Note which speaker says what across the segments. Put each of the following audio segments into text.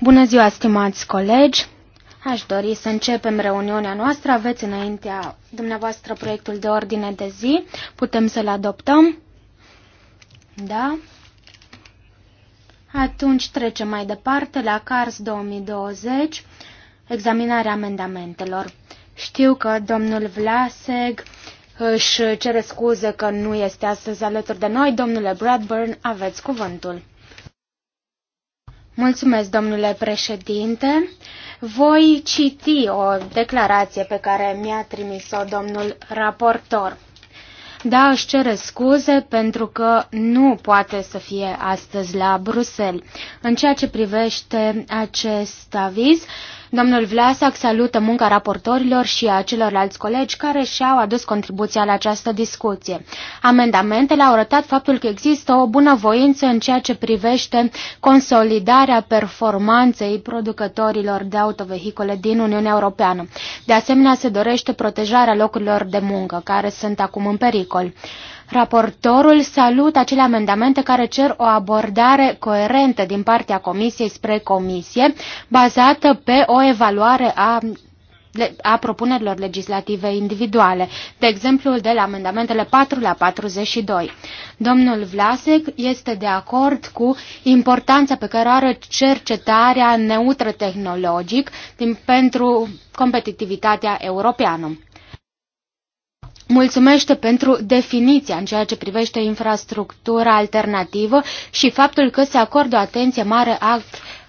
Speaker 1: Bună ziua, stimați colegi! Aș dori să începem reuniunea noastră. Aveți înaintea dumneavoastră proiectul de ordine de zi. Putem să-l adoptăm? Da? Atunci trecem mai departe la CARS 2020, examinarea amendamentelor. Știu că domnul Vlaseg își cere scuze că nu este astăzi alături de noi. Domnule Bradburn, aveți cuvântul. Mulțumesc, domnule președinte. Voi citi o declarație pe care mi-a trimis-o domnul raportor. Da, își cere scuze pentru că nu poate să fie astăzi la Bruxelles. În ceea ce privește acest aviz, uh, Domnul Vlasac salută munca raportorilor și a celorlalți colegi care și-au adus contribuția la această discuție. Amendamentele au arătat faptul că există o bunăvoință în ceea ce privește consolidarea performanței producătorilor de autovehicole din Uniunea Europeană. De asemenea, se dorește protejarea locurilor de muncă, care sunt acum în pericol. Raportorul salută acele amendamente care cer o abordare coerentă din partea Comisiei spre Comisie, bazată pe o evaluare a a propunerilor legislative individuale, de exemplu de la amendamentele 4 la 42. Domnul Vlasic este de acord cu importanța pe care o are cercetarea neutră tehnologic din, pentru competitivitatea europeană mulțumește pentru definiția în ceea ce privește infrastructura alternativă și faptul că se acordă o atenție mare a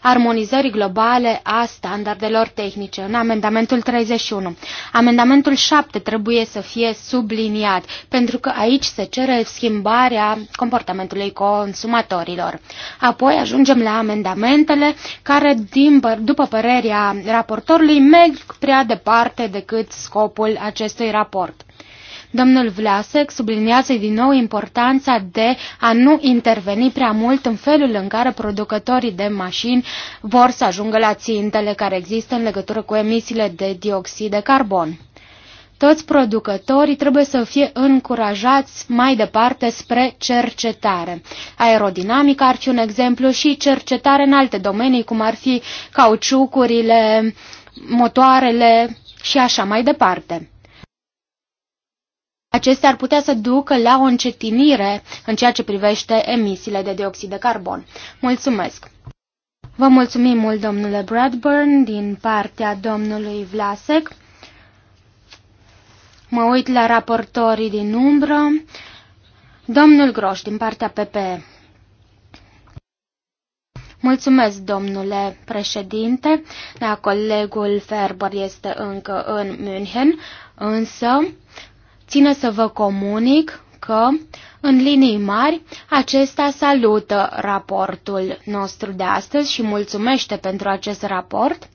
Speaker 1: armonizării globale a standardelor tehnice în amendamentul 31. Amendamentul 7 trebuie să fie subliniat, pentru că aici se cere schimbarea comportamentului consumatorilor. Apoi ajungem la amendamentele care, din, după părerea raportorului, merg prea departe decât scopul acestui raport. Domnul Vlasek subliniază din nou importanța de a nu interveni prea mult în felul în care producătorii de mașini vor să ajungă la țintele care există în legătură cu emisiile de dioxid de carbon toți producătorii trebuie să fie încurajați mai departe spre cercetare. Aerodinamica ar fi un exemplu și cercetare în alte domenii, cum ar fi cauciucurile, motoarele și așa mai departe. Acestea ar putea să ducă la o încetinire în ceea ce privește emisiile de dioxid de carbon. Mulțumesc! Vă mulțumim mult, domnule Bradburn, din partea domnului Vlasek. Mă uit la raportorii din umbră. Domnul Groș, din partea PPE. Mulțumesc, domnule președinte. Da, colegul Ferber este încă în München, însă Ține să vă comunic că, în linii mari, acesta salută raportul nostru de astăzi și mulțumește pentru acest raport.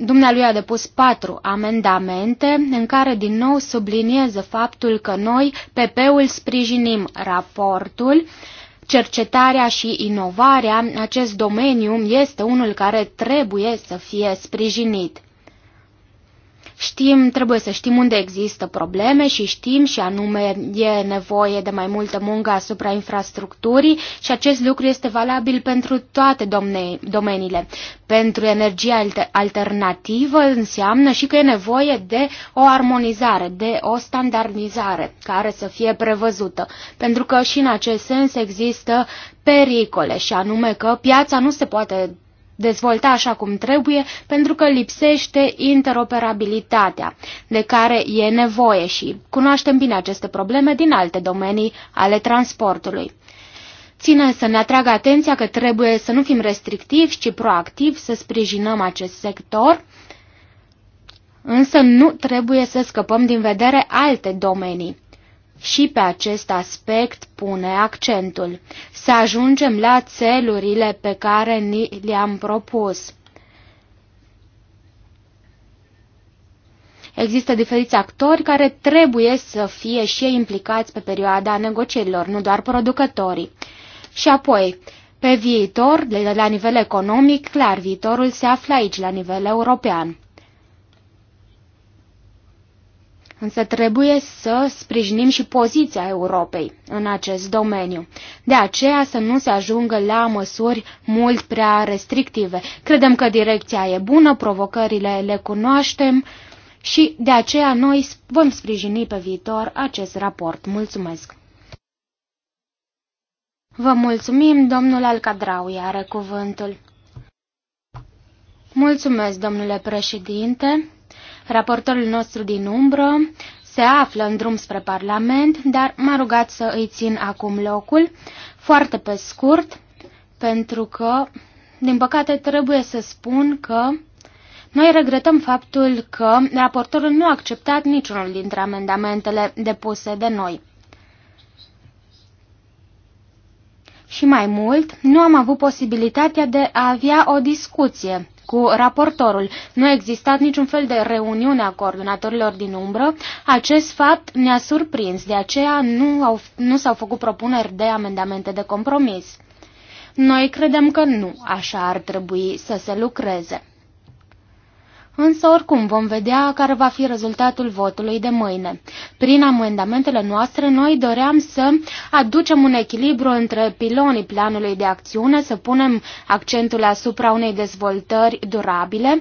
Speaker 1: Dumnealui a depus patru amendamente în care din nou subliniez faptul că noi, PP-ul, sprijinim raportul Cercetarea și inovarea, acest domeniu este unul care trebuie să fie sprijinit. Știm, trebuie să știm unde există probleme și știm și anume e nevoie de mai multă muncă asupra infrastructurii și acest lucru este valabil pentru toate domne, domeniile. Pentru energia alternativă înseamnă și că e nevoie de o armonizare, de o standardizare care să fie prevăzută, pentru că și în acest sens există pericole și anume că piața nu se poate dezvolta așa cum trebuie, pentru că lipsește interoperabilitatea de care e nevoie și cunoaștem bine aceste probleme din alte domenii ale transportului. Ține să ne atragă atenția că trebuie să nu fim restrictivi, ci proactivi să sprijinăm acest sector, însă nu trebuie să scăpăm din vedere alte domenii și pe acest aspect pune accentul, să ajungem la țelurile pe care ni le-am propus. Există diferiți actori care trebuie să fie și ei implicați pe perioada negocierilor, nu doar producătorii. Și apoi, pe viitor, de la nivel economic, clar, viitorul se află aici, la nivel european. Însă trebuie să sprijinim și poziția Europei în acest domeniu. De aceea să nu se ajungă la măsuri mult prea restrictive. Credem că direcția e bună, provocările le cunoaștem și de aceea noi vom sprijini pe viitor acest raport. Mulțumesc! Vă mulțumim, domnul Alcadrau, are cuvântul. Mulțumesc, domnule președinte. Raportorul nostru din umbră se află în drum spre Parlament, dar m-a rugat să îi țin acum locul, foarte pe scurt, pentru că, din păcate, trebuie să spun că noi regretăm faptul că raportorul nu a acceptat niciunul dintre amendamentele depuse de noi. Și mai mult, nu am avut posibilitatea de a avea o discuție cu raportorul. Nu a existat niciun fel de reuniune a coordonatorilor din umbră. Acest fapt ne-a surprins, de aceea nu, au, nu s-au făcut propuneri de amendamente de compromis. Noi credem că nu așa ar trebui să se lucreze. Însă, oricum, vom vedea care va fi rezultatul votului de mâine. Prin amendamentele noastre, noi doream să aducem un echilibru între pilonii planului de acțiune, să punem accentul asupra unei dezvoltări durabile,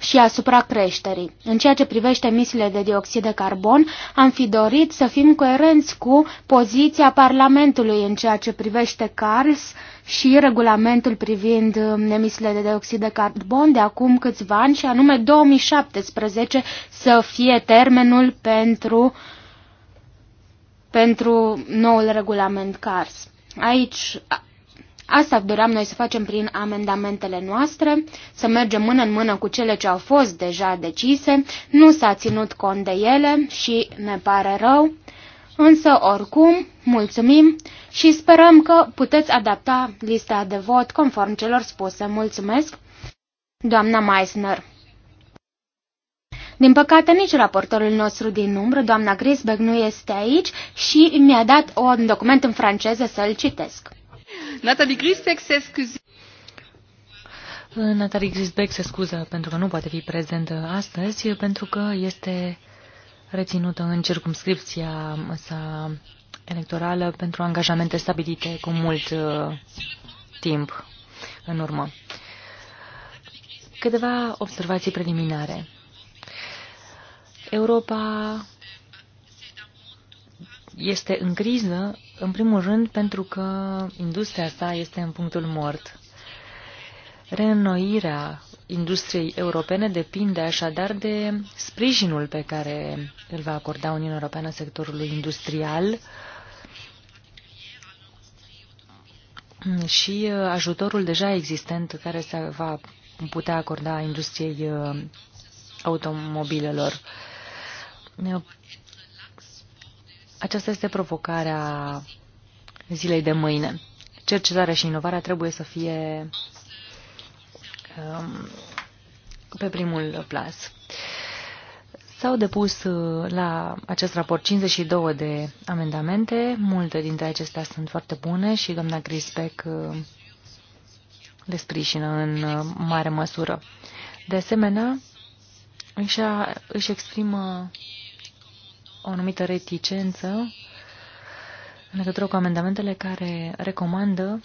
Speaker 1: și asupra creșterii. În ceea ce privește emisiile de dioxid de carbon, am fi dorit să fim coerenți cu poziția Parlamentului în ceea ce privește CARS și regulamentul privind um, emisiile de dioxid de carbon de acum câțiva ani, și anume 2017 să fie termenul pentru, pentru noul regulament CARS. Aici Asta doream noi să facem prin amendamentele noastre, să mergem mână în mână cu cele ce au fost deja decise, nu s-a ținut cont de ele și ne pare rău, însă oricum mulțumim și sperăm că puteți adapta lista de vot conform celor spuse. Mulțumesc, doamna Meissner. Din păcate, nici raportorul nostru din umbră, doamna Grisberg, nu este aici și mi-a dat un document în franceză să-l citesc. Natalie Grisbeck se
Speaker 2: Natalie se scuză pentru că nu poate fi prezentă astăzi, pentru că este reținută în circumscripția sa electorală pentru angajamente stabilite cu mult uh, timp în urmă. Câteva observații preliminare. Europa este în criză în primul rând, pentru că industria sa este în punctul mort. Reînnoirea industriei europene depinde așadar de sprijinul pe care îl va acorda Uniunea Europeană sectorului industrial și uh, ajutorul deja existent care se va putea acorda industriei uh, automobilelor. Aceasta este provocarea zilei de mâine. Cercetarea și inovarea trebuie să fie um, pe primul plas. S-au depus uh, la acest raport 52 de amendamente, multe dintre acestea sunt foarte bune și doamna Grisbeck uh, le sprijină în uh, mare măsură. De asemenea, își, își exprimă o anumită reticență în legătură cu amendamentele care recomandă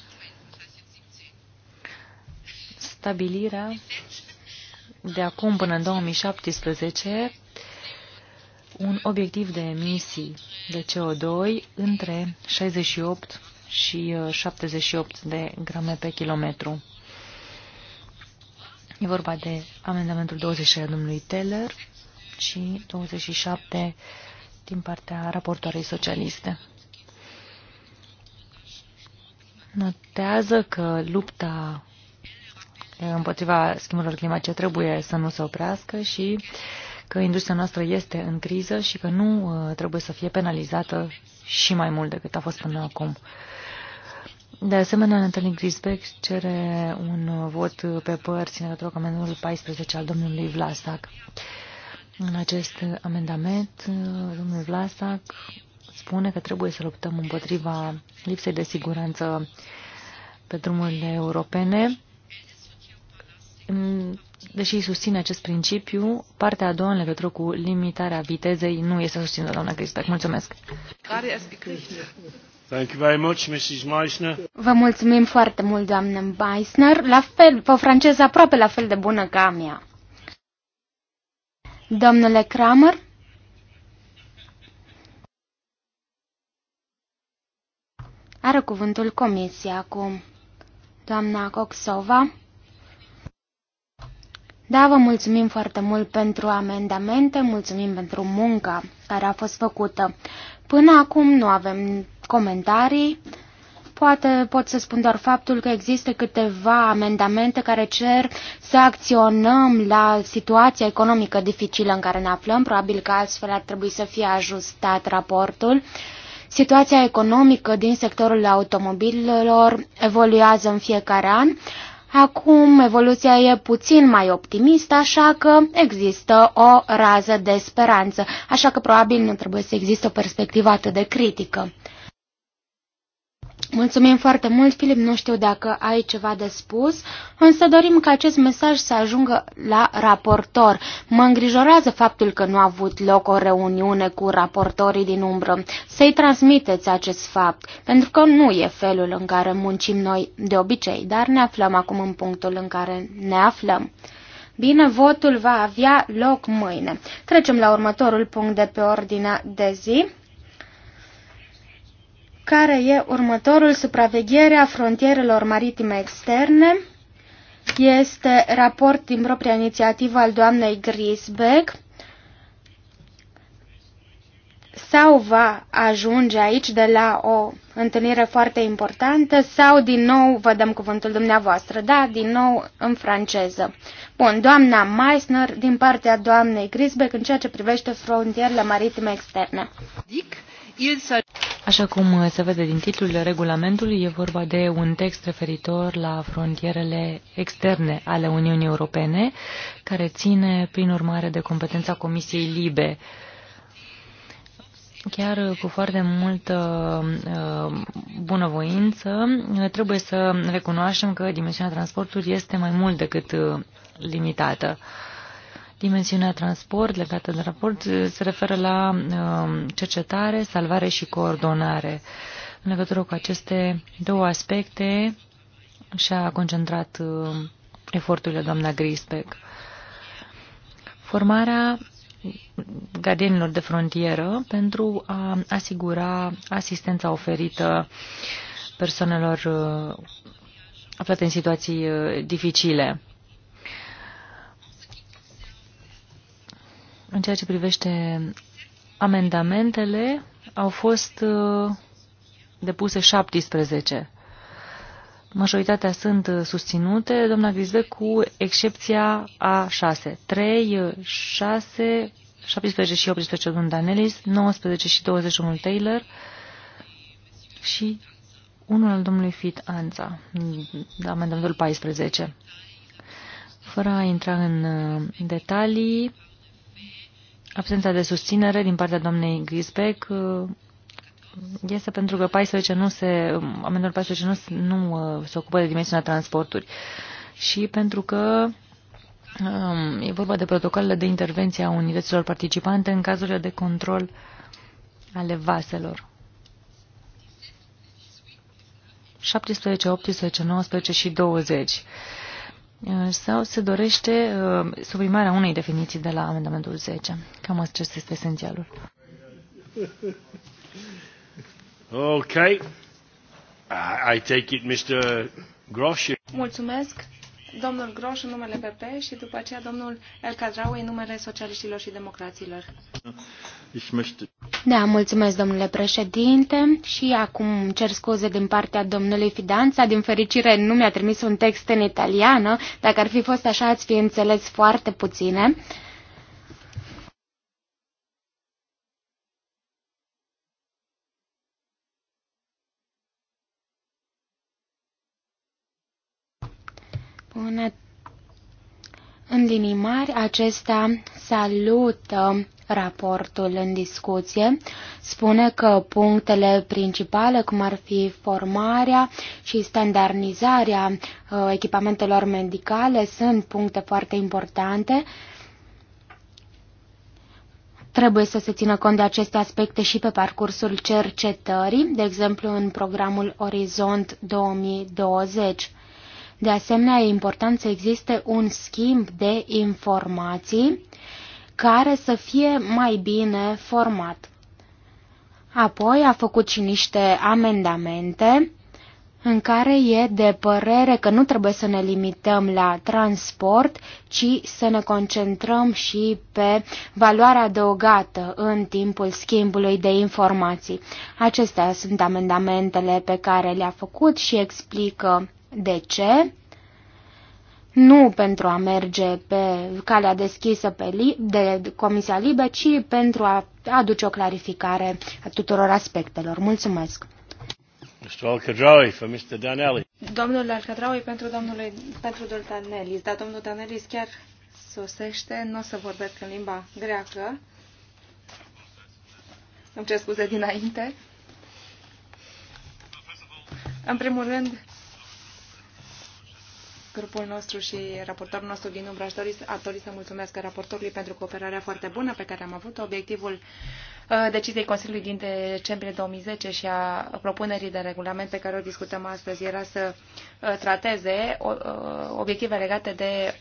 Speaker 2: stabilirea de acum până în 2017 un obiectiv de emisii de CO2 între 68 și 78 uh, de grame pe kilometru. E vorba de amendamentul 26 al domnului Teller și 27 din partea raportoarei socialiste. Notează că lupta împotriva schimbărilor climatice trebuie să nu se oprească și că industria noastră este în criză și că nu uh, trebuie să fie penalizată și mai mult decât a fost până acum. De asemenea, Natalie Grisbeck cere un vot pe părți în legătură cu amendamentul 14 al domnului Vlasac. În acest amendament, domnul Vlasac spune că trebuie să luptăm împotriva lipsei de siguranță pe drumurile europene. Deși susține acest principiu, partea a doua în legătură cu limitarea vitezei nu este susținută, doamna Cristac. Mulțumesc!
Speaker 3: Thank you very much, Mrs. Meissner. Vă mulțumim
Speaker 1: foarte mult, doamnă Meissner. La fel, pe franceză aproape la fel de bună ca a mea. Domnule Kramer? Are cuvântul comisia acum. Doamna Coxova? Da, vă mulțumim foarte mult pentru amendamente, mulțumim pentru munca care a fost făcută. Până acum nu avem comentarii, Poate pot să spun doar faptul că există câteva amendamente care cer să acționăm la situația economică dificilă în care ne aflăm. Probabil că astfel ar trebui să fie ajustat raportul. Situația economică din sectorul automobililor evoluează în fiecare an. Acum evoluția e puțin mai optimistă, așa că există o rază de speranță, așa că probabil nu trebuie să existe o perspectivă atât de critică. Mulțumim foarte mult, Filip, nu știu dacă ai ceva de spus, însă dorim ca acest mesaj să ajungă la raportor. Mă îngrijorează faptul că nu a avut loc o reuniune cu raportorii din umbră. Să-i transmiteți acest fapt, pentru că nu e felul în care muncim noi de obicei, dar ne aflăm acum în punctul în care ne aflăm. Bine, votul va avea loc mâine. Trecem la următorul punct de pe ordinea de zi care e următorul, supraveghere a frontierelor maritime externe. Este raport din propria inițiativă al doamnei Grisbeck sau va ajunge aici de la o întâlnire foarte importantă sau din nou vă dăm cuvântul dumneavoastră. Da, din nou în franceză. Bun, doamna Meissner din partea doamnei Grisbeck în ceea ce privește frontierele maritime externe. Dic.
Speaker 2: Așa cum uh, se vede din titlul regulamentului, e vorba de un text referitor la frontierele externe ale Uniunii Europene, care ține, prin urmare, de competența Comisiei Libe. Chiar cu foarte multă uh, bunăvoință, uh, trebuie să recunoaștem că dimensiunea transportului este mai mult decât limitată. Dimensiunea transport legată de raport uh, se referă la um, cercetare, salvare și coordonare. În legătură cu aceste două aspecte și-a concentrat um, eforturile doamna Grisbeck. Formarea gardienilor de frontieră pentru a asigura asistența oferită persoanelor uh, aflate în situații uh, dificile. În ceea ce privește amendamentele, au fost uh, depuse 17. Majoritatea sunt uh, susținute, doamna Grisbe, cu excepția a 6. 3, 6, 17 și 18, domnul Danelis, 19 și 21, Taylor și unul al domnului Fit Anța, mm, amendamentul 14. Fără a intra în uh, detalii, Absența de susținere din partea doamnei Grisbeck uh, este pentru că 14 nu se, amendul 14 nu, nu uh, se ocupă de dimensiunea transporturi și pentru că um, e vorba de protocolele de intervenție a unităților participante în cazurile de control ale vaselor. 17, 18, 19 și 20. Uh, sau se dorește uh, suprimarea unei definiții de la amendamentul 10. Cam acesta este esențialul.
Speaker 3: Ok. I take it, Mr.
Speaker 1: Grosch.
Speaker 4: Mulțumesc domnul Groș în numele PP și după aceea domnul El Cadraui în numele socialiștilor și democraților.
Speaker 1: Da, mulțumesc domnule președinte și acum cer scuze din partea domnului Fidanța. Din fericire nu mi-a trimis un text în italiană, dacă ar fi fost așa ați fi înțeles foarte puține. Uh, În, în linii mari, acesta salută raportul în discuție. Spune că punctele principale, cum ar fi formarea și standardizarea uh, echipamentelor medicale, sunt puncte foarte importante. Trebuie să se țină cont de aceste aspecte și pe parcursul cercetării, de exemplu în programul Orizont 2020. De asemenea, e important să existe un schimb de informații care să fie mai bine format. Apoi a făcut și niște amendamente în care e de părere că nu trebuie să ne limităm la transport, ci să ne concentrăm și pe valoarea adăugată în timpul schimbului de informații. Acestea sunt amendamentele pe care le-a făcut și explică de ce? Nu pentru a merge pe calea deschisă pe de Comisia Libă, ci pentru a aduce o clarificare a tuturor aspectelor. Mulțumesc!
Speaker 3: Mr. al khadraoui for Mr. Danelli.
Speaker 4: Domnul al khadraoui pentru, domnul, pentru domnul Danelis, dar domnul Danelli chiar sosește, nu o să vorbesc în limba greacă. Îmi cer scuze dinainte. În primul rând, Grupul nostru și raportorul nostru din umbră aș dori, aș dori să mulțumesc raportorului pentru cooperarea foarte bună pe care am avut-o. Obiectivul uh, deciziei Consiliului din decembrie 2010 și a propunerii de regulament pe care o discutăm astăzi era să uh, trateze uh, obiective legate de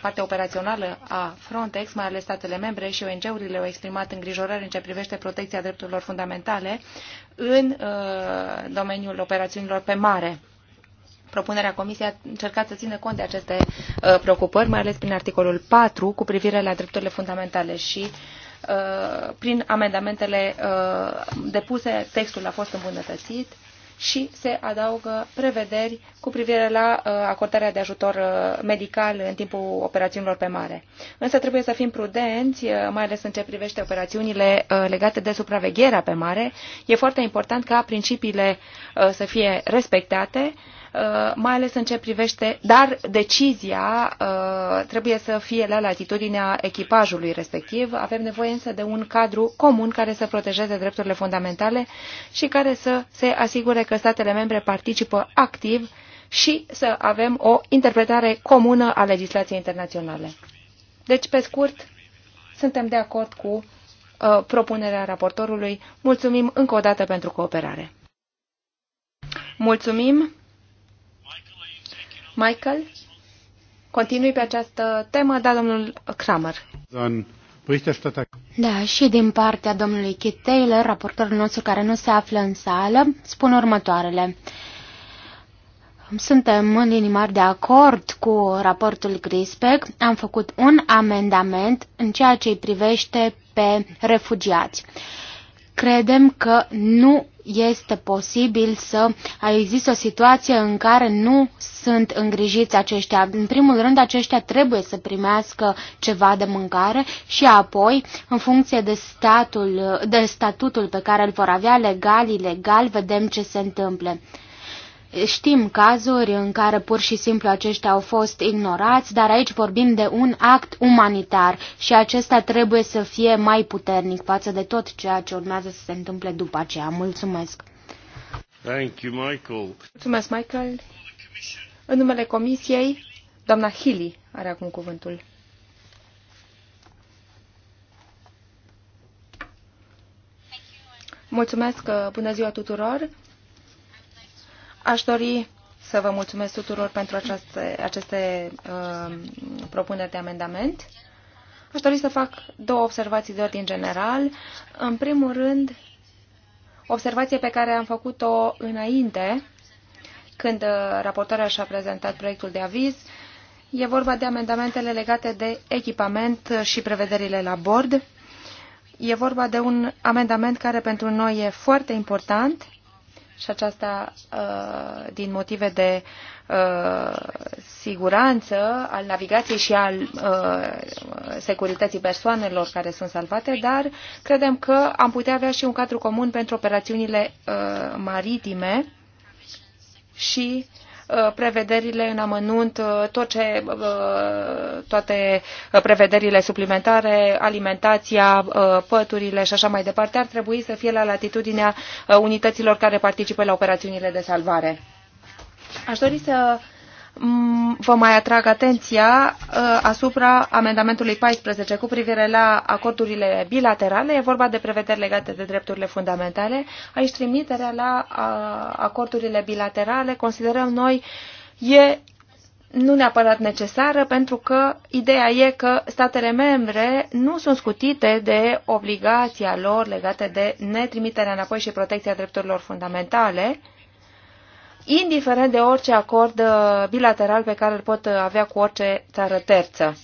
Speaker 4: partea operațională a Frontex, mai ales statele membre și ONG-urile au exprimat îngrijorări în ce privește protecția drepturilor fundamentale în domeniul operațiunilor pe mare propunerea Comisiei a încercat să țină cont de aceste uh, preocupări, mai ales prin articolul 4 cu privire la drepturile fundamentale și uh, prin amendamentele uh, depuse, textul a fost îmbunătățit și se adaugă prevederi cu privire la uh, acordarea de ajutor uh, medical în timpul operațiunilor pe mare. Însă trebuie să fim prudenți, uh, mai ales în ce privește operațiunile legate de supravegherea pe mare. E foarte important ca principiile să fie respectate Uh, mai ales în ce privește, dar decizia uh, trebuie să fie la latitudinea echipajului respectiv. Avem nevoie însă de un cadru comun care să protejeze drepturile fundamentale și care să se asigure că statele membre participă activ și să avem o interpretare comună a legislației internaționale. Deci, pe scurt, suntem de acord cu uh, propunerea raportorului. Mulțumim încă o dată pentru cooperare. Mulțumim.
Speaker 1: Michael, continui pe această temă, da, domnul Kramer. Da, și din partea domnului Kit Taylor, raportorul nostru care nu se află în sală, spun următoarele. Suntem în linii mari de acord cu raportul Grispec. Am făcut un amendament în ceea ce îi privește pe refugiați. Credem că nu este posibil să există o situație în care nu sunt îngrijiți aceștia. În primul rând, aceștia trebuie să primească ceva de mâncare și apoi, în funcție de, statul, de statutul pe care îl vor avea legal, ilegal, vedem ce se întâmplă. Știm cazuri în care pur și simplu aceștia au fost ignorați, dar aici vorbim de un act umanitar și acesta trebuie să fie mai puternic față de tot ceea ce urmează să se întâmple după aceea. Mulțumesc!
Speaker 3: Thank you, Michael.
Speaker 1: Mulțumesc, Michael!
Speaker 4: În numele Comisiei, doamna Healy are acum cuvântul. Mulțumesc, uh, bună ziua tuturor! Aș dori să vă mulțumesc tuturor pentru aceste, aceste um, uh, propuneri de amendament. Aș dori să fac două observații de ordin general. În primul rând, observație pe care am făcut-o înainte, când uh, raportoarea și-a prezentat proiectul de aviz, e vorba de amendamentele legate de echipament și prevederile la bord. E vorba de un amendament care pentru noi e foarte important și aceasta uh, din motive de uh, siguranță al navigației și al uh, securității persoanelor care sunt salvate, dar credem că am putea avea și un cadru comun pentru operațiunile maritime și uh, Uh, prevederile în amănunt, uh, tot ce, uh, toate prevederile suplimentare, alimentația, păturile și așa mai departe, ar trebui să fie la latitudinea unităților care participă la operațiunile de salvare. Aș dori să Mm, vă mai atrag atenția uh, asupra amendamentului 14 cu privire la acordurile bilaterale. E vorba de prevederi legate de drepturile fundamentale. Aici trimiterea la acordurile bilaterale considerăm noi e nu neapărat necesară, pentru că ideea e că statele membre nu sunt scutite de obligația lor legate de netrimiterea înapoi și protecția drepturilor fundamentale, indiferent de orice acord uh, bilateral pe care îl pot uh, avea cu orice țară terță.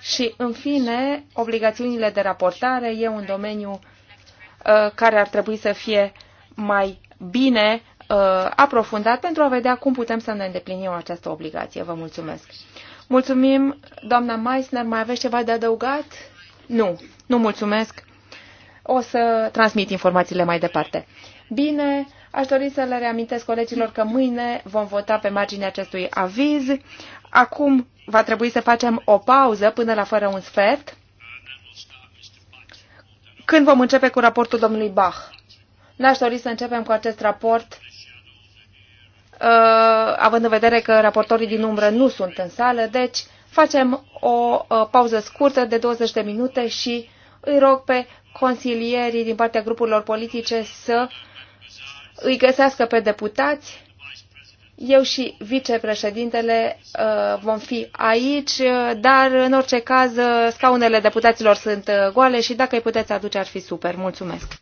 Speaker 4: Și, în fine, obligațiunile de raportare e un domeniu uh, care ar trebui să fie mai bine aprofundat pentru a vedea cum putem să ne îndeplinim această obligație. Vă mulțumesc! Mulțumim, doamna Meissner. Mai aveți ceva de adăugat? Nu, nu mulțumesc. O să transmit informațiile mai departe. Bine, Aș dori să le reamintesc colegilor că mâine vom vota pe marginea acestui aviz. Acum va trebui să facem o pauză până la fără un sfert. Când vom începe cu raportul domnului Bach? N-aș dori să începem cu acest raport, uh, având în vedere că raportorii din umbră nu sunt în sală, deci facem o uh, pauză scurtă de 20 de minute și îi rog pe consilierii din partea grupurilor politice să uh, îi găsească pe deputați. Eu și vicepreședintele uh, vom fi aici, uh, dar în orice caz uh, scaunele deputaților sunt goale și dacă îi puteți aduce ar fi super. Mulțumesc!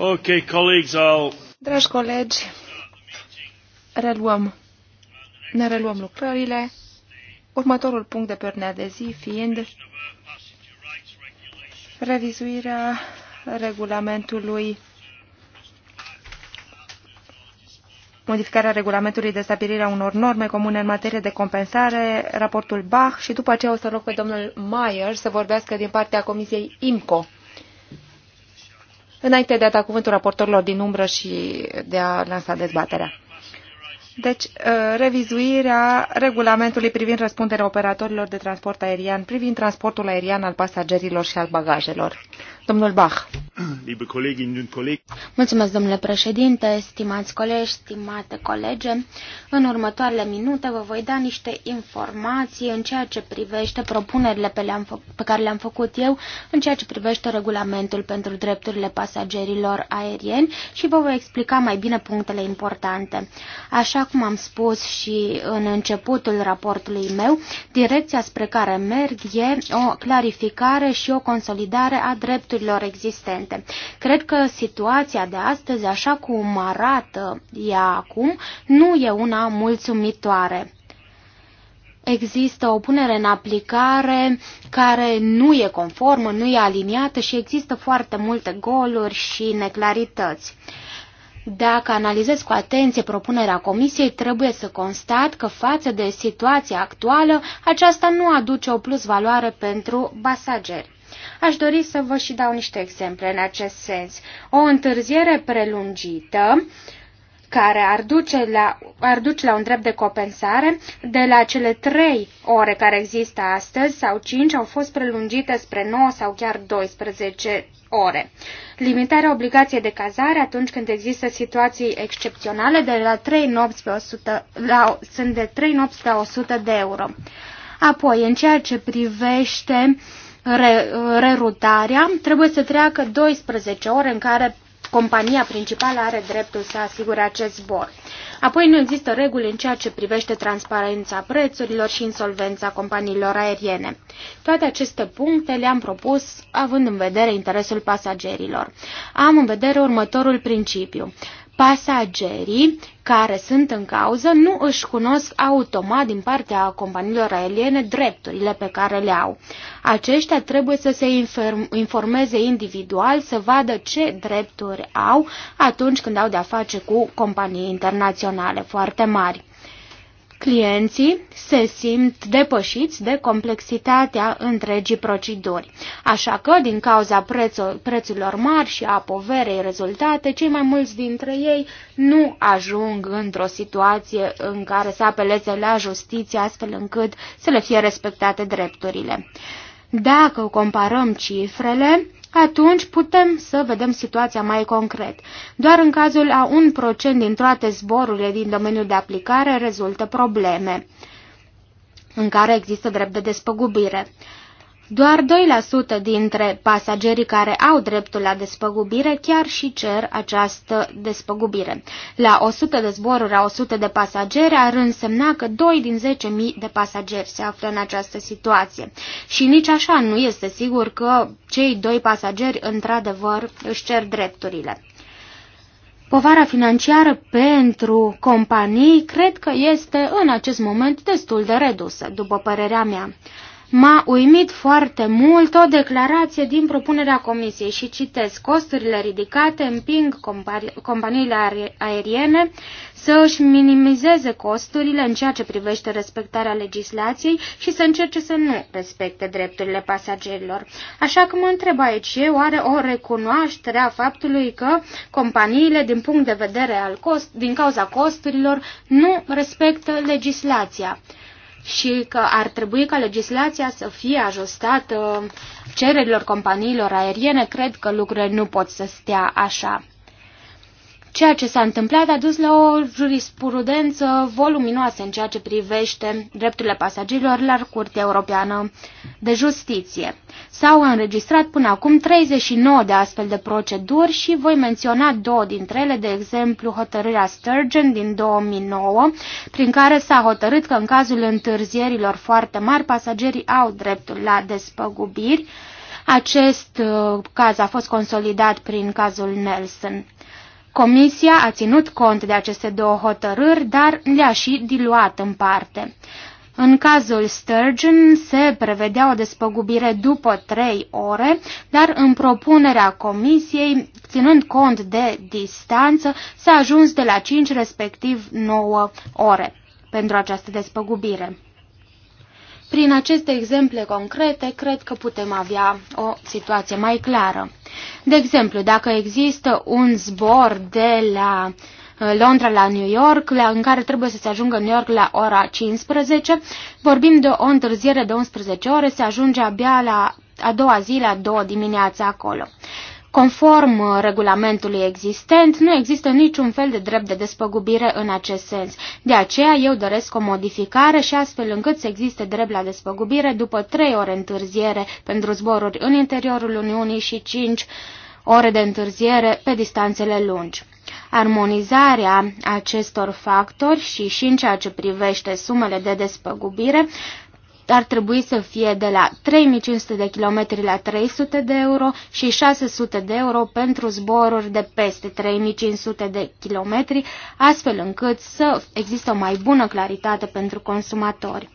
Speaker 3: Okay, colleagues, I'll...
Speaker 4: Dragi colegi, reluăm. Ne reluăm lucrările. Următorul punct de pe ordinea de zi fiind revizuirea regulamentului modificarea regulamentului de stabilire a unor norme comune în materie de compensare, raportul Bach și după aceea o să rog pe domnul Mayer să vorbească din partea Comisiei IMCO înainte de a da cuvântul raportorilor din umbră și de a lansa dezbaterea. Deci, uh, revizuirea regulamentului privind răspunderea operatorilor de transport aerian, privind transportul aerian al pasagerilor și al bagajelor. Domnul Bach.
Speaker 1: domnule președinte, stimați colegi, stimate colege. În următoarele minute vă voi da niște informații în ceea ce privește propunerile pe, le-am pe care le-am făcut eu, în ceea ce privește regulamentul pentru drepturile pasagerilor aerieni și vă voi explica mai bine punctele importante. Așa cum am spus și în începutul raportului meu, direcția spre care merg e o clarificare și o consolidare a drepturilor existente documente. Cred că situația de astăzi, așa cum arată ea acum, nu e una mulțumitoare există o punere în aplicare care nu e conformă, nu e aliniată și există foarte multe goluri și neclarități. Dacă analizez cu atenție propunerea comisiei, trebuie să constat că față de situația actuală, aceasta nu aduce o plus valoare pentru pasageri. Aș dori să vă și dau niște exemple în acest sens. O întârziere prelungită care ar duce, la, ar duce la un drept de compensare, de la cele 3 ore care există astăzi sau 5 au fost prelungite spre 9 sau chiar 12 ore. Limitarea obligației de cazare atunci când există situații excepționale de la 3 nopți pe 100, la, sunt de 3 nopți pe 100 de euro. Apoi, în ceea ce privește uh, re, rerutarea, trebuie să treacă 12 ore în care compania principală are dreptul să asigure acest zbor. Apoi nu există reguli în ceea ce privește transparența prețurilor și insolvența companiilor aeriene. Toate aceste puncte le-am propus având în vedere interesul pasagerilor. Am în vedere următorul principiu pasagerii care sunt în cauză nu își cunosc automat din partea companiilor aeriene drepturile pe care le au. Aceștia trebuie să se informeze individual, să vadă ce drepturi au atunci când au de-a face cu companii internaționale foarte mari. Clienții se simt depășiți de complexitatea întregii proceduri, așa că, din cauza prețurilor mari și a poverei rezultate, cei mai mulți dintre ei nu ajung într-o situație în care să apeleze la justiție astfel încât să le fie respectate drepturile. Dacă comparăm cifrele, atunci putem să vedem situația mai concret. Doar în cazul a 1% din toate zborurile din domeniul de aplicare rezultă probleme în care există drept de despăgubire. Doar 2% dintre pasagerii care au dreptul la despăgubire chiar și cer această despăgubire. La 100 de zboruri a 100 de pasageri ar însemna că 2 din 10.000 de pasageri se află în această situație. Și nici așa nu este sigur că cei doi pasageri într-adevăr își cer drepturile. Povara financiară pentru companii cred că este în acest moment destul de redusă, după părerea mea. M-a uimit foarte mult o declarație din propunerea comisiei și citesc costurile ridicate împing companiile aeriene să își minimizeze costurile în ceea ce privește respectarea legislației și să încerce să nu respecte drepturile pasagerilor. Așa că mă întreb aici eu, are o recunoaștere a faptului că companiile din punct de vedere al cost, din cauza costurilor nu respectă legislația și că ar trebui ca legislația să fie ajustată cererilor companiilor aeriene, cred că lucrurile nu pot să stea așa. Ceea ce s-a întâmplat a dus la o jurisprudență voluminoasă în ceea ce privește drepturile pasagerilor la Curtea Europeană de Justiție. S-au înregistrat până acum 39 de astfel de proceduri și voi menționa două dintre ele, de exemplu hotărârea Sturgeon din 2009, prin care s-a hotărât că în cazul întârzierilor foarte mari pasagerii au dreptul la despăgubiri. Acest uh, caz a fost consolidat prin cazul Nelson. Comisia a ținut cont de aceste două hotărâri, dar le-a și diluat în parte. În cazul Sturgeon se prevedea o despăgubire după trei ore, dar în propunerea comisiei, ținând cont de distanță, s-a ajuns de la 5 respectiv 9 ore pentru această despăgubire. Prin aceste exemple concrete, cred că putem avea o situație mai clară. De exemplu, dacă există un zbor de la uh, Londra la New York, la, în care trebuie să se ajungă New York la ora 15, vorbim de o întârziere de 11 ore, se ajunge abia la a doua zi, la două dimineața acolo. Conform uh, regulamentului existent, nu există niciun fel de drept de despăgubire în acest sens. De aceea eu doresc o modificare și astfel încât să existe drept la despăgubire după 3 ore întârziere pentru zboruri în interiorul Uniunii și 5 ore de întârziere pe distanțele lungi. Armonizarea acestor factori și și în ceea ce privește sumele de despăgubire ar trebui să fie de la 3500 de kilometri la 300 de euro și 600 de euro pentru zboruri de peste 3500 de kilometri, astfel încât să există o mai bună claritate pentru consumatori.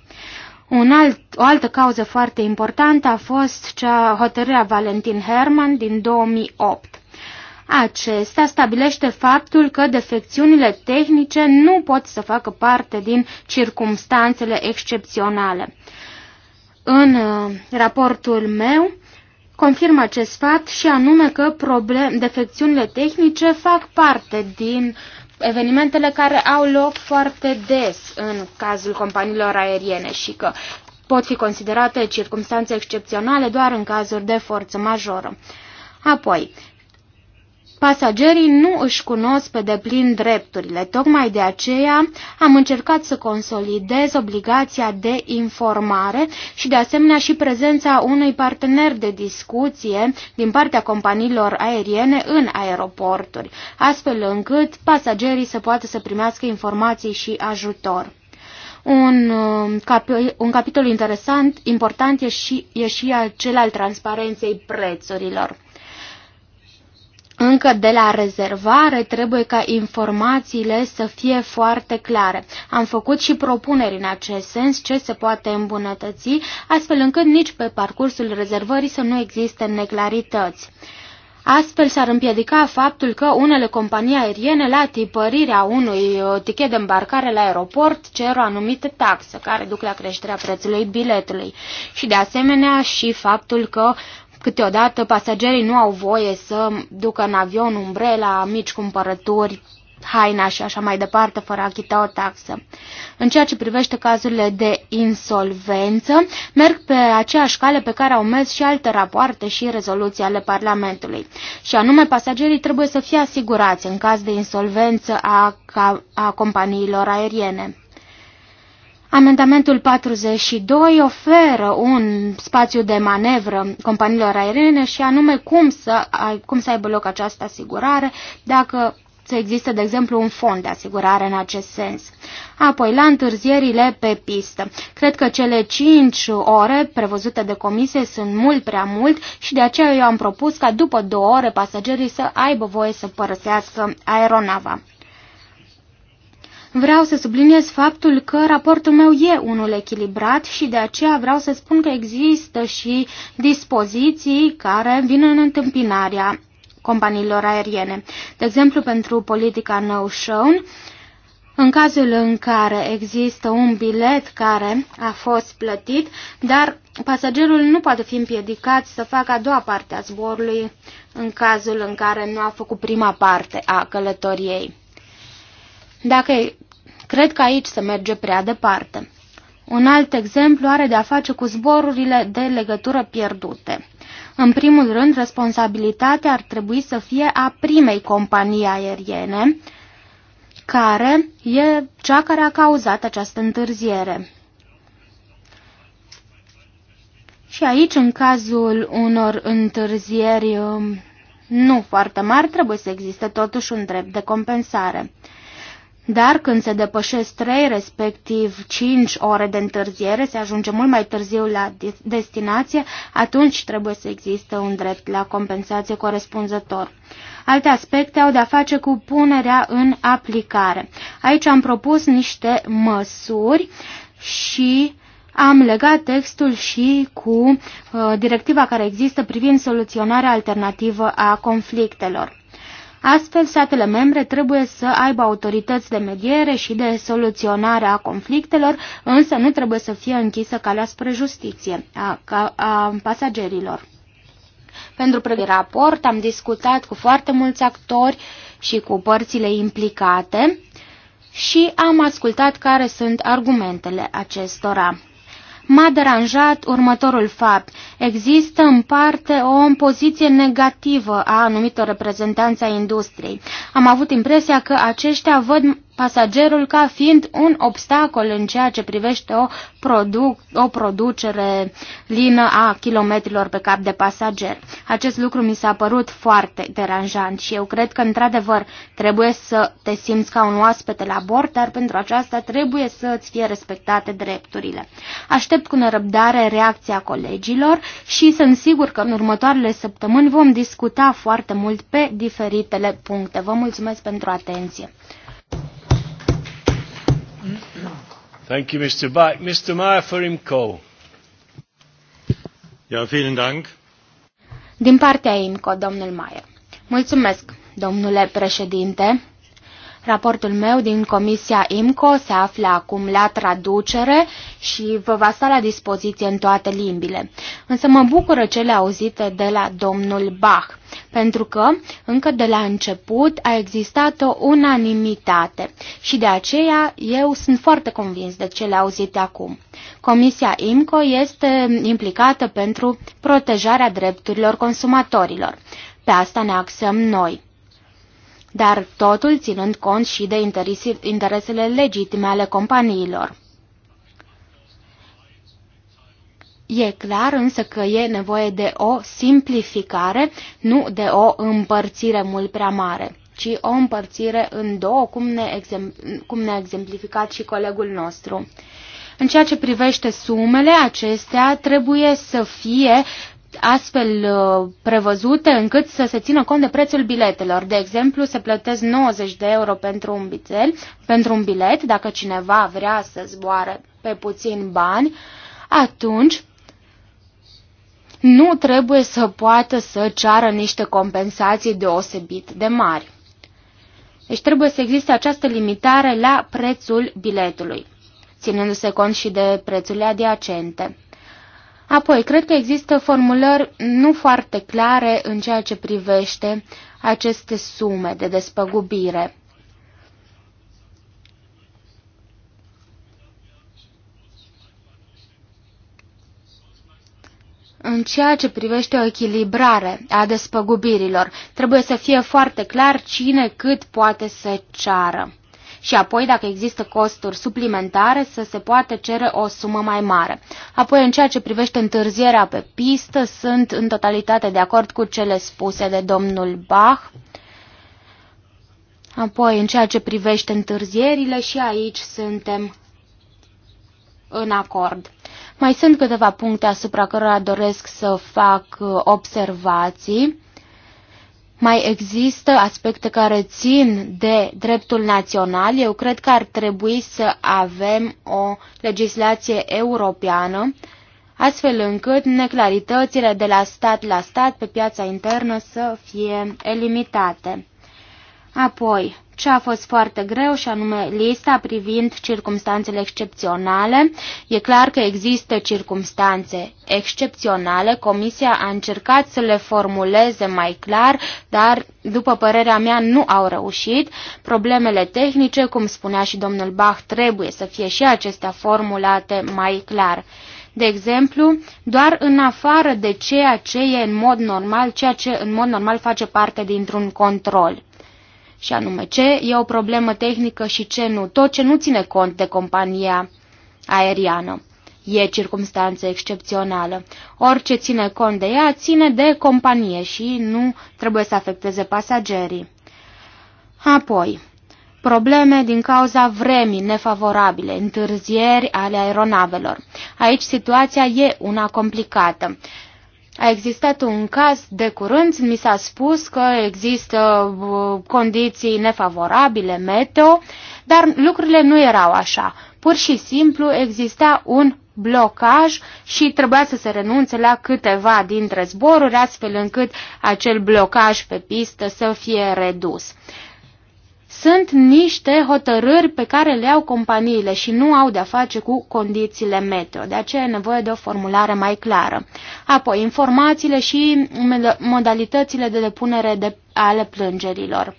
Speaker 1: Un alt, o altă cauză foarte importantă a fost cea hotărârea Valentin Herman din 2008. Acesta stabilește faptul că defecțiunile tehnice nu pot să facă parte din circumstanțele excepționale. În uh, raportul meu confirm acest fapt și anume că problem, defecțiunile tehnice fac parte din evenimentele care au loc foarte des în cazul companiilor aeriene și că pot fi considerate circumstanțe excepționale doar în cazuri de forță majoră. Apoi, Pasagerii nu își cunosc pe deplin drepturile, tocmai de aceea am încercat să consolidez obligația de informare și de asemenea și prezența unui partener de discuție din partea companiilor aeriene în aeroporturi, astfel încât pasagerii să poată să primească informații și ajutor. Un, uh, un capitol interesant, important, e și, e și acel al transparenței prețurilor. Încă de la rezervare trebuie ca informațiile să fie foarte clare. Am făcut și propuneri în acest sens ce se poate îmbunătăți, astfel încât nici pe parcursul rezervării să nu existe neclarități. Astfel s-ar împiedica faptul că unele companii aeriene la tipărirea unui uh, tichet de îmbarcare la aeroport cer o anumită taxă care duc la creșterea prețului biletului și de asemenea și faptul că Câteodată pasagerii nu au voie să ducă în avion umbrela, mici cumpărături, haina și așa mai departe, fără a achita o taxă. În ceea ce privește cazurile de insolvență, merg pe aceeași cale pe care au mers și alte rapoarte și rezoluții ale Parlamentului. Și anume, pasagerii trebuie să fie asigurați în caz de insolvență a, a companiilor aeriene. Amendamentul 42 oferă un spațiu de manevră companiilor aeriene și anume cum să, cum să aibă loc această asigurare dacă să existe, de exemplu, un fond de asigurare în acest sens. Apoi, la întârzierile pe pistă. Cred că cele 5 ore prevăzute de comisie sunt mult prea mult și de aceea eu am propus ca după 2 ore pasagerii să aibă voie să părăsească aeronava. Vreau să subliniez faptul că raportul meu e unul echilibrat și de aceea vreau să spun că există și dispoziții care vin în întâmpinarea companiilor aeriene. De exemplu, pentru politica no Show, în cazul în care există un bilet care a fost plătit, dar pasagerul nu poate fi împiedicat să facă a doua parte a zborului în cazul în care nu a făcut prima parte a călătoriei. Dacă Cred că aici se merge prea departe. Un alt exemplu are de a face cu zborurile de legătură pierdute. În primul rând, responsabilitatea ar trebui să fie a primei companii aeriene, care e cea care a cauzat această întârziere. Și aici, în cazul unor întârzieri um, nu foarte mari, trebuie să existe totuși un drept de compensare. Dar când se depășesc 3, respectiv 5 ore de întârziere, se ajunge mult mai târziu la destinație, atunci trebuie să existe un drept la compensație corespunzător. Alte aspecte au de-a face cu punerea în aplicare. Aici am propus niște măsuri și am legat textul și cu uh, directiva care există privind soluționarea alternativă a conflictelor. Astfel, statele membre trebuie să aibă autorități de mediere și de soluționare a conflictelor, însă nu trebuie să fie închisă calea spre justiție a, a, a pasagerilor. Pentru pregătirea raport am discutat cu foarte mulți actori și cu părțile implicate și am ascultat care sunt argumentele acestora. M-a deranjat următorul fapt. Există în parte o poziție negativă a anumitor reprezentanți a industriei. Am avut impresia că aceștia văd pasagerul ca fiind un obstacol în ceea ce privește o, produ o producere lină a kilometrilor pe cap de pasager. Acest lucru mi s-a părut foarte deranjant și eu cred că, într-adevăr, trebuie să te simți ca un oaspete la bord, dar pentru aceasta trebuie să îți fie respectate drepturile. Aștept cu nerăbdare reacția colegilor și sunt sigur că în următoarele săptămâni vom discuta foarte mult pe diferitele puncte. Vă mulțumesc pentru atenție!
Speaker 3: Thank you, Mr. Mr. Meyer for IMCO. Ja, vielen Dank.
Speaker 1: Din partea IMCO, domnul Mayer. Mulțumesc, domnule președinte. Raportul meu din Comisia IMCO se află acum la traducere și vă va sta la dispoziție în toate limbile. Însă mă bucură cele auzite de la domnul Bach, pentru că încă de la început a existat o unanimitate și de aceea eu sunt foarte convins de cele auzite acum. Comisia IMCO este implicată pentru protejarea drepturilor consumatorilor. Pe asta ne axăm noi dar totul ținând cont și de interesele legitime ale companiilor. E clar însă că e nevoie de o simplificare, nu de o împărțire mult prea mare, ci o împărțire în două, cum ne, cum ne exemplificat și colegul nostru. În ceea ce privește sumele, acestea trebuie să fie astfel uh, prevăzute încât să se țină cont de prețul biletelor. De exemplu, se plătesc 90 de euro pentru un, bițel, pentru un bilet, dacă cineva vrea să zboare pe puțin bani, atunci nu trebuie să poată să ceară niște compensații deosebit de mari. Deci trebuie să existe această limitare la prețul biletului, ținându-se cont și de prețurile adiacente. Apoi, cred că există formulări nu foarte clare în ceea ce privește aceste sume de despăgubire. În ceea ce privește o echilibrare a despăgubirilor, trebuie să fie foarte clar cine cât poate să ceară și apoi, dacă există costuri suplimentare, să se poate cere o sumă mai mare. Apoi, în ceea ce privește întârzierea pe pistă, sunt în totalitate de acord cu cele spuse de domnul Bach. Apoi, în ceea ce privește întârzierile, și aici suntem în acord. Mai sunt câteva puncte asupra cărora doresc să fac observații. Mai există aspecte care țin de dreptul național. Eu cred că ar trebui să avem o legislație europeană, astfel încât neclaritățile de la stat la stat pe piața internă să fie elimitate. Apoi, ce a fost foarte greu și anume lista privind circumstanțele excepționale. E clar că există circumstanțe excepționale. Comisia a încercat să le formuleze mai clar, dar, după părerea mea, nu au reușit. Problemele tehnice, cum spunea și domnul Bach, trebuie să fie și acestea formulate mai clar. De exemplu, doar în afară de ceea ce e în mod normal, ceea ce în mod normal face parte dintr-un control și anume ce e o problemă tehnică și ce nu, tot ce nu ține cont de compania aeriană. E circumstanță excepțională. Orice ține cont de ea ține de companie și nu trebuie să afecteze pasagerii. Apoi, probleme din cauza vremii nefavorabile, întârzieri ale aeronavelor. Aici situația e una complicată. A existat un caz de curând, mi s-a spus că există uh, condiții nefavorabile, meteo, dar lucrurile nu erau așa. Pur și simplu exista un blocaj și trebuia să se renunțe la câteva dintre zboruri, astfel încât acel blocaj pe pistă să fie redus. Sunt niște hotărâri pe care le au companiile și nu au de-a face cu condițiile meteo, de aceea e nevoie de o formulare mai clară. Apoi, informațiile și modalitățile de depunere de, ale plângerilor.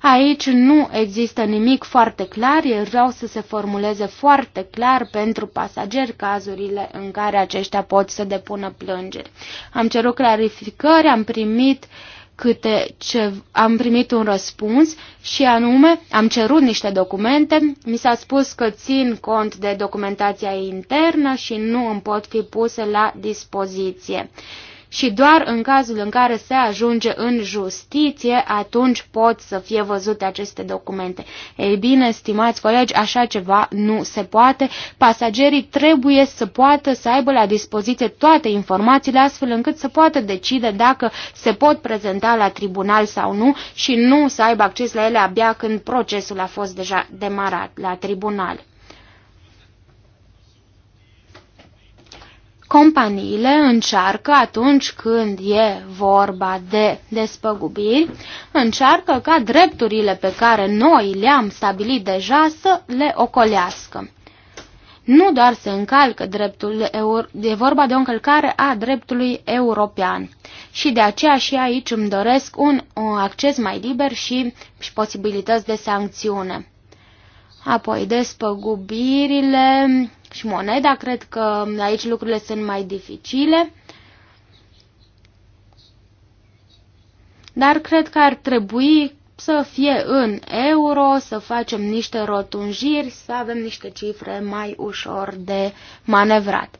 Speaker 1: Aici nu există nimic foarte clar, e vreau să se formuleze foarte clar pentru pasageri cazurile în care aceștia pot să depună plângeri. Am cerut clarificări, am primit uh, câte ce am primit un răspuns și anume am cerut niște documente, mi s-a spus că țin cont de documentația internă și nu îmi pot fi puse la dispoziție și doar în cazul în care se ajunge în justiție, atunci pot să fie văzute aceste documente. Ei bine, stimați colegi, așa ceva nu se poate. Pasagerii trebuie să poată să aibă la dispoziție toate informațiile astfel încât să poată decide dacă se pot prezenta la tribunal sau nu și nu să aibă acces la ele abia când procesul a fost deja demarat la tribunal. companiile încearcă atunci când e vorba de despăgubiri, încearcă ca drepturile pe care noi le-am stabilit deja să le ocolească. Nu doar se încalcă dreptul, e vorba de o încălcare a dreptului european. Și de aceea și aici îmi doresc un, un acces mai liber și, și posibilități de sancțiune. Apoi, despăgubirile și moneda. Cred că aici lucrurile sunt mai dificile. Dar cred că ar trebui să fie în euro, să facem niște rotunjiri, să avem niște cifre mai ușor de manevrat.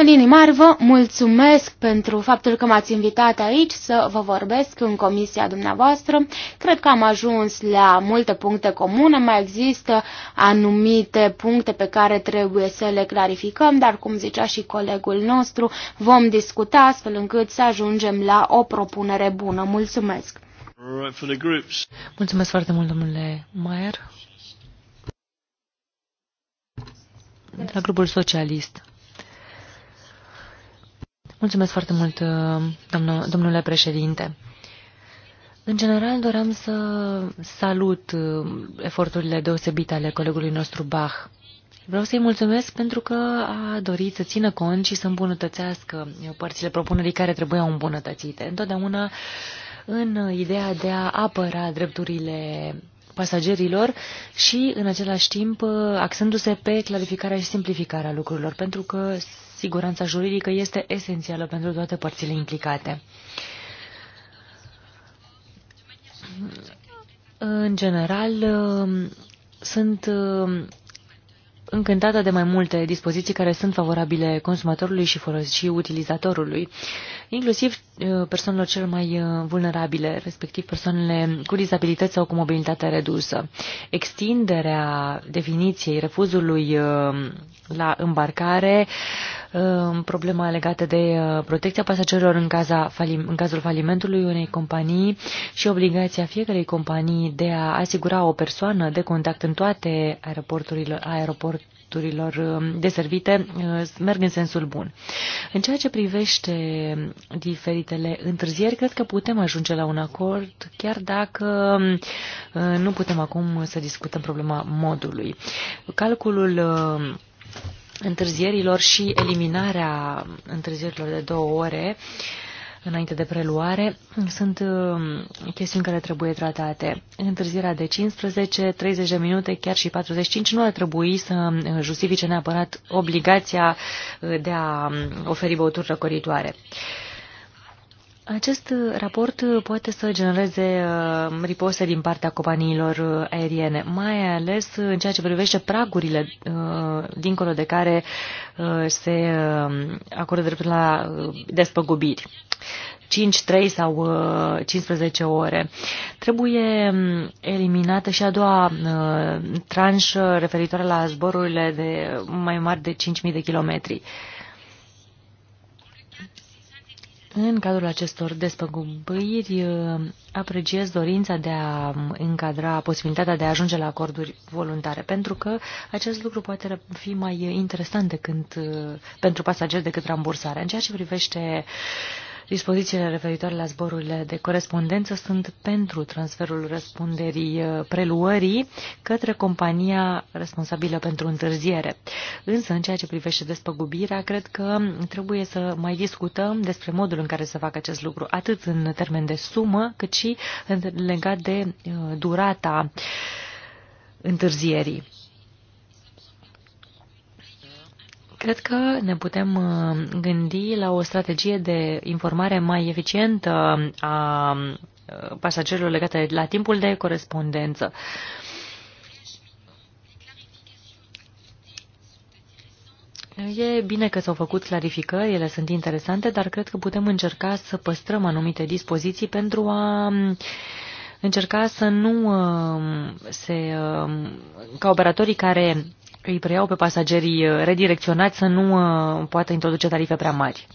Speaker 1: În Marvă, mulțumesc pentru faptul că m-ați invitat aici să vă vorbesc în comisia dumneavoastră. Cred că am ajuns la multe puncte comune, mai există anumite puncte pe care trebuie să le clarificăm, dar cum zicea și colegul nostru, vom discuta astfel încât să ajungem la o propunere bună. Mulțumesc!
Speaker 2: Mulțumesc foarte mult, domnule Maier. De la grupul socialist. Mulțumesc foarte mult, uh, domnul, domnule președinte. În general, doream să salut uh, eforturile deosebite ale colegului nostru Bach. Vreau să-i mulțumesc pentru că a dorit să țină cont și să îmbunătățească uh, părțile propunerii care trebuiau îmbunătățite. Întotdeauna în ideea de a apăra drepturile pasagerilor și, în același timp, axându-se pe clarificarea și simplificarea lucrurilor, pentru că siguranța juridică este esențială pentru toate părțile implicate. În general, um, sunt um, încântată de mai multe dispoziții care sunt favorabile consumatorului și, și utilizatorului, inclusiv uh, persoanelor cel mai uh, vulnerabile, respectiv persoanele cu dizabilități sau cu mobilitate redusă. Extinderea definiției refuzului um, la îmbarcare problema legată de uh, protecția pasagerilor în, caza, în cazul falimentului unei companii și obligația fiecarei companii de a asigura o persoană de contact în toate aeroporturile, aeroporturilor um, deservite, uh, merg în sensul bun. În ceea ce privește diferitele întârzieri, cred că putem ajunge la un acord, chiar dacă um, uh, nu putem acum să discutăm problema modului. Calculul um, întârzierilor și eliminarea întârzierilor de două ore înainte de preluare sunt uh, chestiuni care trebuie tratate. Întârzierea de 15, 30 de minute, chiar și 45 nu ar trebui să uh, justifice neapărat obligația uh, de a um, oferi băuturi răcoritoare. Acest raport poate să genereze uh, riposte din partea companiilor uh, aeriene, mai ales în ceea ce privește pragurile uh, dincolo de care se acordă dreptul la despăgubiri. 5, 3 sau 15 ore. Trebuie um, eliminată și a doua tranșă referitoare la zborurile de mai mari de 5.000 de kilometri. În cadrul acestor despăgubiri, uh, apreciez dorința de a încadra posibilitatea de a ajunge la acorduri voluntare, pentru că acest lucru poate fi mai interesant decât uh, pentru pasageri decât rambursarea. În ceea ce privește uh, Dispozițiile referitoare la zborurile de corespondență sunt pentru transferul răspunderii uh, preluării către compania responsabilă pentru întârziere. Însă, în ceea ce privește despăgubirea, cred că trebuie să mai discutăm despre modul în care se fac acest lucru, atât în termen de sumă, cât și legat de uh, durata întârzierii. Cred că ne putem uh, gândi la o strategie de informare mai eficientă uh, a uh, pasagerilor legate la timpul de corespondență. E bine că s-au făcut clarificări, ele sunt interesante, dar cred că putem încerca să păstrăm anumite dispoziții pentru a um, încerca să nu um, se, um, ca operatorii care îi preiau pe pasagerii uh, redirecționați să nu uh, poată introduce tarife prea mari.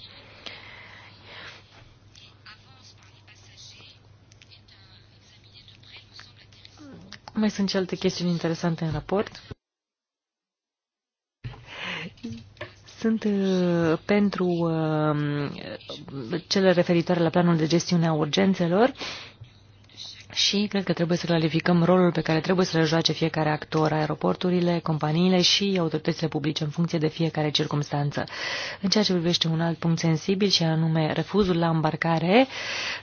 Speaker 2: Mai sunt și alte chestiuni interesante în raport. Sunt uh, pentru cele referitoare la planul de gestiune a urgențelor și cred că trebuie să clarificăm rolul pe care trebuie să-l joace fiecare actor, aeroporturile, companiile și autoritățile publice în funcție de fiecare circunstanță. În ceea ce privește un alt punct sensibil și anume refuzul la îmbarcare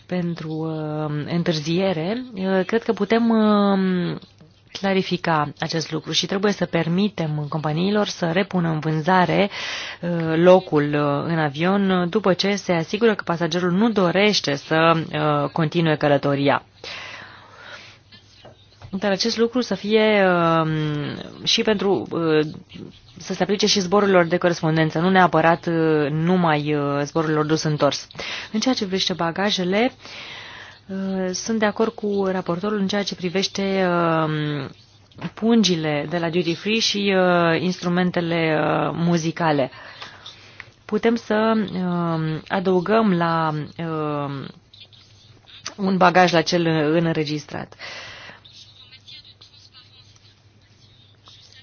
Speaker 2: pentru uh, întârziere, uh, cred că putem uh, clarifica acest lucru și trebuie să permitem companiilor să repună în vânzare uh, locul uh, în avion după ce se asigură că pasagerul nu dorește să uh, continue călătoria. Dar acest lucru să fie uh, și pentru uh, să se aplice și zborurilor de corespondență, nu neapărat uh, numai uh, zborurilor dus întors. În ceea ce privește bagajele, uh, sunt de acord cu raportorul în ceea ce privește uh, pungile de la duty free și uh, instrumentele uh, muzicale. Putem să uh, adăugăm la uh, un bagaj la cel înregistrat. Uh,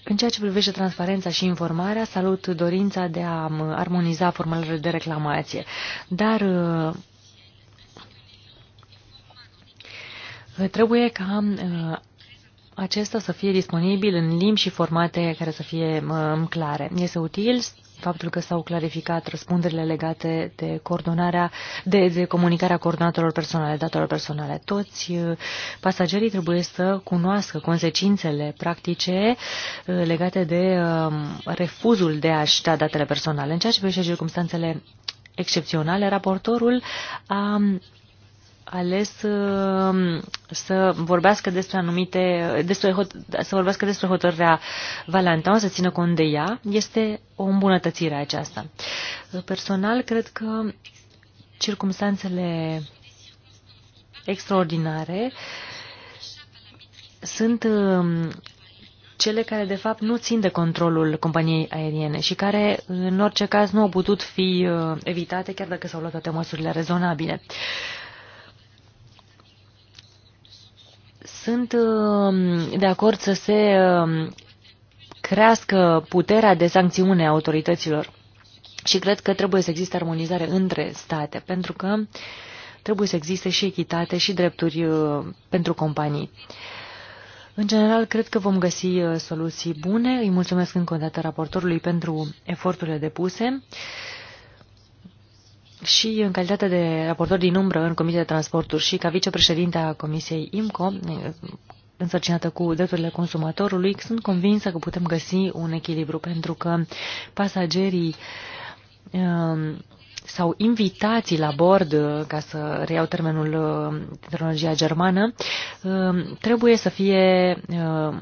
Speaker 2: În ceea ce privește transparența și informarea, salut dorința de a um, armoniza formulele de reclamație, dar uh, trebuie ca uh, acesta să fie disponibil în limbi și formate care să fie uh, clare. Este util faptul că s-au clarificat răspunderile legate de coordonarea, de, de comunicarea coordonatelor personale, datelor personale. Toți uh, pasagerii trebuie să cunoască consecințele practice uh, legate de um, refuzul de a-și datele personale. În ceea ce privește circumstanțele excepționale, raportorul a ales um, să vorbească despre anumite, despre, să vorbească despre hotărârea Valentin, să țină cont de ea, este o îmbunătățire aceasta. Personal, cred că circumstanțele extraordinare sunt um, cele care de fapt nu țin de controlul companiei aeriene și care în orice caz nu au putut fi uh, evitate chiar dacă s-au luat toate măsurile rezonabile. Sunt uh, de acord să se uh, crească puterea de sancțiune a autorităților și cred că trebuie să existe armonizare între state, pentru că trebuie să existe și echitate și drepturi uh, pentru companii. În general, cred că vom găsi soluții bune. Îi mulțumesc încă o dată raportorului pentru eforturile depuse și în calitate de raportor din umbră în Comisia de Transporturi și ca vicepreședinte a Comisiei IMCO, însărcinată cu drepturile consumatorului, sunt convinsă că putem găsi un echilibru, pentru că pasagerii um, sau invitații la bord, ca să reiau termenul uh, terminologia germană, um, trebuie să fie uh,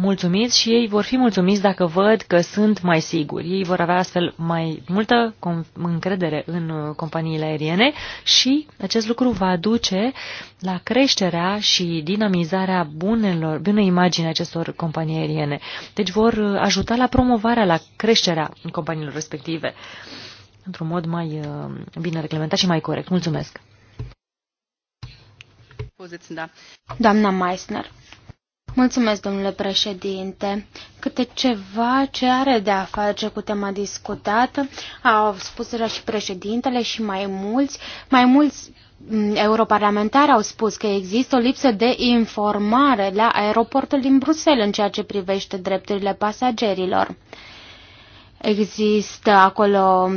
Speaker 2: mulțumiți și ei vor fi mulțumiți dacă văd că sunt mai siguri. Ei vor avea astfel mai multă încredere în uh, companiile aeriene și acest lucru va aduce la creșterea și dinamizarea bunelor, bună imagine acestor companii aeriene. Deci vor uh, ajuta la promovarea, la creșterea companiilor respective într-un mod mai uh, bine reglementat și mai corect. Mulțumesc!
Speaker 1: Da. Doamna Meissner. Mulțumesc, domnule președinte. Câte ceva ce are de a face cu tema discutată, au spus deja și președintele și mai mulți, mai mulți mm, europarlamentari au spus că există o lipsă de informare la aeroportul din Bruxelles în ceea ce privește drepturile pasagerilor. Există acolo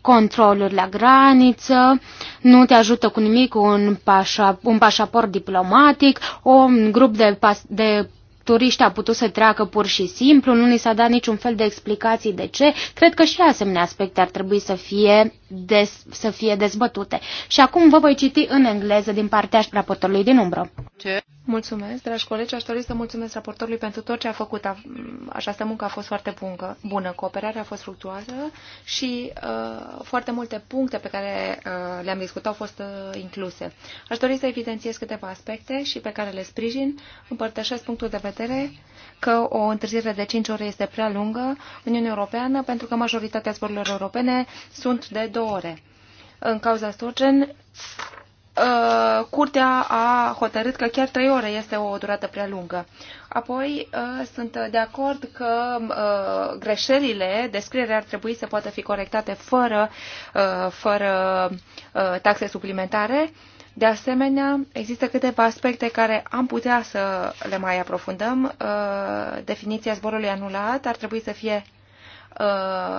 Speaker 1: controluri la graniță, nu te ajută cu nimic un, pașa, un pașaport diplomatic, un grup de, pas, de turiști a putut să treacă pur și simplu, nu ni s-a dat niciun fel de explicații de ce. Cred că și asemenea aspecte ar trebui să fie, des, să fie dezbătute. Și acum vă voi citi în engleză din partea raportorului din umbră.
Speaker 4: Mulțumesc, dragi colegi. Aș dori să mulțumesc raportorului pentru tot ce a făcut. Această muncă a fost foarte bună, bună. cooperarea a fost fructuoasă și uh, foarte multe puncte pe care uh, le-am discutat au fost uh, incluse. Aș dori să evidențiez câteva aspecte și pe care le sprijin. Împărtășesc punctul de vedere că o întârziere de 5 ore este prea lungă în Uniunea Europeană pentru că majoritatea zborurilor europene sunt de 2 ore. În cauza Sturgeon, Uh, curtea a hotărât că chiar trei ore este o durată prea lungă. Apoi uh, sunt de acord că uh, greșelile greșelile, scriere ar trebui să poată fi corectate fără, fără taxe suplimentare. De asemenea, există câteva aspecte care am putea să le mai aprofundăm. definiția zborului anulat ar trebui să fie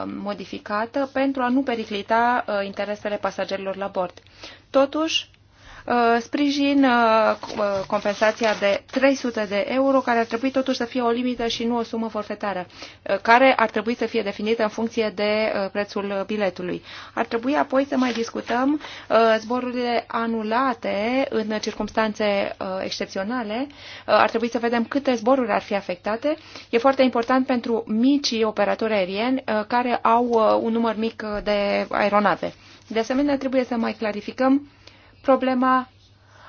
Speaker 4: modificată pentru a nu periclita interesele pasagerilor la bord. Totuși, Uh, sprijin uh, uh, compensația de 300 de euro, care ar trebui totuși să fie o limită și nu o sumă forfetară, care ar trebui să fie definită în funcție de prețul biletului. Ar trebui apoi să mai discutăm zborurile anulate în circunstanțe excepționale. Ar trebui să vedem câte zboruri ar fi afectate. E foarte important pentru micii operatori aerieni care au un număr mic de aeronave. De asemenea, trebuie să mai clarificăm problema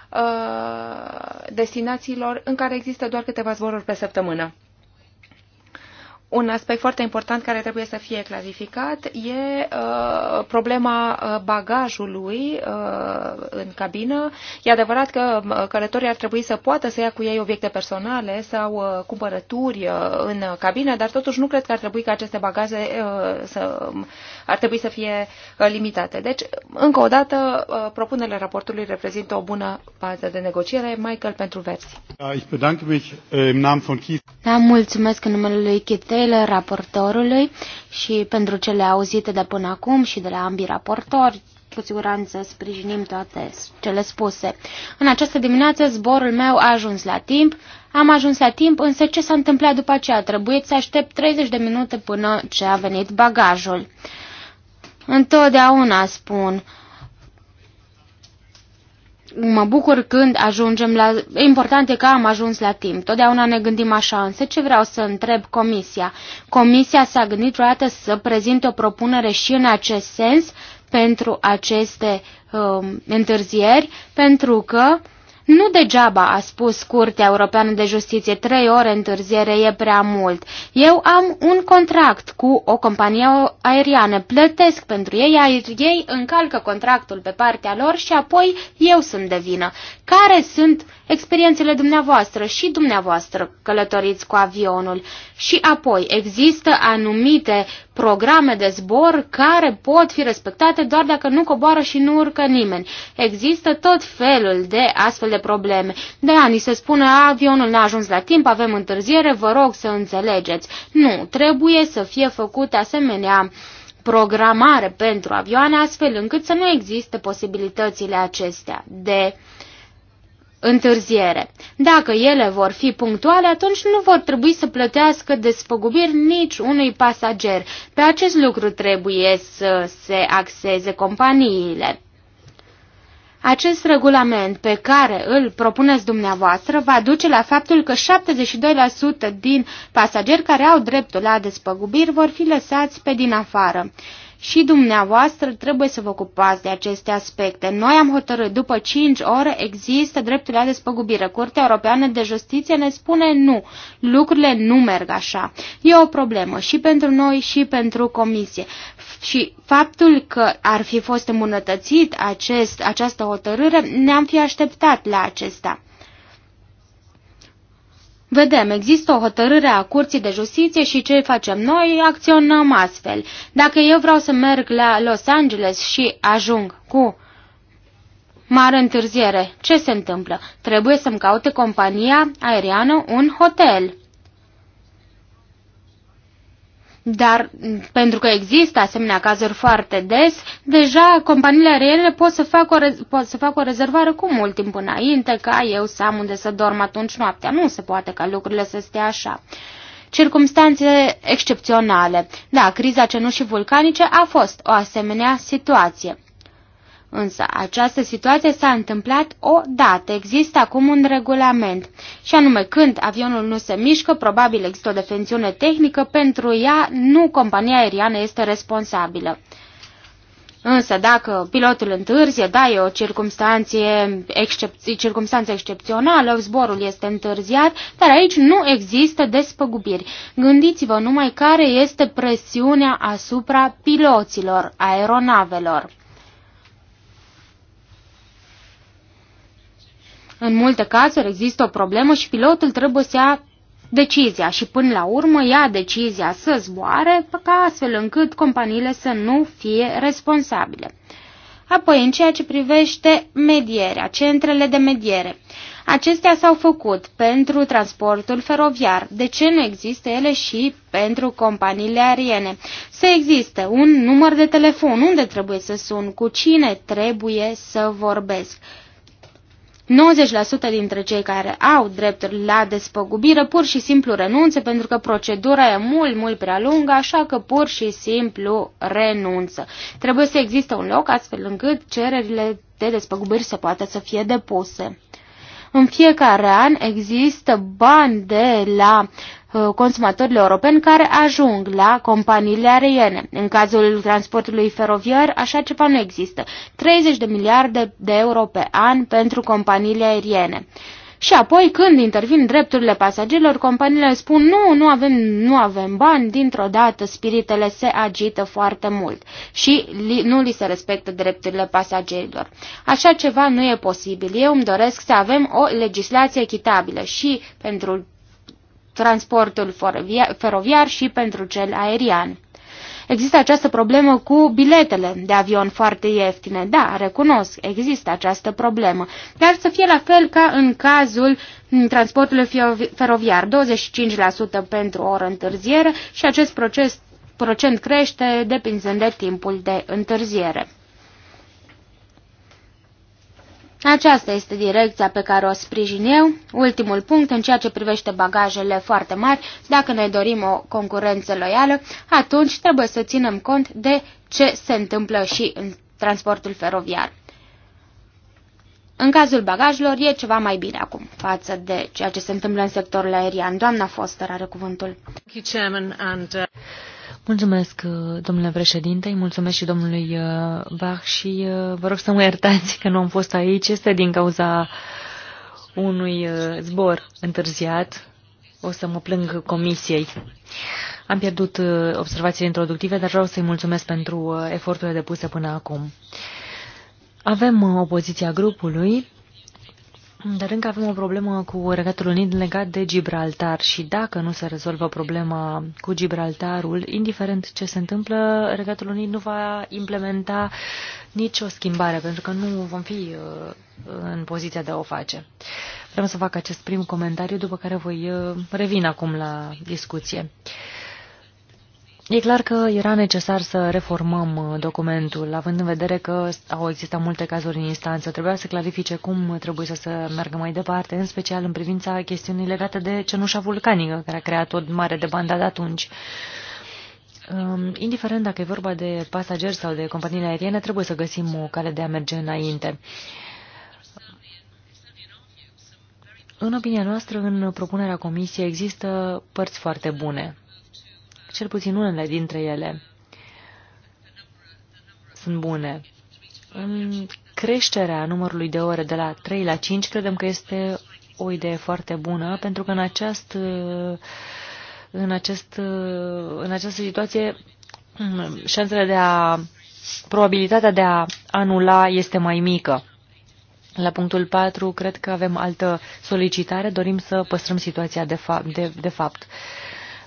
Speaker 4: uh, destinațiilor în care există doar câteva zboruri pe săptămână. Un aspect foarte important care trebuie să fie clarificat e uh, problema uh, bagajului uh, în cabină. E adevărat că uh, călătorii ar trebui să poată să ia cu ei obiecte personale sau uh, cumpărături uh, în cabină, dar totuși nu cred că ar trebui ca aceste bagaje uh, să ar trebui să fie uh, limitate. Deci, încă o dată, uh, propunerile raportului reprezintă o
Speaker 1: bună bază de negociere. Michael, pentru versi.
Speaker 5: Äh,
Speaker 1: da, mulțumesc în numele lui Keith Taylor, raportorului, și pentru cele auzite de până acum și de la ambii raportori cu siguranță sprijinim toate cele spuse. În această dimineață zborul meu a ajuns la timp, am ajuns la timp, însă ce s-a întâmplat după aceea? Trebuie să aștept 30 de minute până ce a venit bagajul. Întotdeauna spun, mă bucur când ajungem la... E important e că am ajuns la timp. Totdeauna ne gândim așa, însă ce vreau să întreb comisia? Comisia s-a gândit vreodată să prezinte o propunere și în acest sens pentru aceste um, întârzieri, pentru că nu degeaba, a spus Curtea Europeană de Justiție, trei ore întârziere e prea mult. Eu am un contract cu o companie aeriană, plătesc pentru ei, iar ei încalcă contractul pe partea lor și apoi eu sunt de vină. Care sunt experiențele dumneavoastră și dumneavoastră călătoriți cu avionul? Și apoi, există anumite programe de zbor care pot fi respectate doar dacă nu coboară și nu urcă nimeni. Există tot felul de astfel de probleme. De ani se spune avionul n-a ajuns la timp, avem întârziere, vă rog să înțelegeți. Nu, trebuie să fie făcute asemenea programare pentru avioane astfel încât să nu existe posibilitățile acestea de întârziere. Dacă ele vor fi punctuale, atunci nu vor trebui să plătească despăgubiri nici unui pasager. Pe acest lucru trebuie să se axeze companiile. Acest regulament pe care îl propuneți dumneavoastră va duce la faptul că 72% din pasageri care au dreptul la despăgubiri vor fi lăsați pe din afară și dumneavoastră trebuie să vă ocupați de aceste aspecte. Noi am hotărât, după 5 ore există dreptul la despăgubire. Curtea Europeană de Justiție ne spune nu, lucrurile nu merg așa. E o problemă și pentru noi și pentru Comisie. Și faptul că ar fi fost îmbunătățit acest, această hotărâre, ne-am fi așteptat la acesta. Vedem, există o hotărâre a Curții de Justiție și ce facem noi? Acționăm astfel. Dacă eu vreau să merg la Los Angeles și ajung cu mare întârziere, ce se întâmplă? Trebuie să-mi caute compania aeriană un hotel. Dar pentru că există asemenea cazuri foarte des, deja companiile aeriene pot să facă o, pot să o rezervare cu mult timp înainte ca eu să am unde să dorm atunci noaptea. Nu se poate ca lucrurile să stea așa circumstanțe excepționale. Da, criza cenușii vulcanice a fost o asemenea situație. Însă această situație s-a întâmplat o dată, există acum un regulament, și anume când avionul nu se mișcă, probabil există o defensiune tehnică, pentru ea nu compania aeriană este responsabilă. Însă dacă pilotul întârzie, da, e o circumstanție, excep- circumstanță excepțională, zborul este întârziat, dar aici nu există despăgubiri. Gândiți-vă numai care este presiunea asupra piloților aeronavelor. În multe cazuri există o problemă și pilotul trebuie să ia decizia și până la urmă ia decizia să zboare ca astfel încât companiile să nu fie responsabile. Apoi, în ceea ce privește medierea, centrele de mediere, acestea s-au făcut pentru transportul feroviar. De ce nu există ele și pentru companiile aeriene? Să existe un număr de telefon, unde trebuie să sun, cu cine trebuie să vorbesc 90% dintre cei care au drepturi la despăgubire pur și simplu renunță pentru că procedura e mult, mult prea lungă, așa că pur și simplu renunță. Trebuie să existe un loc astfel încât cererile de despăgubiri să poată să fie depuse. În fiecare an există bani de la Uh, consumatorilor europeni care ajung la companiile aeriene. În cazul transportului feroviar, așa ceva nu există. 30 de miliarde de euro pe an pentru companiile aeriene. Și apoi, când intervin drepturile pasagerilor, companiile spun nu, nu avem, nu avem bani, dintr-o dată spiritele se agită foarte mult și li, nu li se respectă drepturile pasagerilor. Așa ceva nu e posibil. Eu îmi doresc să avem o legislație echitabilă și pentru transportul feroviar și pentru cel aerian. Există această problemă cu biletele de avion foarte ieftine. Da, recunosc, există această problemă. Dar să fie la fel ca în cazul transportului feroviar, 25% pentru o oră întârziere și acest proces, procent crește depinzând de timpul de întârziere. Aceasta este direcția pe care o sprijin eu. Ultimul punct, în ceea ce privește bagajele foarte mari, dacă ne dorim o concurență loială, atunci trebuie să ținem cont de ce se întâmplă și în transportul feroviar. În cazul bagajelor e ceva mai bine acum față de ceea ce se întâmplă în sectorul aerian. Doamna Foster are cuvântul. Uh,
Speaker 2: Mulțumesc, uh, domnule președinte, mulțumesc și domnului Bach uh, și uh, vă rog să mă iertați că nu am fost aici. Este din cauza unui zbor întârziat. O să mă plâng comisiei. Am pierdut observațiile introductive, dar vreau să-i mulțumesc pentru eforturile depuse până acum. Avem opoziția grupului dar încă avem o problemă cu Regatul Unit legat de Gibraltar și dacă nu se rezolvă problema cu Gibraltarul, indiferent ce se întâmplă, Regatul Unit nu va implementa nicio schimbare, pentru că nu vom fi uh, în poziția de a o face. Vreau să fac acest prim comentariu, după care voi uh, revin acum la discuție. Uh, E clar că era necesar să reformăm uh, documentul, având în vedere că au existat multe cazuri în instanță. Trebuia să clarifice cum trebuie să se meargă mai departe, în special în privința chestiunii legate de cenușa vulcanică, care a creat o mare de bandă de atunci. Um, indiferent dacă e vorba de pasageri sau de companiile aeriene, trebuie să găsim o cale de a merge înainte. În opinia noastră, în propunerea Comisiei există părți foarte bune cel puțin unele dintre ele sunt bune. În creșterea numărului de ore de la 3 la 5 credem că este o idee foarte bună, pentru că în, aceast, în, acest, în această situație șansele de a, probabilitatea de a anula este mai mică. La punctul 4, cred că avem altă solicitare, dorim să păstrăm situația de, fa de, de fapt.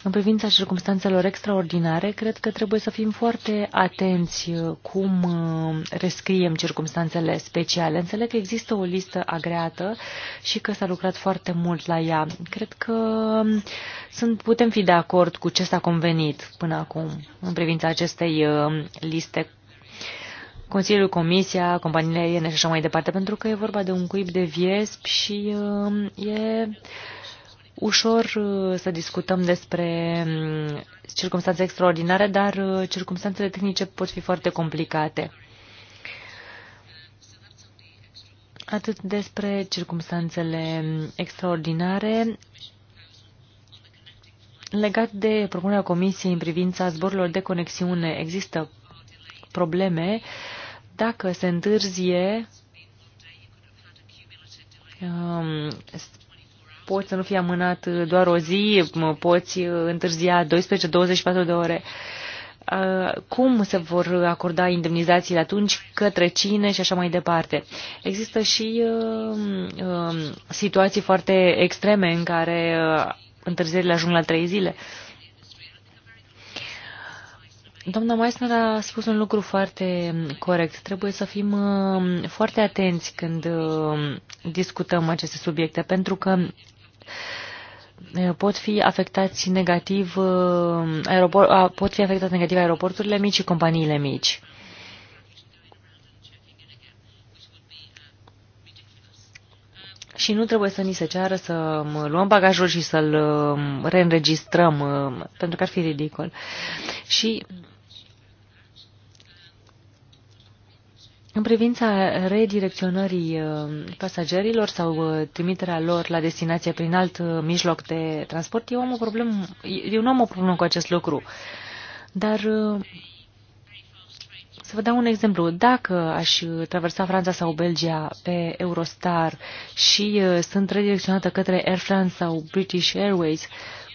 Speaker 2: În privința circumstanțelor extraordinare, cred că trebuie să fim foarte atenți uh, cum uh, rescriem circumstanțele speciale. Înțeleg că există o listă agreată și că s-a lucrat foarte mult la ea. Cred că um, sunt, putem fi de acord cu ce s-a convenit până acum în privința acestei uh, liste Consiliul, Comisia, companiile aeriene și așa mai departe, pentru că e vorba de un cuib de viesp și um, e ușor uh, să discutăm despre mm, circunstanțe extraordinare, dar uh, circunstanțele tehnice pot fi foarte complicate. Atât despre circunstanțele mm, extraordinare, Legat de propunerea Comisiei în privința zborurilor de conexiune, există probleme dacă se întârzie um, poți să nu fii amânat doar o zi, poți întârzia 12-24 de ore. Cum se vor acorda indemnizațiile atunci, către cine și așa mai departe. Există și situații foarte extreme în care întârzierile ajung la trei zile. Uh, Doamna Meissner a spus un lucru foarte corect. Trebuie să fim uh, foarte atenți când uh, discutăm aceste subiecte, pentru că uh, pot fi afectați negativ aeroport, pot fi afectați negativ aeroporturile mici și companiile mici. și nu trebuie să ni se ceară să luăm bagajul și să-l reînregistrăm, pentru că ar fi ridicol. Și În privința redirecționării uh, pasagerilor sau uh, trimiterea lor la destinație prin alt uh, mijloc de transport, eu, am o problemă, eu nu am o problemă cu acest lucru. Dar să vă dau un exemplu. Dacă aș traversa Franța sau Belgia pe Eurostar și sunt redirecționată către Air France sau British Airways, uh,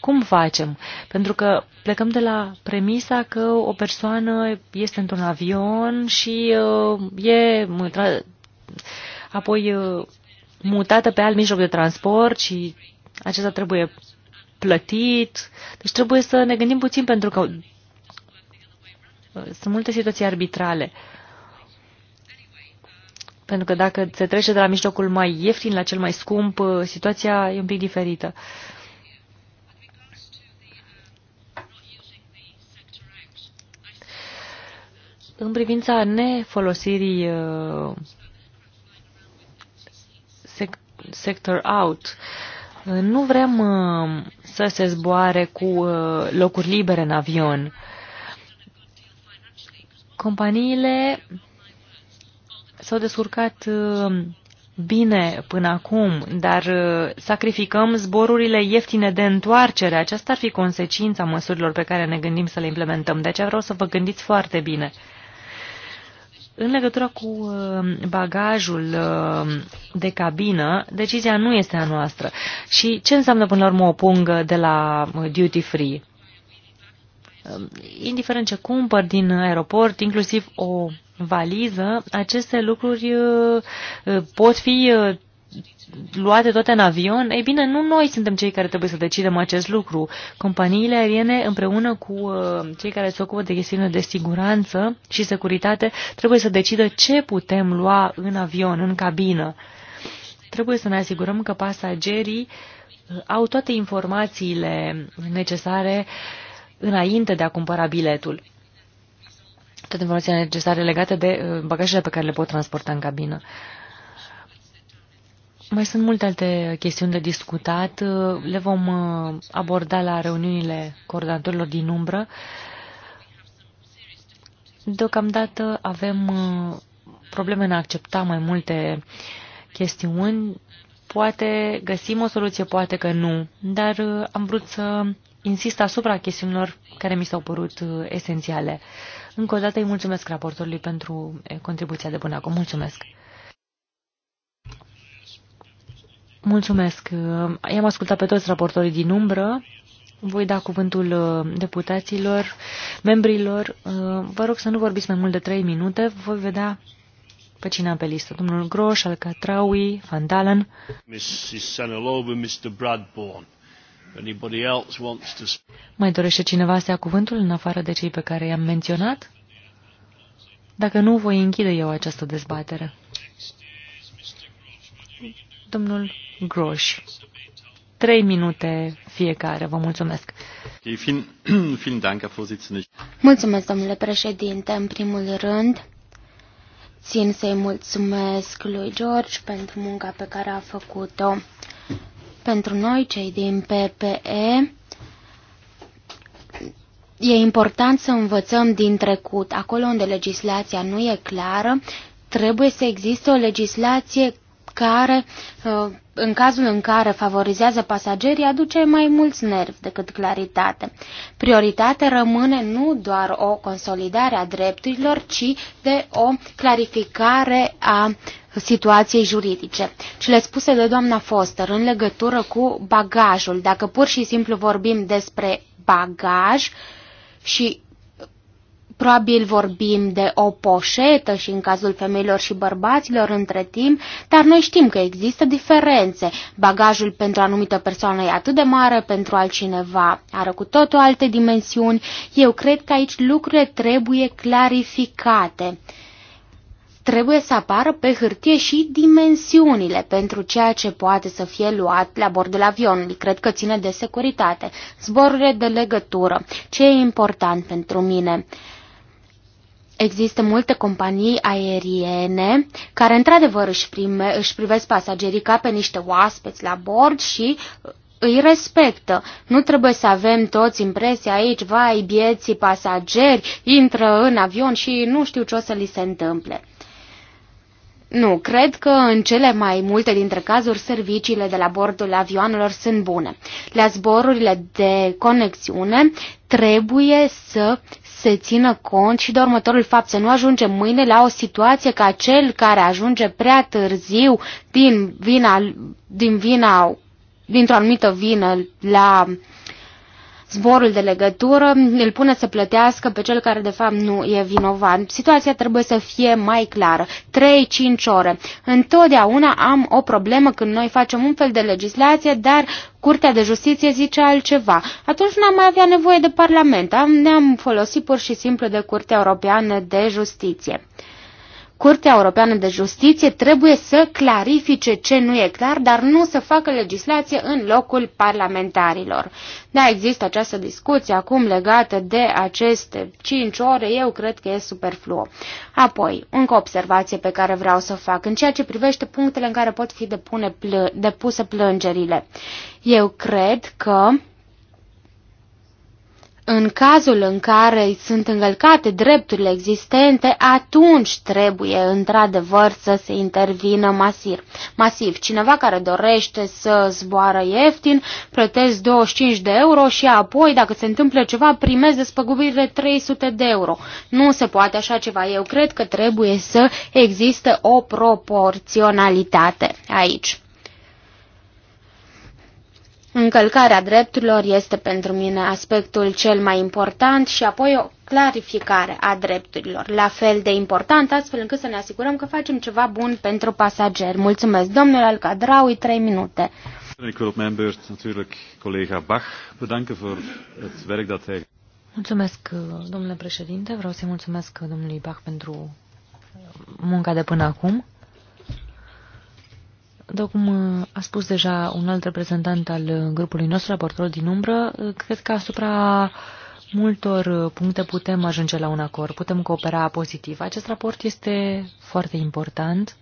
Speaker 2: cum facem? Pentru că plecăm de la premisa că o persoană este într-un avion și uh, e apoi uh, mutată pe alt mijloc de transport și acesta trebuie plătit. Deci trebuie să ne gândim puțin pentru că uh, sunt multe situații arbitrale. Pentru că dacă se trece de la mijlocul mai ieftin la cel mai scump, uh, situația e un pic diferită. Uh, În privința nefolosirii uh, sector out, uh, nu vrem uh, să se zboare cu locuri libere în avion. Companiile s-au descurcat bine până acum, dar sacrificăm zborurile ieftine de întoarcere. Aceasta ar fi consecința măsurilor pe care ne gândim să le implementăm. De aceea vreau să vă gândiți foarte bine. În legătură cu uh, bagajul uh, de cabină, decizia nu este a noastră. Și ce înseamnă până la urmă o pungă de la uh, duty free? Um, indiferent ce cumpăr din aeroport, inclusiv o valiză, aceste lucruri pot fi luate toate în avion, ei bine, nu noi suntem cei care trebuie să decidem acest lucru. Companiile aeriene, împreună cu uh, cei care se ocupă de chestiunile de siguranță și securitate, trebuie să decidă ce putem lua în avion, în cabină. Trebuie să ne asigurăm că pasagerii uh, au toate informațiile necesare înainte de a cumpăra biletul toate informațiile necesare legate de uh, bagajele pe care le pot transporta în cabină. Mai sunt multe alte chestiuni de discutat. Le vom uh, aborda la reuniunile coordonatorilor din umbră. Deocamdată avem uh, probleme în a accepta mai multe chestiuni. Poate găsim o soluție, poate că nu, dar uh, am vrut să insist asupra chestiunilor care mi s-au părut esențiale. Încă o dată îi mulțumesc raportorului pentru eh, contribuția de până acum. Mulțumesc! Mulțumesc. I-am ascultat pe toți raportorii din umbră. Voi da cuvântul uh, deputaților, membrilor. Uh, vă rog să nu vorbiți mai mult de trei minute. Voi vedea pe cine am pe listă. Domnul Groș, Alcatraui, Van Dalen. Mai dorește cineva să ia cuvântul în afară de cei pe care i-am menționat? Dacă nu, voi închide eu această dezbatere domnul Groș. Trei minute fiecare. Vă mulțumesc.
Speaker 1: Mulțumesc, domnule președinte. În primul rând, țin să-i mulțumesc lui George pentru munca pe care a făcut-o. Pentru noi, cei din PPE, e important să învățăm din trecut. Acolo unde legislația nu e clară, trebuie să existe o legislație care, uh, în cazul în care favorizează pasagerii, aduce mai mulți nervi decât claritate. Prioritatea rămâne nu doar o consolidare a drepturilor, ci de o clarificare a situației juridice. Cele spuse de doamna Foster în legătură cu bagajul, dacă pur și simplu vorbim despre bagaj și Probabil vorbim de o poșetă și în cazul femeilor și bărbaților între timp, dar noi știm că există diferențe. Bagajul pentru anumită persoană e atât de mare, pentru altcineva are cu totul alte dimensiuni. Eu cred că aici lucrurile trebuie clarificate. Trebuie să apară pe hârtie și dimensiunile pentru ceea ce poate să fie luat la bordul avionului. Cred că ține de securitate, zborurile de legătură, ce e important pentru mine. Există multe companii aeriene care într-adevăr își, își privesc pasagerii ca pe niște oaspeți la bord și uh, îi respectă. Nu trebuie să avem toți impresia aici, vai, bieții pasageri, intră în avion și nu știu ce o să li se întâmple. Nu, cred că în cele mai multe dintre cazuri serviciile de la bordul avioanelor sunt bune. La zborurile de conexiune trebuie să se țină cont și de următorul fapt, să nu ajungem mâine la o situație ca cel care ajunge prea târziu din vina, din vina dintr-o anumită vină la zborul de legătură îl pune să plătească pe cel care de fapt nu e vinovat. Situația trebuie să fie mai clară. 3-5 ore. Întotdeauna am o problemă când noi facem un fel de legislație, dar Curtea de Justiție zice altceva. Atunci n-am mai avea nevoie de Parlament. Ne-am folosit pur și simplu de Curtea Europeană de Justiție. Curtea Europeană de Justiție trebuie să clarifice ce nu e clar, dar nu să facă legislație în locul parlamentarilor. Da, există această discuție acum legată de aceste 5 ore, eu cred că e superfluo. Apoi, încă o observație pe care vreau să o fac, în ceea ce privește punctele în care pot fi depune depuse plângerile. Eu cred că în cazul în care sunt încălcate drepturile existente, atunci trebuie într-adevăr să se intervină masiv. masiv. Cineva care dorește să zboară ieftin, plătesc 25 de euro și apoi, dacă se întâmplă ceva, primesc despăgubire 300 de euro. Nu se poate așa ceva. Eu cred că trebuie să existe o proporționalitate aici. Încălcarea drepturilor este pentru mine aspectul cel mai important și apoi o clarificare a drepturilor, la fel de important, astfel încât să ne asigurăm că facem ceva bun pentru pasageri. Mulțumesc, domnule Alcadraui, trei minute.
Speaker 5: Ik wil op mijn beurt natuurlijk collega Bach bedanken voor
Speaker 3: het werk dat hij...
Speaker 2: Mulțumesc, domnule președinte. Vreau să-i mulțumesc domnului Bach pentru munca de până acum. După cum uh, a spus deja un alt reprezentant al uh, grupului nostru, raportorul din umbră, uh, cred că asupra multor puncte putem ajunge la un acord, putem coopera pozitiv. Acest raport este foarte important.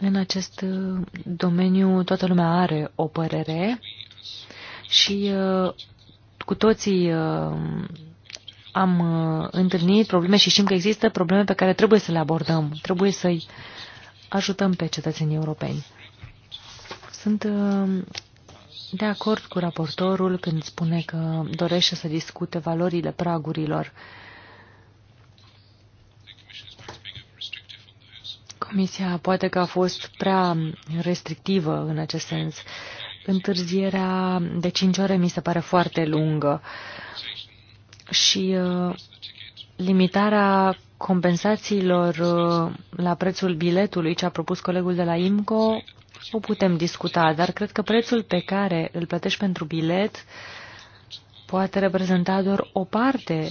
Speaker 2: În acest domeniu toată lumea are o părere și cu toții am întâlnit probleme și știm că există probleme pe care trebuie să le abordăm, trebuie să-i ajutăm pe cetățenii europeni. Sunt uh, de acord cu raportorul când spune că dorește să discute valorile pragurilor. Comisia poate că a fost prea restrictivă în acest sens. Întârzierea de 5 ore mi se pare foarte lungă și uh, limitarea compensațiilor uh, la prețul biletului ce a propus colegul de la IMCO o putem discuta, dar cred că prețul pe care îl plătești pentru bilet poate reprezenta doar o parte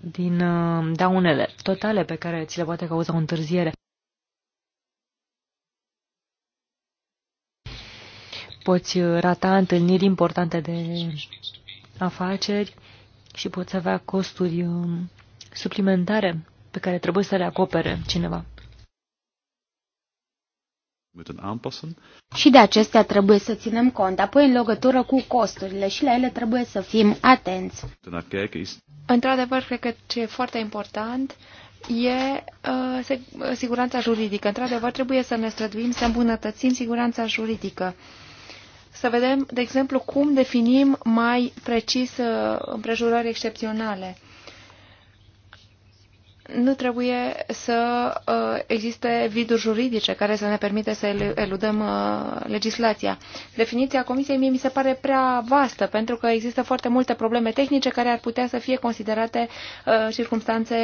Speaker 2: din uh, daunele totale pe care ți le poate cauza o întârziere. Poți uh, rata întâlniri importante de afaceri și poți avea costuri
Speaker 1: suplimentare pe care trebuie să le acopere cineva. Și de acestea trebuie să ținem cont, apoi în legătură cu costurile și la ele trebuie să fim atenți. Într-adevăr, cred că ce e foarte
Speaker 4: important e uh, uh, siguranța juridică. Într-adevăr, trebuie să ne străduim să îmbunătățim siguranța juridică. Să vedem, de exemplu, cum definim mai precis uh, împrejurări excepționale nu trebuie să uh, existe viduri juridice care să ne permite să eludăm uh, legislația. Definiția Comisiei mie mi se pare prea vastă, pentru că există foarte multe probleme tehnice care ar putea să fie considerate uh, circumstanțe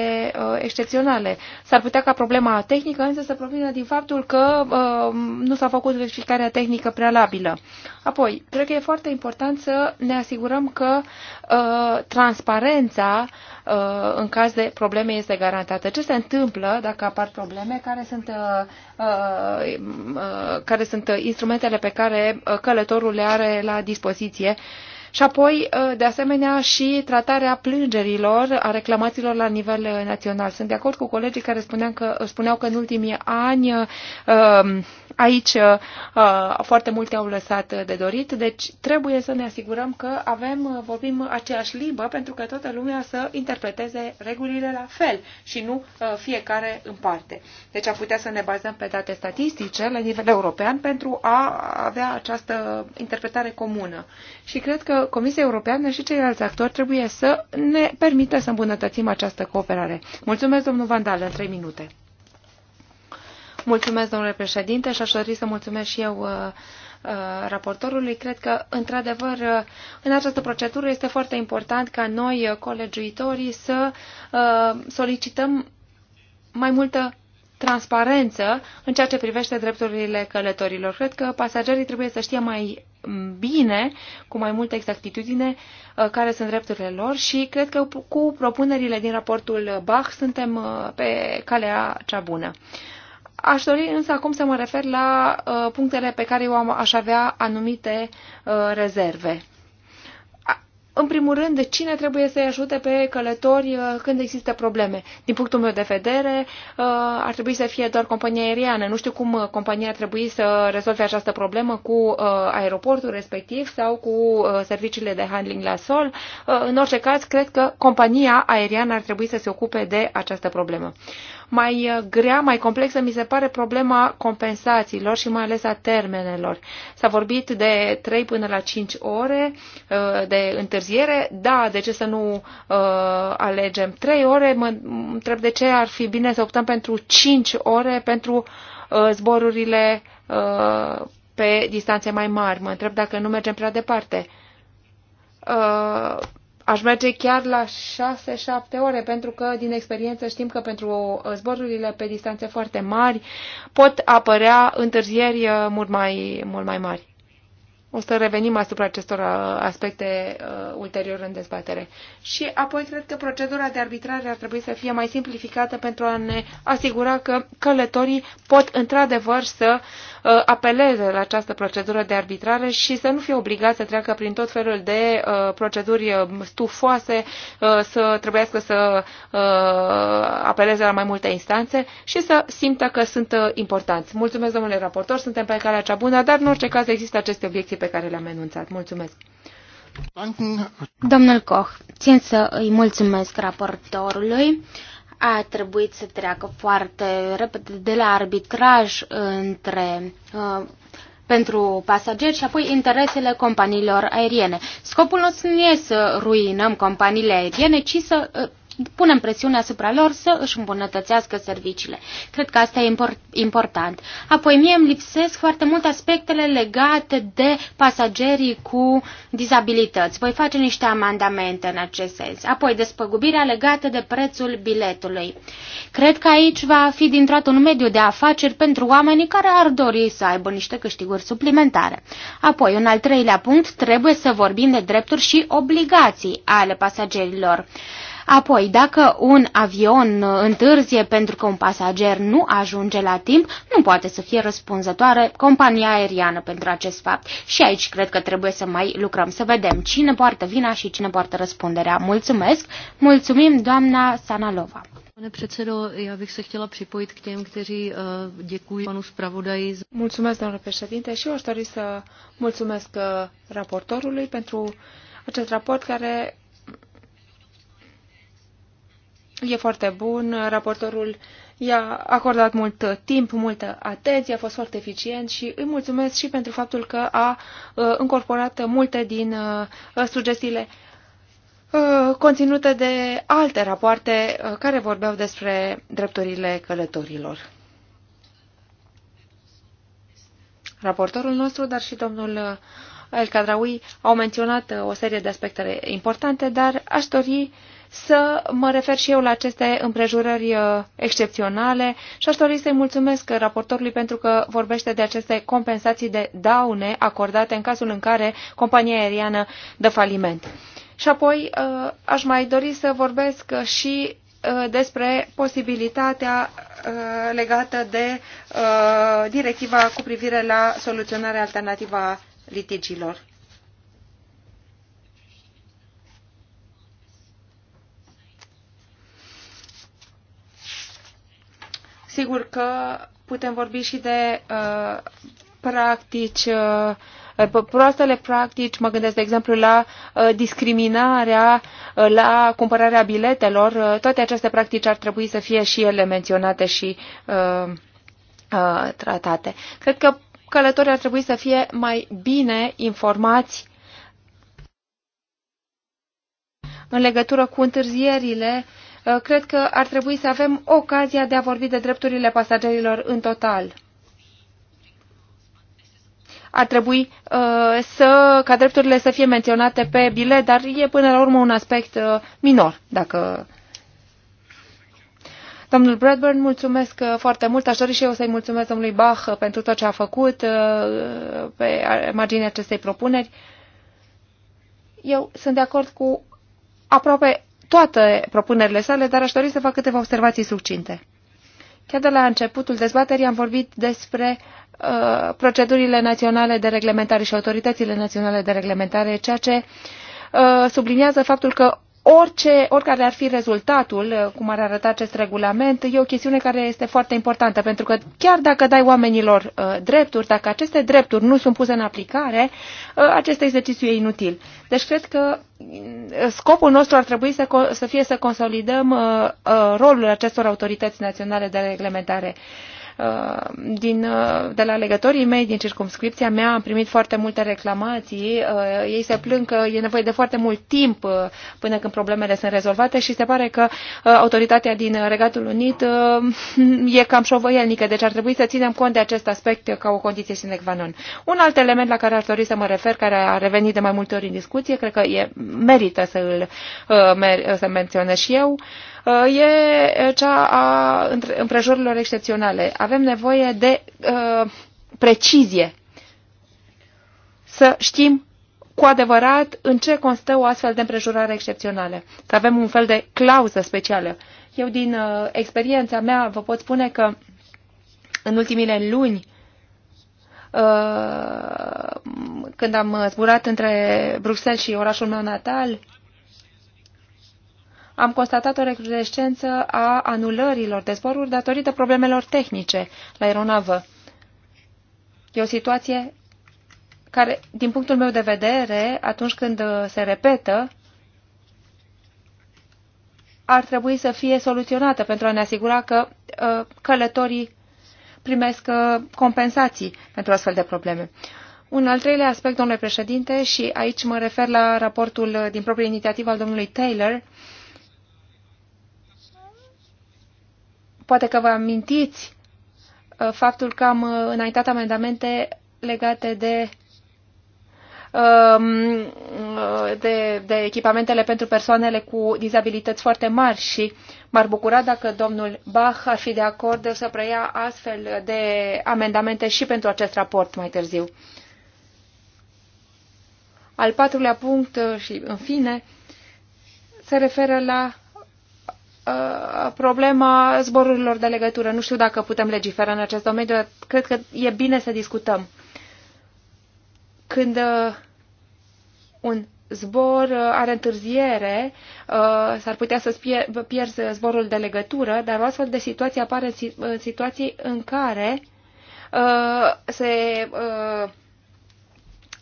Speaker 4: excepționale. S-ar putea ca problema tehnică însă să provină din faptul că nu s-a făcut verificarea tehnică prealabilă. Apoi, cred că e foarte important să ne asigurăm că transparența Uh, în caz de probleme este garantată. Ce se întâmplă dacă apar probleme? Care sunt, uh, uh, care sunt instrumentele pe care călătorul le are la dispoziție? și apoi, de asemenea, și tratarea plângerilor, a reclamațiilor la nivel național. Sunt de acord cu colegii care spuneau că, spuneau că în ultimii ani Aici uh, uh, foarte multe au lăsat de dorit, deci trebuie să ne asigurăm că avem, uh, vorbim aceeași limbă pentru că toată lumea să interpreteze regulile la fel și nu uh, fiecare în parte. Deci am putea să ne bazăm pe date statistice la nivel european pentru a avea această interpretare comună. Și cred că Comisia Europeană și ceilalți actori trebuie să ne permită să îmbunătățim această cooperare. Mulțumesc, domnul Vandal, în trei minute. Mulțumesc, domnule președinte, și aș dori să mulțumesc și eu uh, uh, raportorului. Cred că, într-adevăr, uh, în această procedură este foarte important ca noi, colegiuitorii, să solicităm mai multă transparență în ceea ce privește drepturile călătorilor. Cred că pasagerii trebuie să știe mai bine, cu mai multă exactitudine, care sunt drepturile lor și cred că cu propunerile din raportul Bach suntem pe calea cea bună. Aș dori însă acum să mă refer la uh, punctele pe care eu am, aș avea anumite uh, rezerve. În primul rând, cine trebuie să-i ajute pe călători uh, când există probleme? Din punctul meu de vedere, uh, ar trebui să fie doar compania aeriană. Nu știu cum uh, compania ar trebui să rezolve această problemă cu aeroportul respectiv sau cu serviciile de handling la sol. În orice caz, cred că compania aeriană ar trebui să se ocupe de această problemă. Mai uh, grea, mai complexă mi se pare problema compensațiilor și mai ales a termenelor. S-a vorbit de 3 până la 5 ore uh, de întârziere. Da, de ce să nu uh, alegem 3 ore? Mă întreb de ce ar fi bine să optăm pentru 5 ore pentru zborurile pe distanțe mai mari. Mă întreb dacă nu mergem prea departe Aș merge chiar la 6-7 ore, pentru că din experiență știm că pentru uh, zborurile pe distanțe foarte mari pot apărea întârzieri uh, mult mai, mult mai mari. O să revenim asupra acestor uh, aspecte uh, ulterior în dezbatere. Și apoi cred că procedura de arbitrare ar trebui să fie mai simplificată pentru a ne asigura că călătorii pot într-adevăr să uh, Uh, apeleze la această procedură de arbitrare și să nu fie obligat să treacă prin tot felul de uh, proceduri uh, stufoase, să trebuiască să apeleze la mai multe instanțe și să simtă că sunt importanți. Mulțumesc, domnule raportor, suntem pe calea cea bună, dar în orice caz există aceste obiecții pe care le-am enunțat. Mulțumesc!
Speaker 1: Domnul Koch, țin să îi mulțumesc raportorului a trebuit să treacă foarte repede de la arbitraj între uh, pentru pasageri și apoi interesele companiilor aeriene. Scopul nostru nu e să ruinăm companiile aeriene, ci să uh, punem presiune asupra lor să își îmbunătățească serviciile. Cred că asta e import, important. Apoi mie îmi lipsesc foarte mult aspectele legate de pasagerii cu dizabilități. Voi face niște amandamente în acest sens. Apoi despăgubirea legată de prețul biletului. Cred că aici va fi dintr-o un mediu de afaceri pentru oamenii care ar dori să aibă niște câștiguri suplimentare. Apoi, un al treilea punct, trebuie să vorbim de drepturi și obligații ale pasagerilor. Apoi, dacă un avion uh, întârzie pentru că un pasager nu ajunge la timp, nu poate să fie răspunzătoare compania aeriană pentru acest fapt. Și aici cred că trebuie să mai lucrăm, să vedem cine poartă vina și cine poartă răspunderea. Mulțumesc! Mulțumim, doamna Sanalova! Pane předsedo,
Speaker 4: já bych se chtěla připojit k těm, kteří uh, eh, děkují panu zpravodaji. Mulțumesc, domnule președinte, și eu aș dori să mulțumesc eh, raportorului pentru acest raport care e foarte bun, raportorul i-a acordat mult timp, multă atenție, a fost foarte eficient și îi mulțumesc și pentru faptul că a uh, încorporat multe din uh, sugestiile uh, conținute de alte rapoarte care vorbeau despre drepturile călătorilor. Raportorul nostru, dar și domnul El Cadraui au menționat o serie de aspecte importante, dar aș dori uh, să mă refer și eu la aceste împrejurări uh, excepționale și aș dori să-i mulțumesc raportorului pentru că vorbește de aceste compensații de daune acordate în cazul în care compania aeriană dă faliment. Și apoi uh, aș mai dori să vorbesc și uh, despre posibilitatea legată de directiva cu privire la soluționarea alternativă a litigilor. Sigur că putem vorbi și de uh, practici uh, proastele practici, mă gândesc de exemplu la uh, discriminarea, uh, la cumpărarea biletelor, uh, toate aceste practici ar trebui să fie și ele menționate și uh, uh, tratate. Cred că călătorii ar trebui să fie mai bine informați în legătură cu întârzierile uh, Uh, cred că ar trebui să avem ocazia de a vorbi de drepturile pasagerilor în total. Ar trebui uh, să, ca drepturile să fie menționate pe bilet, dar e până la urmă un aspect uh, minor, dacă... Domnul Bradburn, mulțumesc uh, foarte mult. Aș dori și eu să-i mulțumesc domnului Bach uh, pentru tot ce a făcut uh, pe marginea acestei propuneri. Eu sunt de acord cu aproape toate propunerile sale, dar aș dori să fac câteva observații succinte. Chiar de la începutul dezbaterii am vorbit despre uh, procedurile naționale de reglementare și autoritățile naționale de reglementare, ceea ce uh, subliniază faptul că orice, oricare ar fi rezultatul, uh, cum ar arăta acest regulament, e o chestiune care este foarte importantă, pentru că chiar dacă dai oamenilor uh, drepturi, dacă aceste drepturi nu sunt puse în aplicare, uh, acest exercițiu e inutil. Deci cred că mm, scopul nostru ar trebui să, să fie să consolidăm uh, uh, rolul acestor autorități naționale de reglementare. Uh, Uh, din, uh, de la legătorii mei din circumscripția mea am primit foarte multe reclamații. Uh, ei se plâng că e nevoie de foarte mult timp până când problemele sunt rezolvate și se pare că autoritatea din Regatul Unit e cam șovăielnică, deci ar trebui să ținem cont de acest aspect ca o condiție sine qua non. Un alt element la care ar dori să mă refer, care a revenit de mai multe ori în discuție, cred că e, merită să îl să menționez și eu, uh, Uh, e cea a împrejurilor excepționale. Avem nevoie de uh, precizie. Să știm cu adevărat în ce constă o astfel de împrejurare excepțională. Să avem un fel de clauză specială. Eu din uh, experiența mea vă pot spune că în ultimile luni, uh, când am zburat între Bruxelles și orașul meu natal, am constatat o recrudescență a anulărilor de zboruri datorită problemelor tehnice la aeronavă. E o situație care, din punctul meu de vedere, atunci când se repetă, ar trebui să fie soluționată pentru a ne asigura că ă, călătorii primesc ă, compensații pentru astfel de probleme. Un al treilea aspect, domnule președinte, și aici mă refer la raportul din proprie inițiativă al domnului Taylor, Poate că vă amintiți uh, faptul că am uh, înaintat amendamente legate de um, uh, de, de echipamentele pentru persoanele cu dizabilități foarte mari și m-ar bucura dacă domnul Bach ar fi de acord să preia astfel de amendamente și pentru acest raport mai târziu. Al patrulea punct și în fine se referă la Uh, problema zborurilor de legătură. Nu știu dacă putem legifera în acest domeniu, dar cred că e bine să discutăm. Când uh, un zbor uh, are întârziere, s-ar putea să pierzi zborul de legătură, dar o astfel de situație apare în situații în care se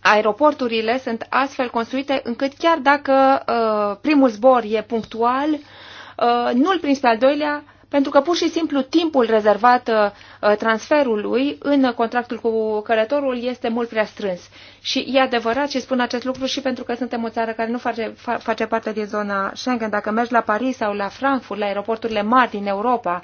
Speaker 4: aeroporturile sunt astfel construite încât chiar dacă uh, primul zbor e punctual, Uh, nu îl prins pe al doilea, pentru că pur și simplu timpul rezervat uh, uh, transferului în contractul cu călătorul este mult prea strâns. Și e adevărat și spun acest lucru și pentru că suntem o țară care nu face, face parte din zona Schengen. Dacă mergi la Paris sau la Frankfurt, la aeroporturile mari din Europa,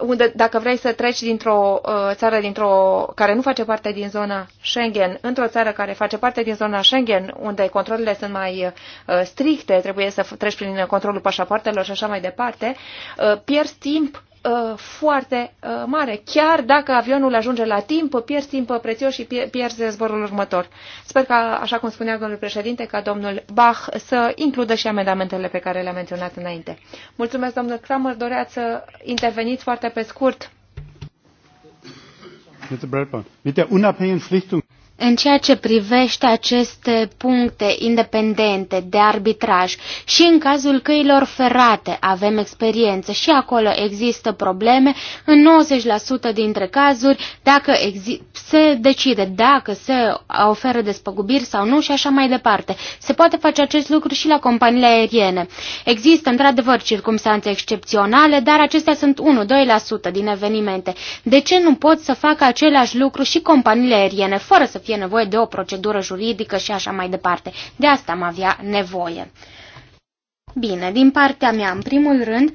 Speaker 4: unde dacă vrei să treci dintr-o uh, țară dintr-o, care nu face parte din zona Schengen într-o țară care face parte din zona Schengen, unde controlele sunt mai uh, stricte, trebuie să treci prin controlul pașapoartelor și așa mai departe, uh, pierzi timp Uh, foarte uh, mare. Chiar dacă avionul ajunge la timp, pierzi timp prețios și pierzi zborul următor. Sper că, așa cum spunea domnul președinte, ca domnul Bach să includă și amendamentele pe care le-am menționat înainte. Mulțumesc, domnul Kramer. Doreați să interveniți foarte pe scurt
Speaker 1: în ceea ce privește aceste puncte independente de arbitraj și în cazul căilor ferate avem experiență și acolo există probleme în 90% dintre cazuri dacă se decide dacă se oferă despăgubiri sau nu și așa mai departe. Se poate face acest lucru și la companiile aeriene. Există într-adevăr circumstanțe excepționale, dar acestea sunt 1-2% din evenimente. De ce nu pot să facă același lucru și companiile aeriene fără să fie nevoie de o procedură juridică și așa mai departe. De asta am avea nevoie. Bine, din partea mea, în primul rând,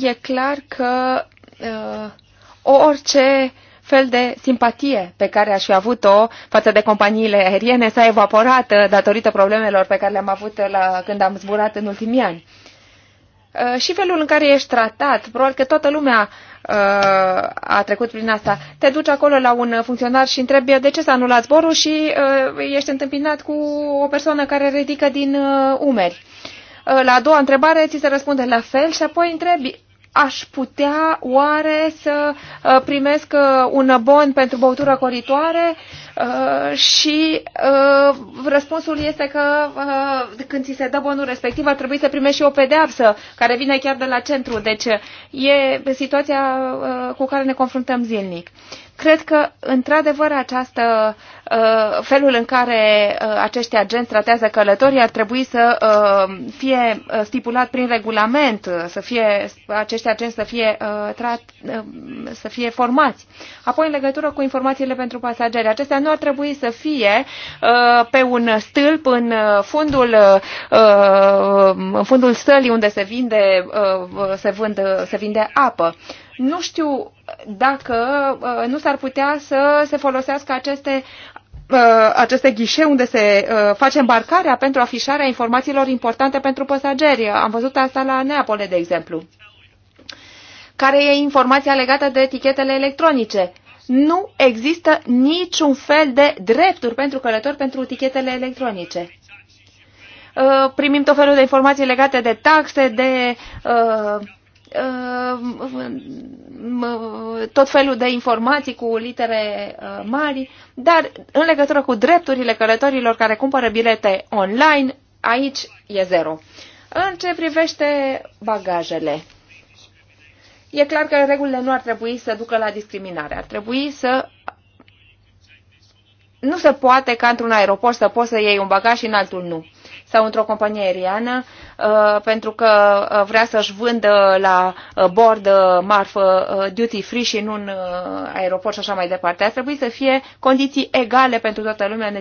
Speaker 1: e clar că
Speaker 4: uh, orice fel de simpatie pe care aș fi avut-o față de companiile aeriene s-a evaporat uh, datorită problemelor pe care le-am avut uh, la când am zburat în ultimii ani. Uh, și felul în care ești tratat, probabil că toată lumea Uh, a trecut prin asta. Te duci acolo la un funcționar și întrebi de ce s-a anulat zborul și uh, ești întâmpinat cu o persoană care ridică din uh, umeri. La a doua întrebare ți se răspunde la fel și apoi întrebi aș putea oare să uh, primesc uh, un bon pentru băutură coritoare? Uh, și răspunsul este că când ți se dă bonul respectiv ar trebui să primești și o pedeapsă care vine chiar de la centru. Deci e situația cu care ne confruntăm zilnic. Cred că, într-adevăr, această uh, felul în care uh, acești agenți tratează călătorii ar trebui să uh, fie stipulat prin regulament, să fie acești agenți să fie, să fie formați. Apoi, în legătură cu informațiile pentru pasageri, acestea nu ar trebui să fie pe un stâlp în fundul, în fundul stălii unde se vinde, se, vând, se vinde apă. Nu știu dacă uh, nu s-ar putea să se folosească aceste uh, aceste ghișe unde se uh, face îmbarcarea pentru afișarea informațiilor importante pentru pasageri. Am văzut asta la Neapole, de exemplu. Care e informația legată de etichetele electronice? Nu există niciun fel de drepturi pentru călători pentru etichetele electronice. Primim tot felul de informații legate de taxe, de uh, Uh, tot felul de informații cu litere uh, mari, dar în legătură cu drepturile călătorilor care cumpără bilete online, aici e zero. În ce privește bagajele, e clar că regulile nu ar trebui să ducă la discriminare. Ar trebui să nu se poate ca într-un aeroport să poți să iei un bagaj și în altul nu sau într-o companie aeriană uh, pentru că uh, vrea să-și vândă la uh, bord marfă duty free și nu în aeroport și așa mai departe. Ar trebui să fie condiții egale pentru toată lumea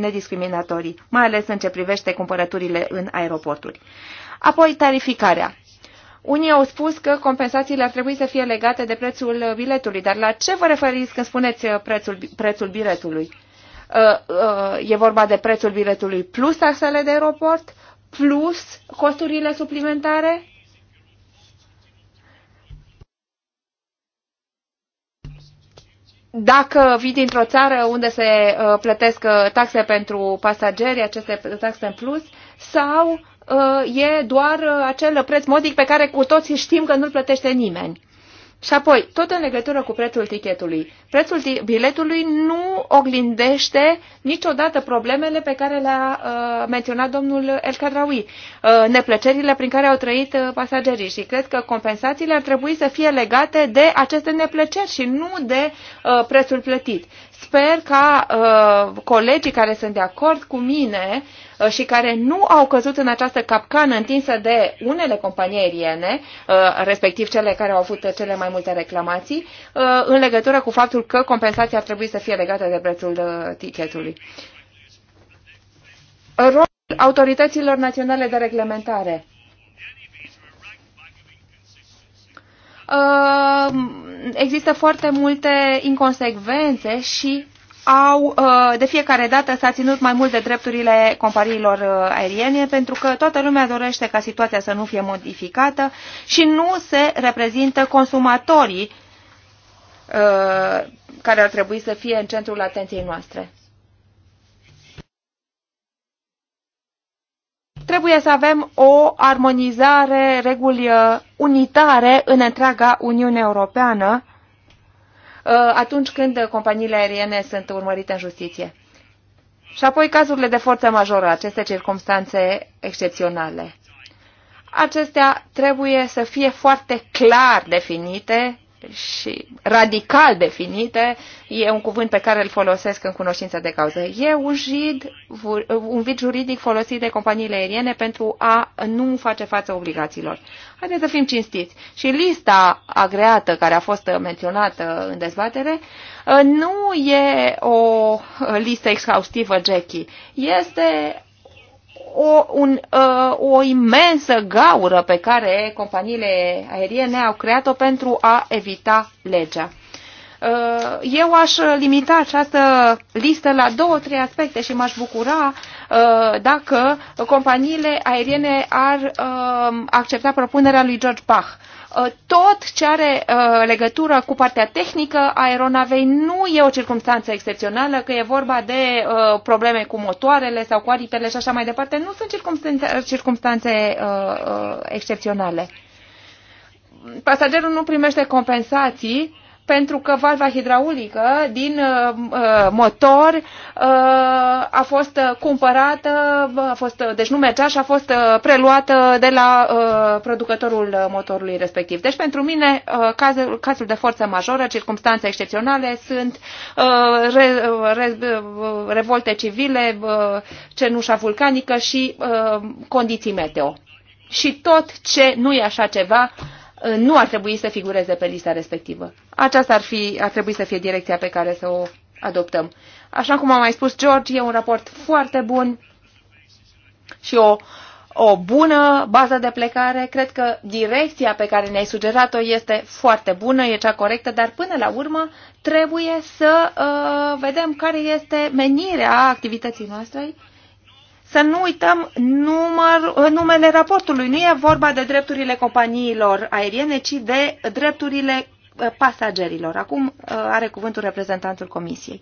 Speaker 4: nediscriminatorii, mai ales în ce privește cumpărăturile în aeroporturi. Apoi tarificarea. Unii au spus că compensațiile ar trebui să fie legate de prețul biletului, dar la ce vă referiți când spuneți prețul, prețul biletului? Uh, uh, e vorba de prețul biletului plus taxele de aeroport, plus costurile suplimentare? Dacă vii dintr-o țară unde se uh, plătesc taxe pentru pasageri, aceste taxe în plus, sau e doar acel preț modic pe care cu toții știm că nu-l plătește nimeni? Și apoi, tot în legătură cu prețul tichetului. Prețul biletului nu oglindește niciodată problemele pe care le-a uh, menționat domnul El Cadraui, uh, neplăcerile prin care au trăit uh, pasagerii și cred că compensațiile ar trebui să fie legate de aceste neplăceri și nu de uh, prețul plătit sper ca uh, colegii care sunt de acord cu mine uh, și care nu au căzut în această capcană întinsă de unele companii aeriene, uh, respectiv cele care au avut cele mai multe reclamații, uh, în legătură cu faptul că compensația ar trebui să fie legată de prețul uh, ticketului. Rolul autorităților naționale de reglementare. Ehm, există foarte multe inconsecvențe și au, eh, de fiecare dată s-a ținut mai mult de drepturile companiilor eh, aeriene pentru că toată lumea dorește ca situația să nu fie modificată și nu se reprezintă consumatorii eh, care ar trebui să fie în centrul atenției noastre. trebuie să avem o armonizare, reguli uh, unitare în întreaga Uniune Europeană uh, atunci când companiile aeriene sunt urmărite în justiție. Și apoi cazurile de forță majoră, aceste circumstanțe excepționale. Acestea trebuie să fie foarte clar definite și radical definite, e un cuvânt pe care îl folosesc în cunoștință de cauză. E un, jid, un vid juridic folosit de companiile aeriene pentru a nu face față obligațiilor. Haideți să fim cinstiți. Și lista agreată care a fost menționată în dezbatere uh, nu e o listă exhaustivă, Jackie. Este o, un, uh, o imensă gaură pe care companiile aeriene au creat-o pentru a evita legea. Uh, eu aș limita această listă la două, trei aspecte și m-aș bucura Uh, dacă companiile aeriene ar um, accepta propunerea lui George Bach uh, tot ce are uh, legătură cu partea tehnică a aeronavei nu e o circunstanță excepțională, că e vorba de probleme cu motoarele sau cu aripele și așa mai departe, nu sunt circunstanțe, circunstanțe excepționale. Pasagerul nu primește compensații pentru că valva hidraulică din uh, uh, motor uh, a fost cumpărată, a fost, deci nu mergea și a fost preluată de la producătorul motorului respectiv. Deci pentru mine cazul, cazul de forță majoră, circumstanțe excepționale sunt re, re, revolte civile, cenușa vulcanică și condiții meteo. Și tot ce nu e așa ceva Uh, nu ar trebui să figureze pe lista respectivă. Aceasta ar, fi, ar trebui să fie direcția pe care să o adoptăm. Așa cum am mai spus George, e un raport foarte bun și o, o bună bază de plecare. Cred că direcția pe care ne-ai sugerat-o este foarte bună, e cea corectă, dar până la urmă trebuie să uh, vedem care este menirea activității noastre să nu uităm număr, numele raportului. Nu e vorba de drepturile companiilor aeriene, ci de drepturile uh, pasagerilor. Acum uh, are cuvântul reprezentantul Comisiei.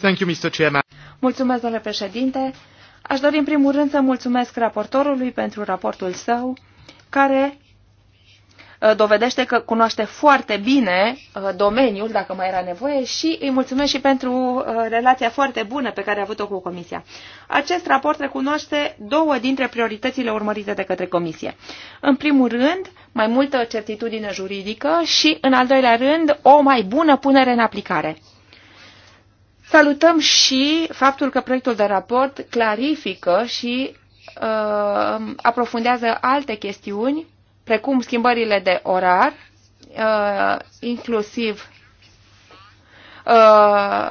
Speaker 3: Thank you, Mr. Chairman.
Speaker 4: Mulțumesc, domnule președinte. Aș dori în primul rând să mulțumesc raportorului pentru raportul său, care Uh, dovedește că cunoaște foarte bine uh, domeniul, dacă mai era nevoie, și îi mulțumesc și pentru uh, relația foarte bună pe care a avut-o cu Comisia. Acest raport recunoaște două dintre prioritățile urmărite de către Comisie. În primul rând, mai multă certitudine juridică și, în al doilea rând, o mai bună punere în aplicare. Salutăm și faptul că proiectul de raport clarifică și uh, aprofundează alte chestiuni precum schimbările de orar, uh, inclusiv uh,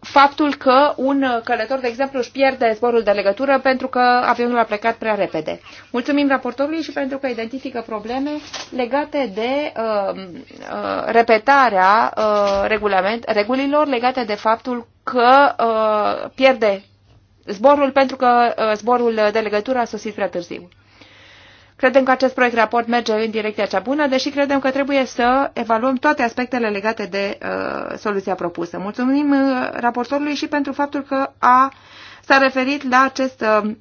Speaker 4: faptul că un călător, de exemplu, își pierde zborul de legătură pentru că avionul a plecat prea repede. Mulțumim raportorului și pentru că identifică probleme legate de uh, uh, repetarea uh, regulament, regulilor, legate de faptul că uh, pierde zborul pentru că uh, zborul de legătură a sosit prea târziu. Credem că acest proiect raport merge în direcția cea bună, deși credem că trebuie să evaluăm toate aspectele legate de uh, soluția propusă. Mulțumim uh, raportorului și pentru faptul că a s-a referit la acest uh,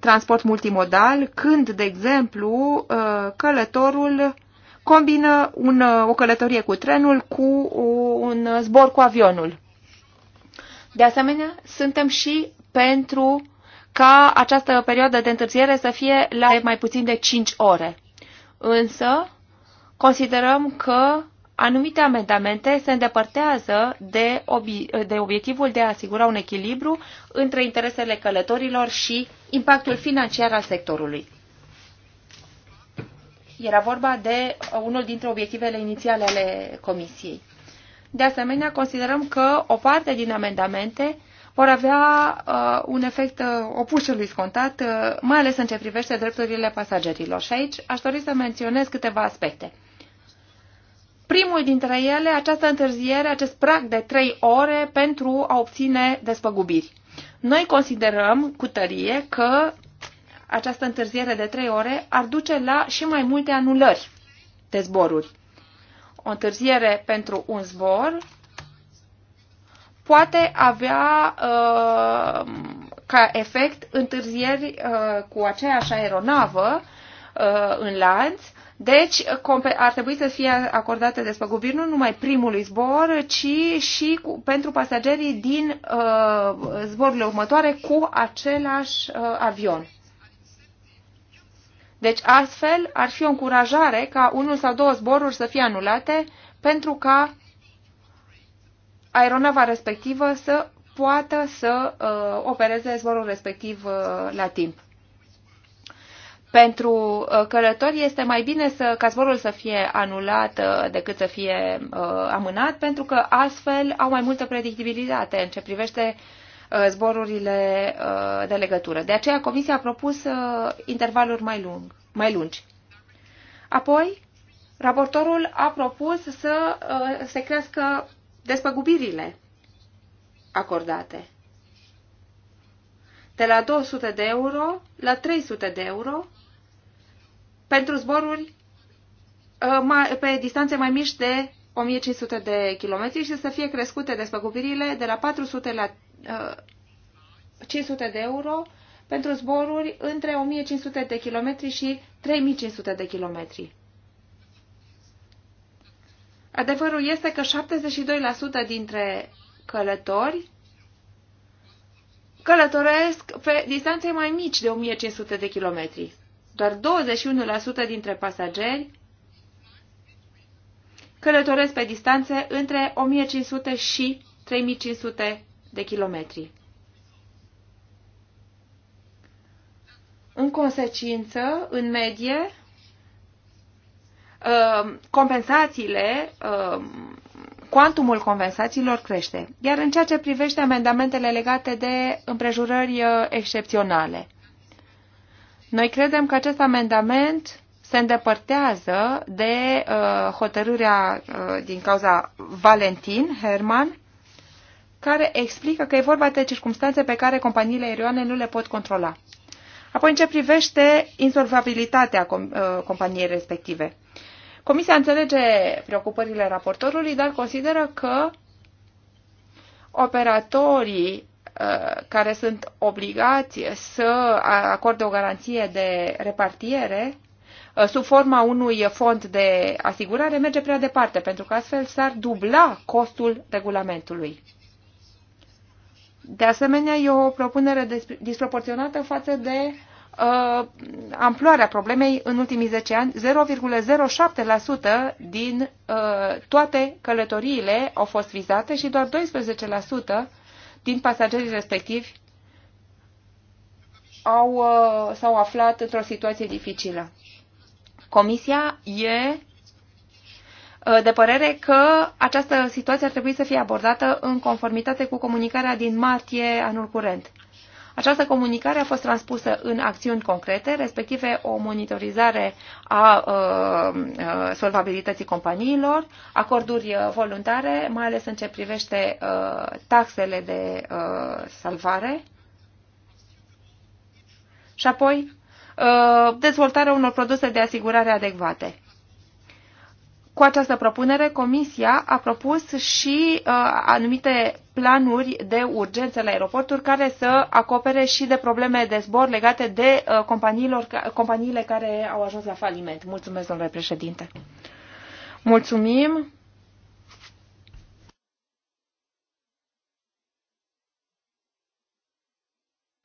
Speaker 4: transport multimodal, când, de exemplu, uh, călătorul combină un, uh, o călătorie cu trenul cu un zbor cu avionul. De asemenea, suntem și pentru ca această perioadă de întârziere să fie la mai puțin de 5 ore. Însă, considerăm că anumite amendamente se îndepărtează de, obi- de obiectivul de a asigura un echilibru între interesele călătorilor și impactul financiar al sectorului. Era vorba de unul dintre obiectivele inițiale ale Comisiei. De asemenea, considerăm că o parte din amendamente vor avea uh, un efect uh, opus scontat, uh, mai ales în ce privește drepturile pasagerilor. Și aici aș dori să menționez câteva aspecte. Primul dintre ele, această întârziere, acest prag de trei ore pentru a obține despăgubiri. Noi considerăm cu tărie că această întârziere de trei ore ar duce la și mai multe anulări de zboruri. O întârziere pentru un zbor poate avea uh, ca efect întârzieri uh, cu aceeași aeronavă uh, în lanț. Deci ar trebui să fie acordate despăgubiri nu numai primului zbor, ci și cu, pentru pasagerii din uh, zborurile următoare cu același uh, avion. Deci astfel ar fi o încurajare ca unul sau două zboruri să fie anulate pentru ca aeronava respectivă să poată să uh, opereze zborul respectiv uh, la timp. Pentru uh, călători este mai bine să, ca zborul să fie anulat uh, decât să fie uh, amânat, pentru că astfel au mai multă predictibilitate în ce privește uh, zborurile uh, de legătură. De aceea Comisia a propus uh, intervaluri mai, lung, mai lungi. Apoi, raportorul a propus să uh, se crească despăgubirile acordate. De la 200 de euro la 300 de euro pentru zboruri uh, pe distanțe mai mici de 1500 de kilometri și să fie crescute despăgubirile de la 400 la 500 uh, de euro pentru zboruri între 1500 de kilometri și 3500 de kilometri. Adevărul este că 72% dintre călători călătoresc pe distanțe mai mici de 1500 de kilometri. Doar 21% dintre pasageri călătoresc pe distanțe între 1500 și 3500 de kilometri. În consecință, în medie, Uh, compensațiile, uh, cuantumul compensațiilor crește. Iar în ceea ce privește amendamentele legate de împrejurări uh, excepționale, noi credem că acest amendament se îndepărtează de uh, hotărârea uh, din cauza Valentin Herman, care explică că e vorba de circunstanțe pe care companiile aerioane nu le pot controla. Apoi, în ce privește insolvabilitatea com, uh, companiei respective. Comisia înțelege preocupările raportorului, dar consideră că operatorii uh, care sunt obligați să acorde o garanție de repartiere uh, sub forma unui fond de asigurare merge prea departe, pentru că astfel s-ar dubla costul regulamentului. De asemenea, e o propunere disproporționată față de uh, amploarea problemei în ultimii 10 ani. 0,07% din uh, toate călătoriile au fost vizate și doar 12% din pasagerii respectivi au, uh, s-au aflat într-o situație dificilă. Comisia e uh, de părere că această situație ar trebui să fie abordată în conformitate cu comunicarea din martie anul curent. Această comunicare a fost transpusă în acțiuni concrete, respective o monitorizare a uh, uh solvabilității companiilor, acorduri uh, voluntare, mai ales în ce privește uh, taxele de uh, salvare și apoi uh, dezvoltarea unor produse de asigurare adecvate. Cu această propunere, Comisia a propus și uh, anumite planuri de urgență la aeroporturi care să acopere și de probleme de zbor legate de uh, companiilor, companiile care au ajuns la faliment. Mulțumesc, domnule președinte. Mulțumim.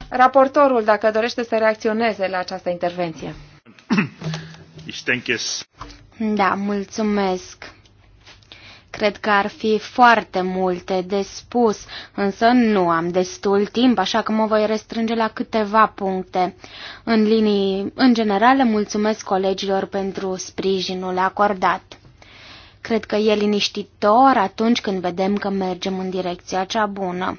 Speaker 4: Raportorul, dacă dorește să reacționeze la această intervenție.
Speaker 1: Da, mulțumesc. Cred că ar fi foarte multe de spus, însă nu am destul timp, așa că mă voi restrânge la câteva puncte. În linii, în general, mulțumesc colegilor pentru sprijinul acordat. Cred că e liniștitor atunci când vedem că mergem în direcția cea bună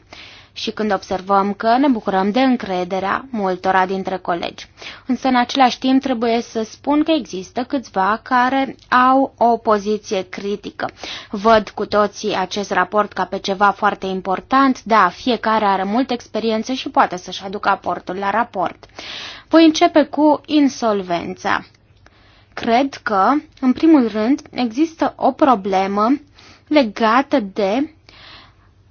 Speaker 1: și când observăm că ne bucurăm de încrederea multora dintre colegi. Însă, în același timp, trebuie să spun că există câțiva care au o poziție critică. Văd cu toții acest raport ca pe ceva foarte important. Da, fiecare are multă experiență și poate să-și aducă aportul la raport. Voi începe cu insolvența. Cred că, în primul rând, există o problemă legată de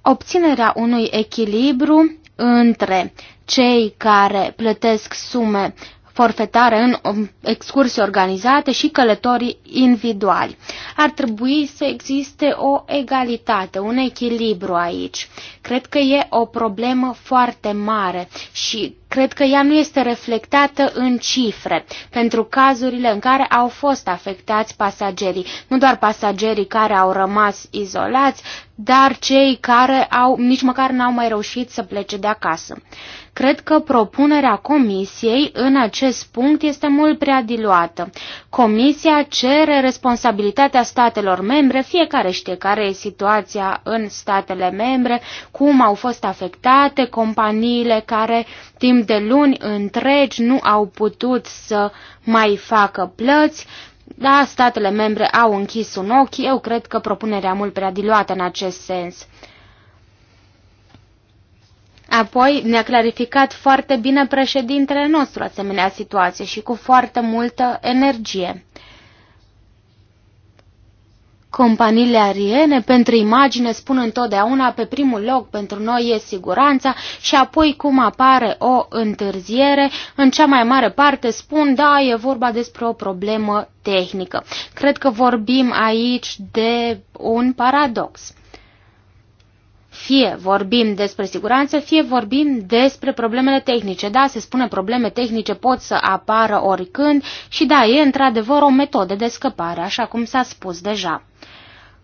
Speaker 1: obținerea unui echilibru între cei care plătesc sume forfetare în excursii organizate și călătorii individuali. Ar trebui să existe o egalitate, un echilibru aici. Cred că e o problemă foarte mare și cred că ea nu este reflectată în cifre pentru cazurile în care au fost afectați pasagerii. Nu doar pasagerii care au rămas izolați, dar cei care au, nici măcar n-au mai reușit să plece de acasă. Cred că propunerea Comisiei în acest punct este mult prea diluată. Comisia cere responsabilitatea statelor membre, fiecare știe care e situația în statele membre, cum au fost afectate companiile care timp de luni întregi nu au putut să mai facă plăți, da, statele membre au închis un ochi, eu cred că propunerea mult prea diluată în acest sens. Apoi ne-a clarificat foarte bine președintele nostru asemenea situație și cu foarte multă energie. Companiile ariene pentru imagine spun întotdeauna pe primul loc pentru noi e siguranța și apoi cum apare o întârziere, în cea mai mare parte spun da, e vorba despre o problemă tehnică. Cred că vorbim aici de un paradox. Fie vorbim despre siguranță, fie vorbim despre problemele tehnice. Da, se spune probleme tehnice pot să apară oricând și da, e într-adevăr o metodă de scăpare, așa cum s-a spus deja.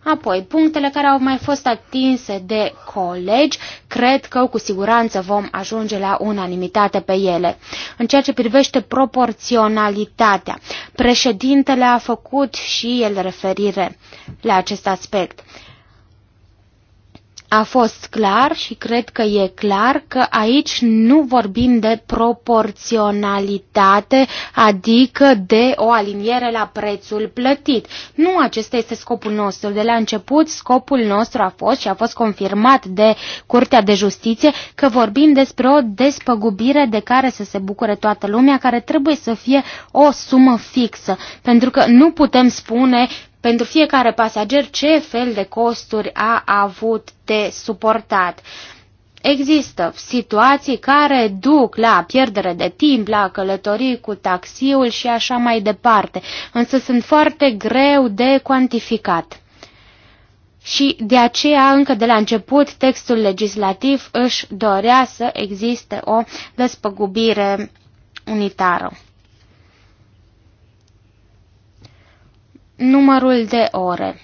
Speaker 1: Apoi, punctele care au mai fost atinse de colegi, cred că cu siguranță vom ajunge la unanimitate pe ele. În ceea ce privește proporționalitatea, președintele a făcut și el referire la acest aspect a fost clar și cred că e clar că aici nu vorbim de proporționalitate, adică de o aliniere la prețul plătit. Nu acesta este scopul nostru. De la început, scopul nostru a fost și a fost confirmat de Curtea de Justiție că vorbim despre o despăgubire de care să se bucure toată lumea, care trebuie să fie o sumă fixă. Pentru că nu putem spune pentru fiecare pasager ce fel de costuri a avut de suportat. Există situații care duc la pierdere de timp, la călătorii cu taxiul și așa mai departe, însă sunt foarte greu de cuantificat. Și de aceea, încă de la început, textul legislativ își dorea să existe o despăgubire unitară. numărul de ore.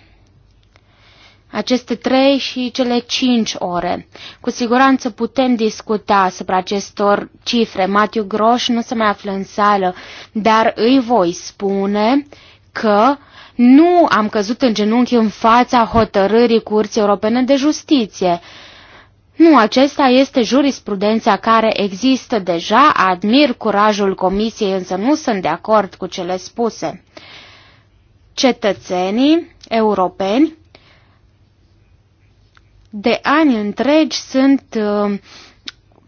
Speaker 1: Aceste trei și cele cinci ore. Cu siguranță putem discuta asupra acestor cifre. Matiu Groș nu se mai află în sală, dar îi voi spune că nu am căzut în genunchi în fața hotărârii Curții Europene de Justiție. Nu, acesta este jurisprudența care există deja, admir curajul comisiei, însă nu sunt de acord cu cele spuse. Cetățenii europeni de ani întregi sunt uh,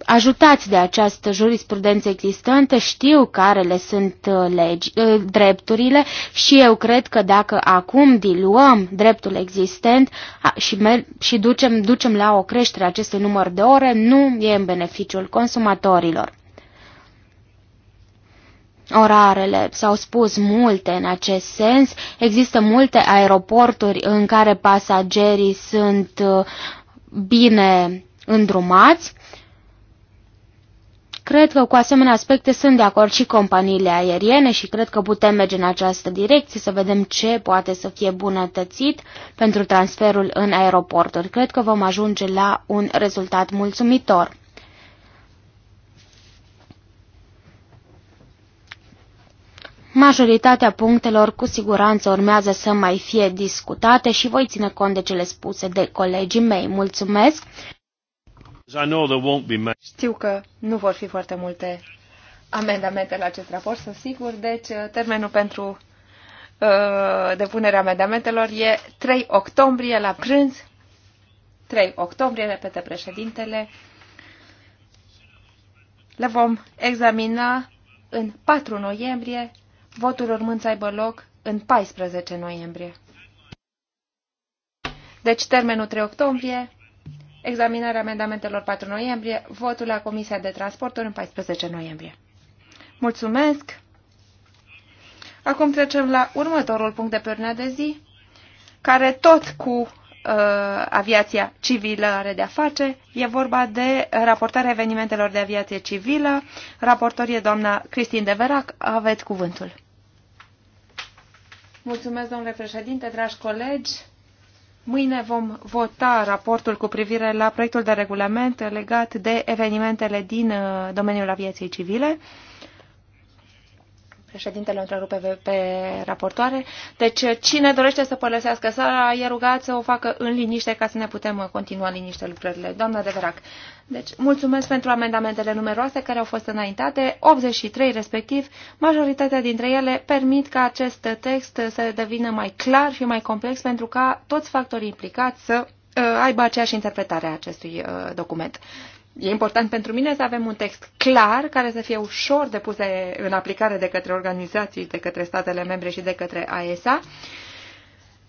Speaker 1: ajutați de această jurisprudență existentă, știu care le sunt uh, legi, uh, drepturile și eu cred că dacă acum diluăm dreptul existent și, și ducem, ducem la o creștere a acestui număr de ore, nu e în beneficiul consumatorilor orarele. S-au spus multe în acest sens. Există multe aeroporturi în care pasagerii sunt uh, bine îndrumați. Cred că cu asemenea aspecte sunt de acord și companiile aeriene și cred că putem merge în această direcție să vedem ce poate să fie bunătățit pentru transferul în aeroporturi. Cred că vom ajunge la un rezultat mulțumitor. Majoritatea punctelor cu siguranță urmează să mai fie discutate și voi ține cont de cele spuse de colegii mei. Mulțumesc! Știu că nu
Speaker 4: vor fi foarte multe amendamente la acest raport, sunt sigur, deci uh, termenul pentru uh, depunerea amendamentelor e 3 octombrie la prânz. 3 octombrie, repete președintele. Le vom examina în 4 noiembrie votul urmând să aibă loc în 14 noiembrie. Deci termenul 3 octombrie, examinarea amendamentelor 4 noiembrie, votul la Comisia de Transporturi în 14 noiembrie. Mulțumesc! Acum trecem la următorul punct de pe de zi, care tot cu uh, aviația civilă are de-a face. E vorba de raportarea evenimentelor de aviație civilă. Raportorie doamna Cristin Deverac. Aveți cuvântul. Mulțumesc, domnule președinte, dragi colegi. Mâine vom vota raportul cu privire la proiectul de regulament legat de evenimentele din uh, domeniul aviației civile. Președintele întrerupe pe raportoare. Deci cine dorește să părăsească sala, e rugat să o facă în liniște ca să ne putem continua liniște lucrările. Doamna de Verac. Deci mulțumesc pentru amendamentele numeroase care au fost înaintate, 83 respectiv. Majoritatea dintre ele permit ca acest text să devină mai clar și mai complex pentru ca toți factorii implicați să uh, aibă aceeași interpretare a acestui uh, document. E important pentru mine să avem un text clar care să fie ușor de puse în aplicare de către organizații, de către statele membre și de către AESA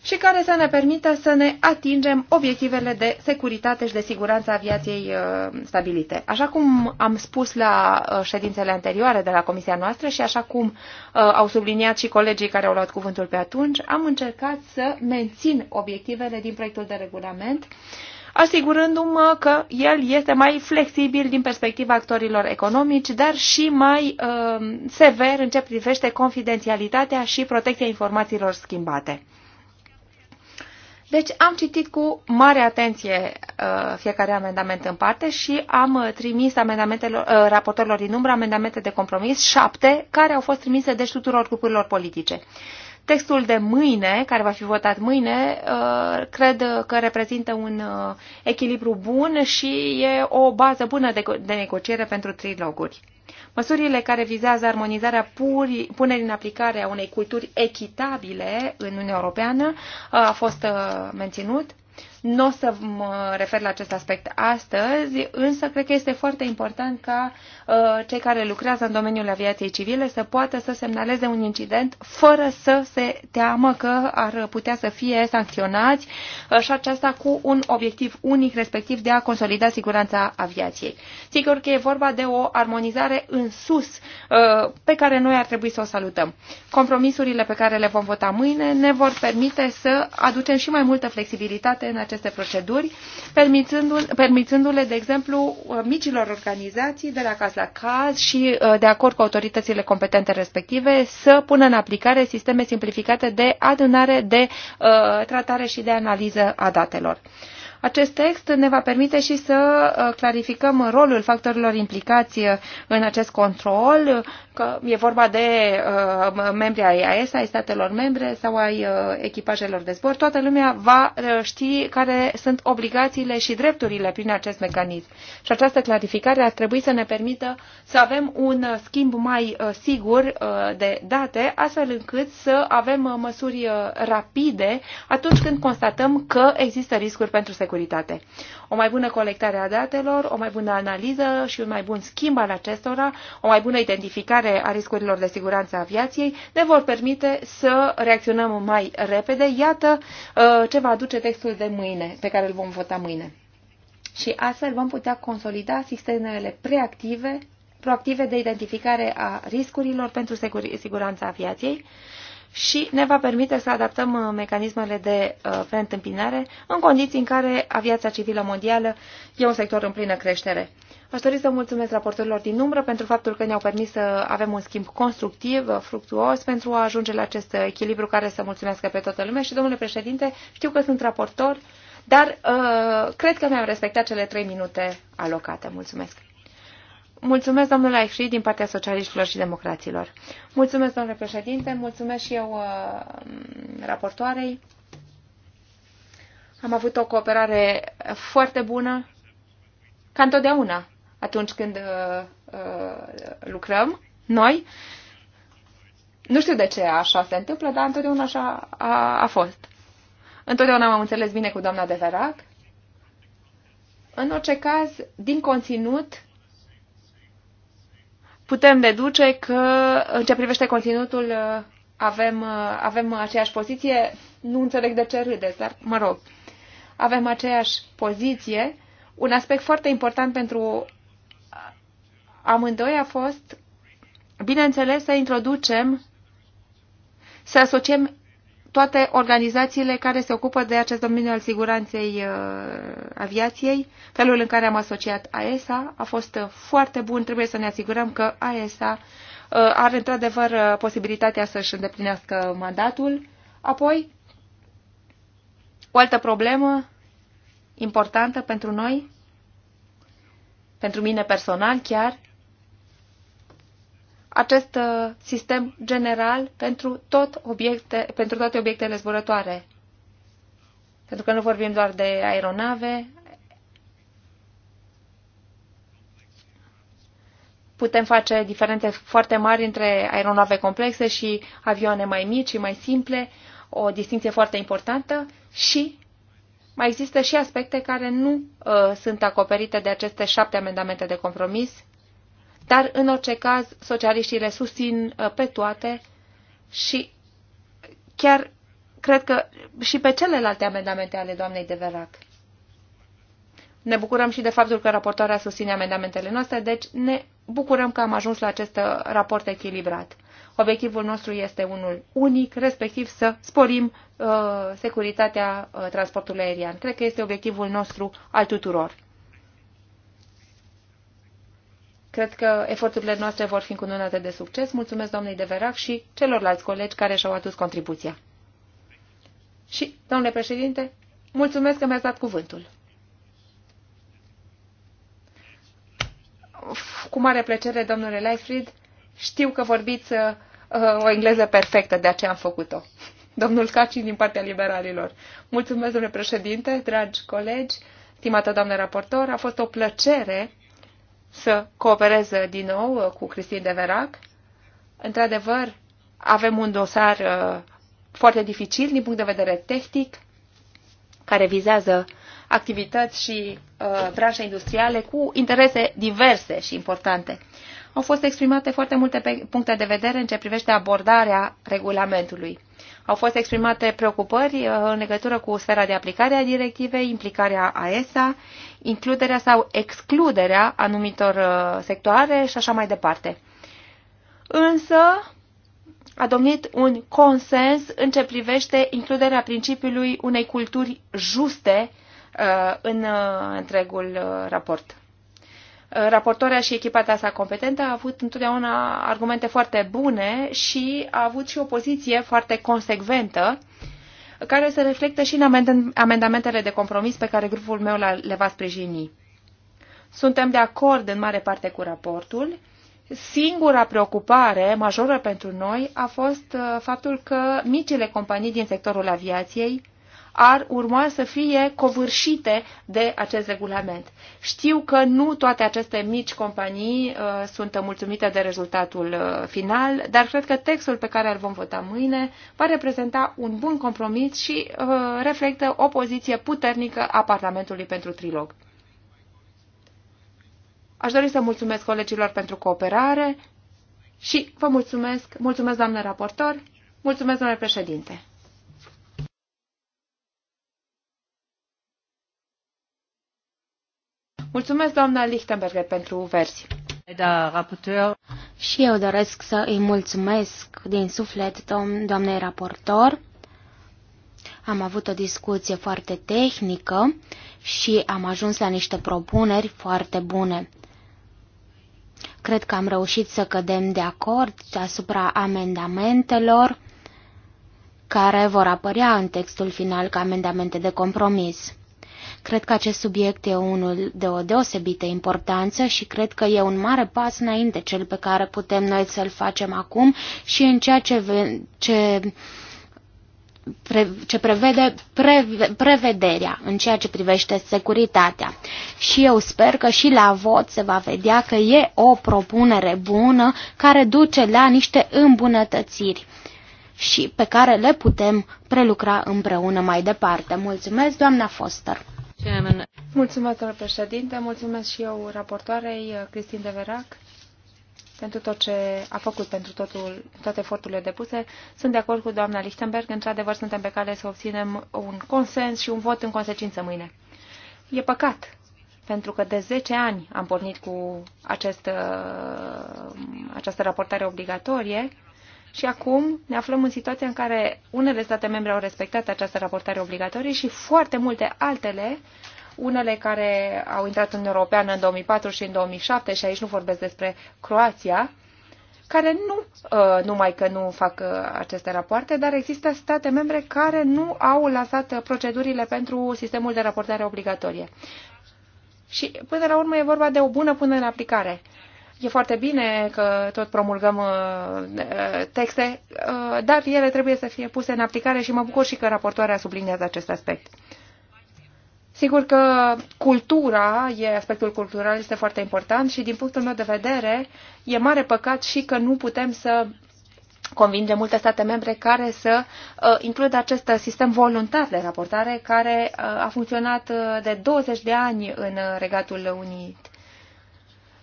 Speaker 4: și care să ne permită să ne atingem obiectivele de securitate și de siguranță aviației uh, stabilite. Așa cum am spus la uh, ședințele anterioare de la comisia noastră și așa cum uh, au subliniat și colegii care au luat cuvântul pe atunci, am încercat să mențin obiectivele din proiectul de regulament asigurându-mă că el este mai flexibil din perspectiva actorilor economici, dar și mai uh, sever în ce privește confidențialitatea și protecția informațiilor schimbate. Deci am citit cu mare atenție uh, fiecare amendament în parte și am uh, trimis amendamentelor, uh, raportorilor din umbră amendamente de compromis, șapte, care au fost trimise deci tuturor grupurilor politice. Uh, Textul de mâine, care va fi votat mâine, uh, cred că reprezintă un uh, echilibru bun și e o bază bună de negociere pentru triloguri. Măsurile care vizează armonizarea puri, punerii în aplicare a unei culturi echitabile în Uniunea Europeană uh, a fost menținut. Nu o să mă refer la acest aspect astăzi, însă cred că este foarte important ca uh, cei care lucrează în domeniul aviației civile să poată să semnaleze un incident fără să se teamă că ar putea să fie sancționați uh, și aceasta cu un obiectiv unic, respectiv de a consolida siguranța aviației. Sigur că e vorba de o armonizare în sus uh, pe care noi ar trebui să o salutăm. Compromisurile pe care le vom vota mâine ne vor permite să aducem și mai multă flexibilitate în acest aceste proceduri, permițându-le, permițându de exemplu, micilor organizații de la caz la caz și uh, de acord cu autoritățile competente respective să pună în aplicare sisteme simplificate de adunare, de uh, tratare și de analiză a datelor. Acest text ne va permite și să uh, clarificăm rolul factorilor implicați uh, în acest control, că e vorba de uh, membri ai AES, ai statelor membre sau ai echipajelor de zbor. Toată lumea va ști care sunt obligațiile și drepturile prin acest mecanism. Și această clarificare ar trebui să ne permită să avem un schimb mai sigur de date, astfel încât să avem măsuri rapide atunci când constatăm că există riscuri pentru securitate securitate. O mai bună colectare a datelor, o mai bună analiză și un mai bun schimb al acestora, o mai bună identificare a riscurilor de siguranță a aviației ne vor permite să reacționăm mai repede. Iată uh, ce va aduce textul de mâine, pe care îl vom vota mâine. Și astfel vom putea consolida sistemele preactive proactive de identificare a riscurilor pentru siguranța aviației, și ne va permite să adaptăm uh, mecanismele de uh, preîntâmpinare în condiții în care aviația civilă mondială e un sector în plină creștere. Aș dori să mulțumesc raportorilor din umbră pentru faptul că ne-au permis să avem un schimb constructiv, uh, fructuos, pentru a ajunge la acest echilibru care să mulțumească pe toată lumea. Și, domnule președinte, știu că sunt raportor, dar uh, cred că mi-am respectat cele trei minute alocate. Mulțumesc! Mulțumesc, domnule Aichri, din partea socialiștilor și democraților. Mulțumesc, domnule președinte, mulțumesc și eu uh, raportoarei. Am avut o cooperare foarte bună, ca întotdeauna, atunci când uh, uh, lucrăm, noi. Nu știu de ce așa se întâmplă, dar întotdeauna așa a, a fost. Întotdeauna m-am înțeles bine cu doamna de Verac. În orice caz, din conținut, putem deduce că, în ce privește conținutul, avem, avem aceeași poziție. Nu înțeleg de ce râdeți, dar mă rog. Avem aceeași poziție. Un aspect foarte important pentru amândoi a fost, bineînțeles, să introducem, să asociem toate organizațiile care se ocupă de acest domeniu al siguranței uh, aviației. Felul în care am asociat AESA a fost uh, foarte bun. Trebuie să ne asigurăm că AESA uh, are într-adevăr posibilitatea să-și îndeplinească mandatul. Apoi, o altă problemă importantă pentru noi, pentru mine personal chiar, acest uh, sistem general pentru, tot obiecte, pentru toate obiectele zburătoare. Pentru că nu vorbim doar de aeronave, putem face diferențe foarte mari între aeronave complexe și avioane mai mici și mai simple, o distinție foarte importantă și mai există și aspecte care nu uh, sunt acoperite de aceste șapte amendamente de compromis dar, în orice caz, socialiștii le susțin uh, pe toate și chiar cred că și pe celelalte amendamente ale doamnei de Verac. Ne bucurăm și de faptul că raportoarea susține amendamentele noastre, deci ne bucurăm că am ajuns la acest uh, raport echilibrat. Obiectivul nostru este unul unic, respectiv să sporim uh, securitatea uh, transportului aerian. Cred că este obiectivul nostru al tuturor. Cred că eforturile noastre vor fi încununate de succes. Mulțumesc doamnei de Verac și celorlalți colegi care și-au adus contribuția. Și, domnule președinte, mulțumesc că mi-ați dat cuvântul. Cu mare plăcere, domnule Leifried, știu că vorbiți uh, o engleză perfectă, de aceea am făcut-o. Domnul Caci din partea liberalilor. Mulțumesc, domnule președinte, dragi colegi, stimată doamnă raportor, a fost o plăcere să coopereze din nou uh, cu Cristin de Verac. Într-adevăr, avem un dosar uh, foarte dificil din punct de vedere tehnic, care vizează activități și uh, branșe industriale cu interese diverse și importante. Au fost exprimate foarte multe puncte de vedere în ce privește abordarea regulamentului. Au fost exprimate preocupări uh, în legătură cu sfera de aplicare a directivei, implicarea AESA, includerea sau excluderea anumitor uh, sectoare și așa mai departe. Însă, a domnit un consens în ce privește includerea principiului unei culturi juste uh, în întregul raport raportoarea și echipa ta sa competentă a avut întotdeauna argumente foarte bune și a avut și o poziție foarte consecventă care se reflectă și în amendamentele de compromis pe care grupul meu le va sprijini. Suntem de acord în mare parte cu raportul. Singura preocupare majoră pentru noi a fost uh, faptul că micile companii din sectorul aviației ar urma să fie covârșite de acest regulament. Știu că nu toate aceste mici companii uh, sunt mulțumite de rezultatul uh, final, dar cred că textul pe care îl vom vota mâine va reprezenta un bun compromis și uh, reflectă o poziție puternică a Parlamentului pentru trilog. Aș dori să mulțumesc colegilor pentru cooperare și vă mulțumesc, mulțumesc doamnă raportor, mulțumesc doamnă președinte.
Speaker 1: Mulțumesc, doamna Lichtenberger, pentru versi. Da, raportor. Și eu doresc să îi mulțumesc din suflet dom- doamnei raportor. Am avut o discuție foarte tehnică și am ajuns la niște propuneri foarte bune. Cred că am reușit să cădem de acord asupra amendamentelor care vor apărea în textul final ca amendamente de compromis. Cred că acest subiect e unul de o deosebită importanță și cred că e un mare pas înainte cel pe care putem noi să-l facem acum și în ceea ce, ce pre, ce prevede pre, prevederea în ceea ce privește securitatea. Și eu sper că și la vot se va vedea că e o propunere bună care duce la niște îmbunătățiri și pe care le putem prelucra împreună mai departe. Mulțumesc, doamna Foster!
Speaker 4: Mulțumesc, domnule președinte. Mulțumesc și eu raportoarei uh, Cristin Verac pentru tot ce a făcut, pentru totul, toate eforturile depuse. Sunt de acord cu doamna Lichtenberg. Într-adevăr, suntem pe cale să obținem un consens și un vot în consecință mâine. E păcat, pentru că de 10 ani am pornit cu acest, uh, această raportare obligatorie și acum ne aflăm în situația în care unele state membre au respectat această raportare obligatorie și foarte multe altele, unele care au intrat în Europeană în 2004 și în 2007, și aici nu vorbesc despre Croația, care nu, uh, numai că nu fac uh, aceste rapoarte, dar există state membre care nu au lansat procedurile pentru sistemul de raportare obligatorie. Și până la urmă e vorba de o bună punere în aplicare. E foarte bine că tot promulgăm uh, uh, texte, uh, dar ele trebuie să fie puse în aplicare și mă bucur și că raportoarea subliniază acest aspect. Sigur că cultura, e, aspectul cultural este foarte important și din punctul meu de vedere e mare păcat și că nu putem să convingem multe state membre care să uh, includă acest sistem voluntar de raportare care uh, a funcționat uh, de 20 de ani în uh, Regatul Unit.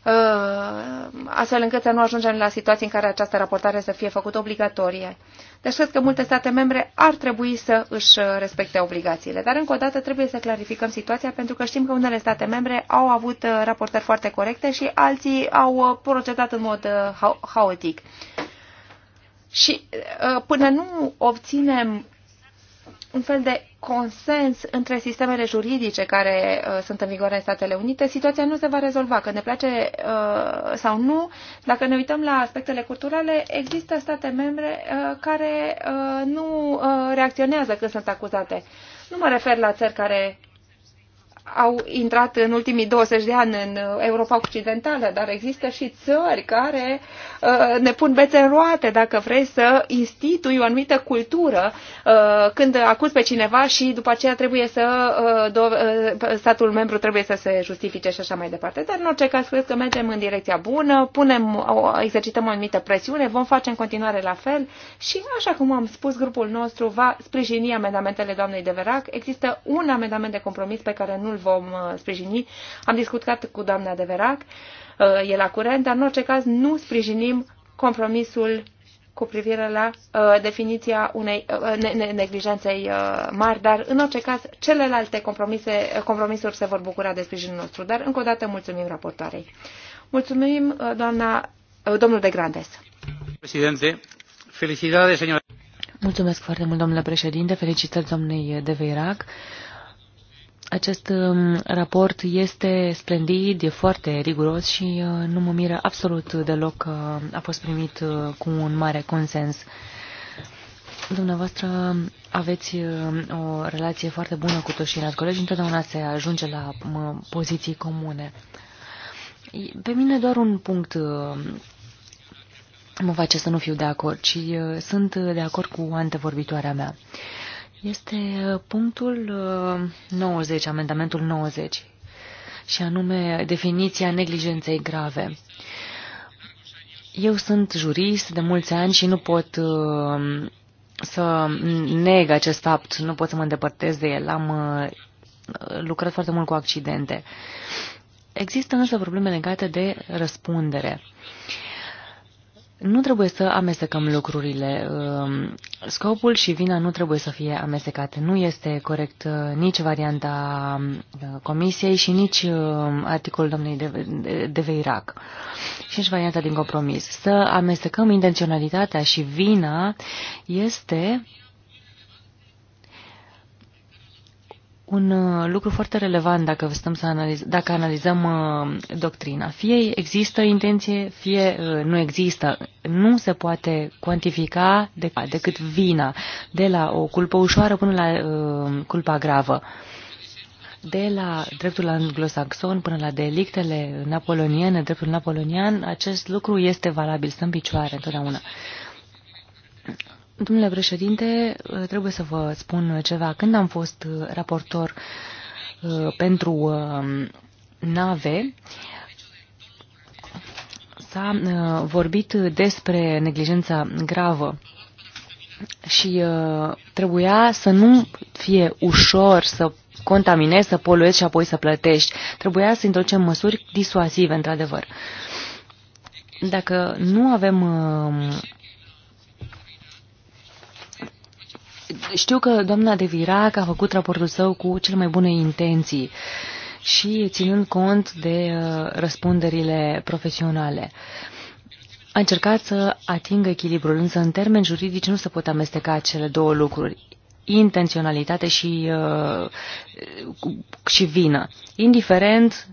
Speaker 4: Uh, astfel încât să nu ajungem la situații în care această raportare să fie făcută obligatorie. Deci cred că multe state membre ar trebui să își respecte obligațiile. Dar încă o dată trebuie să clarificăm situația pentru că știm că unele state membre au avut uh, raportări foarte corecte și alții au uh, procedat în mod haotic. Și până nu obținem un fel de consens între sistemele juridice care uh, sunt în vigoare în Statele Unite, situația nu se va rezolva. Că ne place uh, sau nu, dacă ne uităm la aspectele culturale, există state membre uh, care uh, nu uh, reacționează când sunt acuzate. Nu mă refer la țări care au intrat în ultimii 20 de ani în Europa Occidentală, dar există și țări care uh, ne pun bețe în roate dacă vrei să institui o anumită cultură uh, când acuz pe cineva și după aceea trebuie să uh, statul membru trebuie să se justifice și așa mai departe. Dar în orice caz cred că mergem în direcția bună, punem, exercităm o anumită presiune, vom face în continuare la fel și așa cum am spus, grupul nostru va sprijini amendamentele doamnei Deverac. Există un amendament de compromis pe care nu nu-l vom uh, sprijini. Am discutat cu doamna Deverac, uh, e la curent, dar în orice caz nu sprijinim compromisul cu privire la uh, definiția unei uh, ne, ne, neglijenței uh, mari, dar în orice caz celelalte compromise, uh, compromisuri se vor bucura de sprijinul nostru. Dar încă o dată mulțumim raportoarei. Mulțumim, uh, doamna, uh, domnul de Grandes.
Speaker 5: Președinte, felicitări, señor.
Speaker 2: Mulțumesc foarte mult, domnule președinte. Felicitări, domnei de Veirac. Acest um, raport este splendid, e foarte riguros și uh, nu mă miră absolut deloc că a fost primit uh, cu un mare consens. Dumneavoastră aveți uh, o relație foarte bună cu toți ceilalți colegi, întotdeauna se ajunge la poziții comune. Pe mine doar un punct mă face să nu fiu de acord, ci sunt de acord cu antevorbitoarea mea. Uh, este uh, punctul 90, uh, amendamentul 90, și anume definiția neglijenței grave. Eu sunt jurist de mulți ani și nu pot uh, să neg acest fapt, nu pot să mă îndepărtez de el. Am lucrat foarte mult cu accidente. Există însă probleme legate de răspundere. Uh, nu trebuie să amestecăm lucrurile. Um, scopul și vina nu trebuie să fie amestecate. Nu este corect uh, nici varianta um, comisiei și nici um, articolul domnului de, Veirac și nici varianta din compromis. Să amestecăm intenționalitatea și vina este un uh, lucru foarte relevant dacă, stăm să analiz, dacă analizăm uh, doctrina. Fie există intenție, fie uh, nu există. Nu se poate cuantifica decât vina, de la o culpă ușoară până la culpa gravă. De la dreptul anglosaxon până la delictele napoloniene, dreptul napolonian, acest lucru este valabil, stă în picioare întotdeauna. Domnule președinte, trebuie să vă spun ceva. Când am fost raportor uh, pentru uh, nave, s-a uh, vorbit despre neglijența gravă și trebuia să nu fie ușor să contaminezi, să poluezi și apoi să plătești. Trebuia să introducem măsuri disuasive, într-adevăr. Dacă nu avem Știu că doamna de Virac a făcut raportul său cu cele mai bune intenții și ținând cont de uh, răspunderile profesionale. A încercat să atingă echilibrul, însă în termeni juridici nu se pot amesteca cele două lucruri intenționalitate și, uh, și vină. Indiferent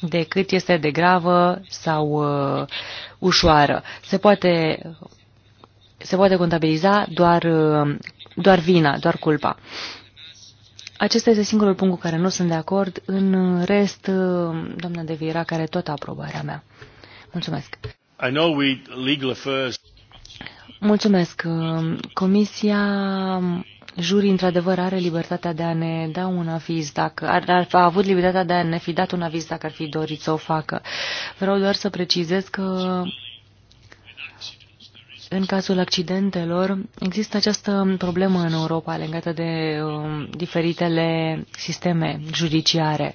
Speaker 2: de cât este de gravă sau uh, ușoară. Se poate se poate contabiliza doar, uh, doar vina, doar culpa. Acesta este singurul punct cu care nu sunt de acord. În rest, uh, doamna De Vira, care tot aprobarea mea. Mulțumesc.
Speaker 3: I know we legal affairs.
Speaker 2: Mulțumesc. Uh, comisia um, Jurii, într-adevăr, are libertatea de a ne da un aviz, dacă ar, ar a avut libertatea de a ne fi dat un aviz dacă ar fi dorit să o facă. Vreau doar să precizez că în cazul accidentelor, există această problemă în Europa legată de uh, diferitele sisteme judiciare.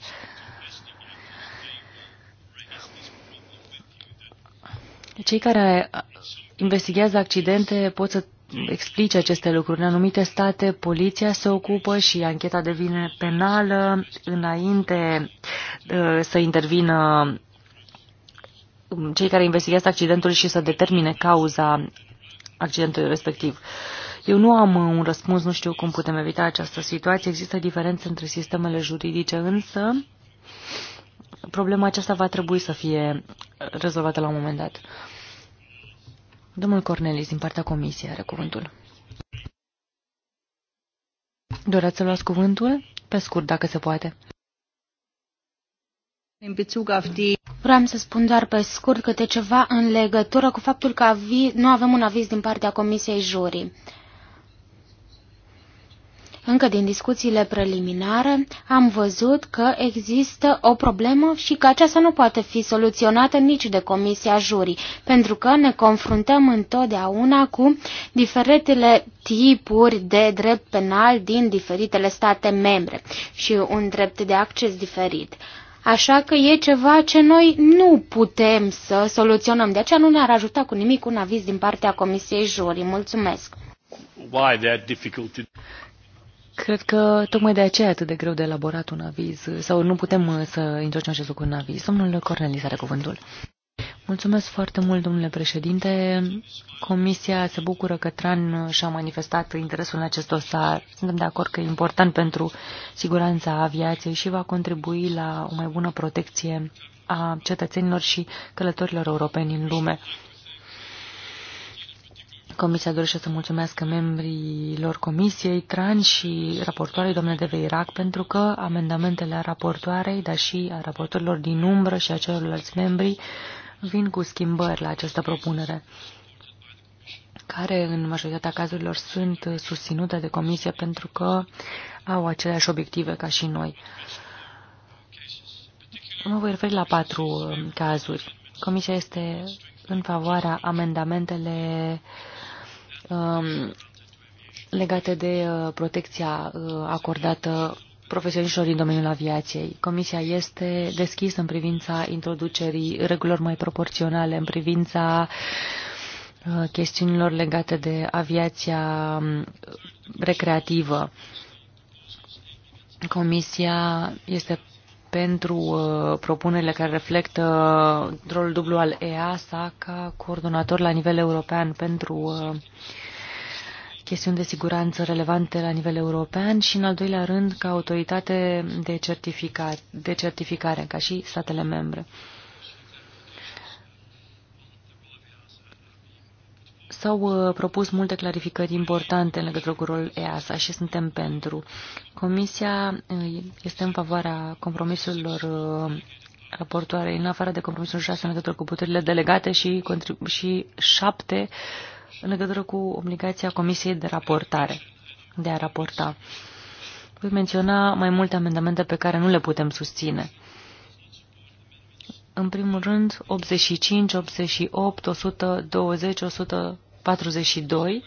Speaker 2: Cei care investigează accidente pot să explice aceste lucruri. În anumite state, poliția se ocupă și ancheta devine penală înainte uh, să intervină um, cei care investigează accidentul și să determine cauza accidentului respectiv. Eu nu am uh, un răspuns, nu știu cum putem evita această situație. Există diferențe între sistemele juridice, însă problema aceasta va trebui să fie rezolvată la un moment dat. Domnul Cornelis, din partea comisiei, are cuvântul. Doreați să luați cuvântul? Pe scurt, dacă se poate.
Speaker 1: Vreau să spun doar pe scurt câte ceva în legătură cu faptul că nu avem un aviz din partea Comisiei Jurii. Încă din discuțiile preliminare am văzut că există o problemă și că aceasta nu poate fi soluționată nici de Comisia Jurii, pentru că ne confruntăm întotdeauna cu diferitele tipuri de drept penal din diferitele state membre și un drept de acces diferit. Așa că e ceva ce noi nu putem să soluționăm. De aceea nu ne-ar ajuta cu nimic un aviz din partea Comisiei Jurii. Mulțumesc!
Speaker 3: Why that difficulty?
Speaker 1: Cred că tocmai de aceea e atât de greu de elaborat un aviz,
Speaker 2: sau nu putem uh, să introducem acest lucru în aviz. Domnul Cornelis are cuvântul. Mulțumesc foarte mult, domnule președinte. Comisia se bucură că TRAN și-a manifestat interesul în acest dosar. Suntem de acord că e important pentru siguranța aviației și va contribui la o mai bună protecție a cetățenilor și călătorilor europeni în lume. Comisia dorește să mulțumească membrilor Comisiei Tran și raportoarei domnule de Veirac pentru că amendamentele a raportoarei, dar și a raportorilor din umbră și a celorlalți membri vin cu schimbări la această propunere, care în majoritatea cazurilor sunt susținute de comisie pentru că au aceleași obiective ca și noi. Mă voi referi la patru um, cazuri. Comisia este în favoarea amendamentele um, legate de uh, protecția uh, acordată profesioniștilor din domeniul aviației. Comisia este deschisă în privința introducerii regulilor mai proporționale, în privința uh, chestiunilor legate de aviația um, recreativă. Comisia este pentru uh, propunerile care reflectă rolul dublu al EASA ca coordonator la nivel european pentru uh, chestiuni de siguranță relevante la nivel european și, în al doilea rând, ca autoritate de, certificare, de certificare, ca și statele membre. S-au uh, propus multe clarificări importante în legătură cu rolul EASA și suntem pentru. Comisia uh, este în favoarea compromisurilor uh, raportoare, în afară de compromisul 6 în legătură cu puterile delegate și, și 7 în legătură cu obligația Comisiei de raportare, de a raporta. Voi menționa mai multe amendamente pe care nu le putem susține. În primul rând, 85, 88, 120, 142,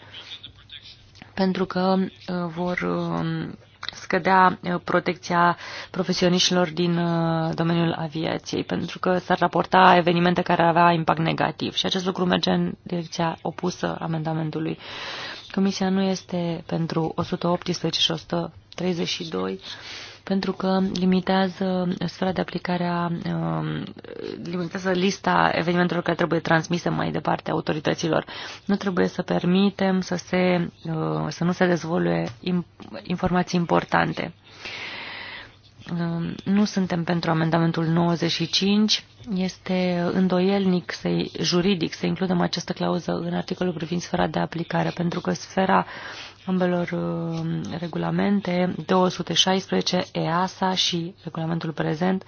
Speaker 2: pentru că uh, vor um, scădea uh, protecția profesioniștilor din uh, domeniul aviației, pentru că s-ar raporta evenimente care avea impact negativ și acest lucru merge în direcția opusă amendamentului. Comisia nu este pentru 118 și 132 pentru că limitează sfera de aplicare a, um, limitează lista evenimentelor care trebuie transmise mai departe autorităților. Nu trebuie să permitem să, se, uh, să nu se dezvolue informații importante. Um, nu suntem pentru amendamentul 95. Este îndoielnic să, juridic să includem această clauză în articolul privind sfera de aplicare, pentru că sfera ambelor uh, regulamente, 216 EASA și regulamentul prezent,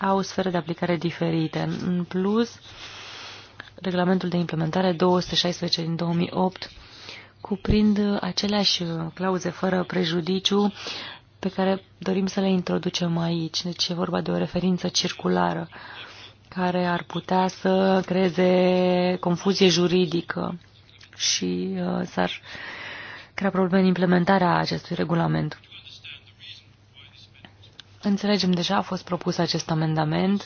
Speaker 2: au sfere de aplicare diferite. În plus, regulamentul de implementare 216 din 2008 cuprind aceleași uh, clauze fără prejudiciu pe care dorim să le introducem aici. Deci e vorba de o referință circulară care ar putea să creeze confuzie juridică și uh, s-ar uh, crea probleme în implementarea acestui regulament. Înțelegem deja, a fost propus acest amendament,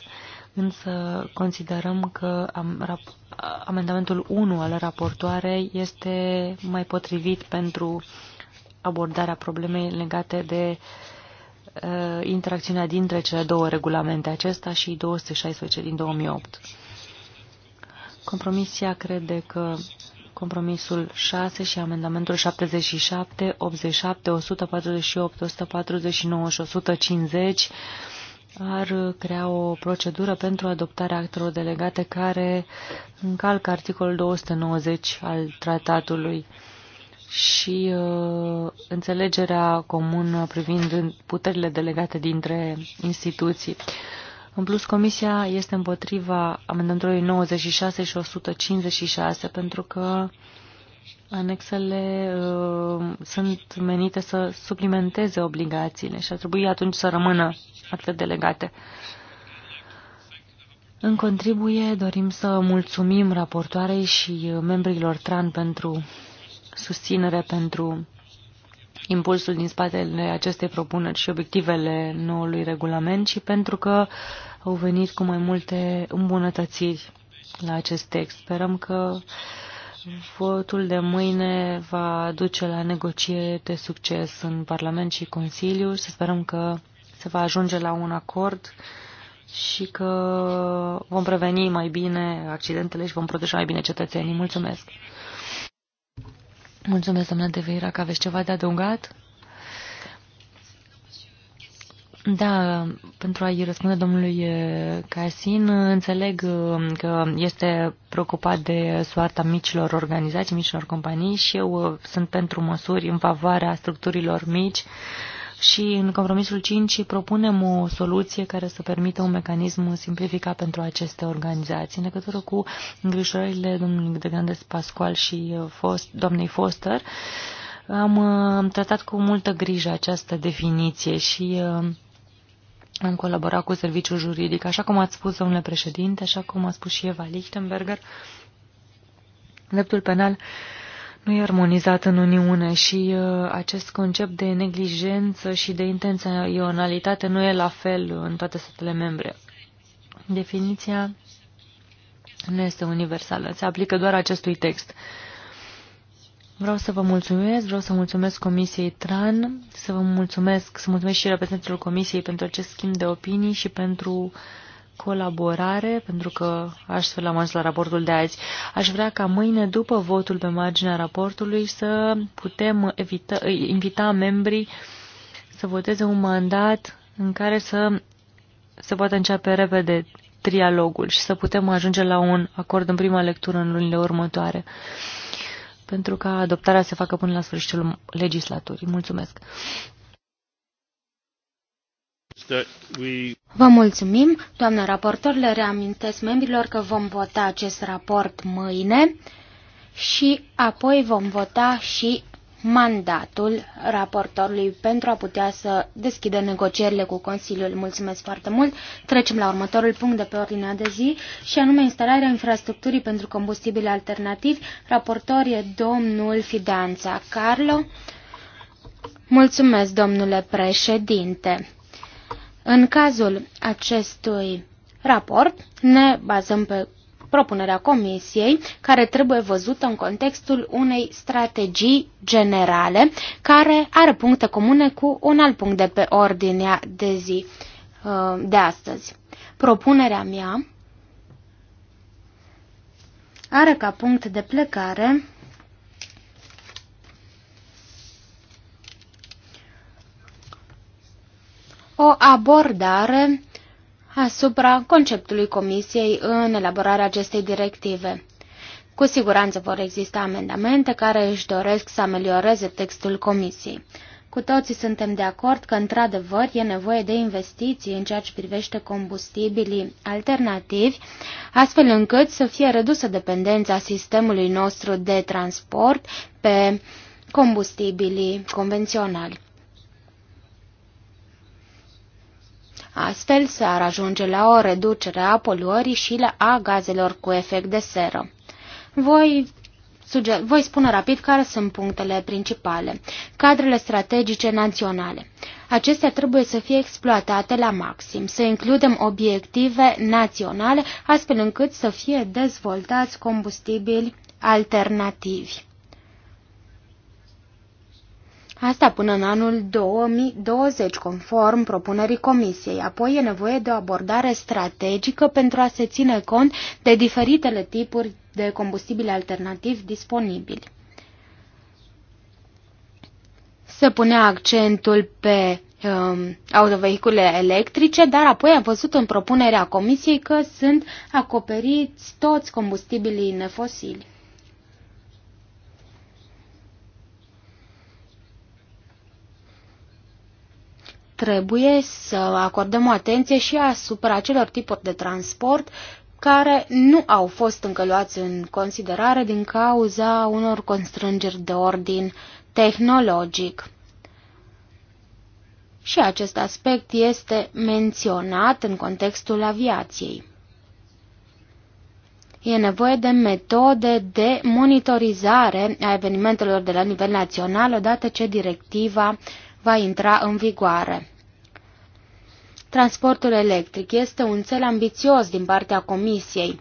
Speaker 2: însă considerăm că am, amendamentul 1 al raportoarei este mai potrivit pentru abordarea problemei legate de uh, interacțiunea dintre cele două regulamente, acesta și 216 din 2008. Compromisia crede că compromisul 6 și amendamentul 77, 87, 148, 149 și 150 ar crea o procedură pentru adoptarea actelor delegate care încalcă articolul 290 al tratatului și uh, înțelegerea comună privind puterile delegate dintre instituții. Uh, în plus, Comisia este împotriva amendamentului 96 și 156 pentru că anexele uh, sunt menite să suplimenteze obligațiile și ar trebui atunci să rămână acte delegate. În contribuie dorim să mulțumim raportoarei și membrilor TRAN pentru susținere pentru impulsul din spatele acestei propuneri și obiectivele noului regulament, și pentru că au venit cu mai multe îmbunătățiri la acest text. Sperăm că votul de mâine va duce la negocieri de succes în Parlament și Consiliu. Să sperăm că se va ajunge la un acord și că vom preveni mai bine accidentele și vom proteja mai bine cetățenii. Mulțumesc! Mulțumesc, doamna de Veira, că aveți ceva de adăugat? Da, pentru a-i răspunde domnului eh, Casin, înțeleg eh, că este preocupat de soarta micilor organizații, micilor companii și eu eh, sunt pentru măsuri în favoarea structurilor mici, uh, și în compromisul 5 propunem o soluție care să permită un mecanism simplificat pentru aceste organizații. În legătură cu îngrijorările domnului de Grandes Pascual și uh, fost, doamnei Foster, uh, am tratat cu multă grijă această definiție și uh, am colaborat cu serviciul juridic. Așa cum ați spus, domnule președinte, așa cum a spus și Eva Lichtenberger, dreptul penal uh, nu e armonizat în Uniune și uh, acest concept de neglijență și de intenționalitate nu e la fel în toate statele membre. Definiția nu este universală, se aplică doar acestui text. Vreau să vă mulțumesc, vreau să mulțumesc Comisiei TRAN, să vă mulțumesc, să mulțumesc și reprezentantul Comisiei pentru acest schimb de opinii și pentru uh, colaborare, pentru că astfel am ajuns la raportul de azi. Aș vrea ca mâine, după votul pe marginea raportului, să putem evita, invita membrii să voteze un mandat în care să se poată începe repede trialogul și să putem ajunge la un acord în prima lectură în lunile următoare pentru ca adoptarea să facă până la sfârșitul
Speaker 1: legislaturii. Mulțumesc! Vă mulțumim, doamnă raportor, le reamintesc membrilor că vom vota acest raport mâine și apoi vom vota și mandatul raportorului pentru a putea să deschidă negocierile cu Consiliul. Mulțumesc foarte mult! Trecem la următorul punct de pe ordinea de zi și anume instalarea infrastructurii pentru combustibile alternativi. Raportor e domnul Fidanța. Carlo, mulțumesc domnule președinte! În cazul acestui raport ne bazăm pe propunerea Comisiei, care trebuie văzută în contextul unei strategii generale, care are puncte comune cu un alt punct de pe ordinea de zi uh, de astăzi. Propunerea mea are ca punct de plecare abordare asupra conceptului Comisiei în elaborarea acestei directive. Cu siguranță vor exista amendamente care își doresc să amelioreze textul Comisiei. Cu toții suntem de acord că, într-adevăr, e nevoie de investiții în ceea ce privește combustibilii alternativi, astfel încât să fie redusă dependența sistemului nostru de transport pe combustibilii convenționali. Astfel s-ar ajunge la o reducere a poluării și la a gazelor cu efect de seră. Voi voi spune rapid care sunt punctele principale. Cadrele strategice naționale. Acestea trebuie să fie exploatate la maxim, să includem obiective naționale, astfel încât să fie dezvoltați combustibili alternativi. Asta până în anul 2020, conform propunerii Comisiei. Apoi e nevoie de o abordare strategică pentru a se ține cont de diferitele tipuri de combustibile alternativi disponibili. Se punea accentul pe um, autovehicule electrice, dar apoi am văzut în propunerea Comisiei că sunt acoperiți toți combustibilii nefosili. Trebuie să acordăm o atenție și asupra acelor tipuri de transport care nu au fost încă luați în considerare din cauza unor constrângeri de ordin tehnologic. Și acest aspect este menționat în contextul aviației. E nevoie de metode de monitorizare a evenimentelor de la nivel național odată ce directiva va intra în vigoare. Transportul electric este un cel ambițios din partea Comisiei,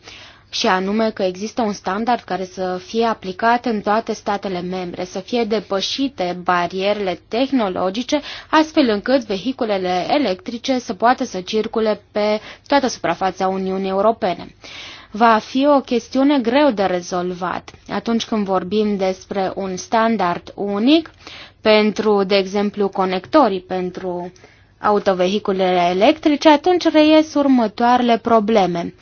Speaker 1: și anume că există un standard care să fie aplicat în toate statele membre, să fie depășite barierele tehnologice, astfel încât vehiculele electrice să poată să circule pe toată suprafața Uniunii Europene. Va fi o chestiune greu de rezolvat. Atunci când vorbim despre un standard unic, pentru, de exemplu, conectorii pentru autovehiculele electrice, atunci reies următoarele probleme.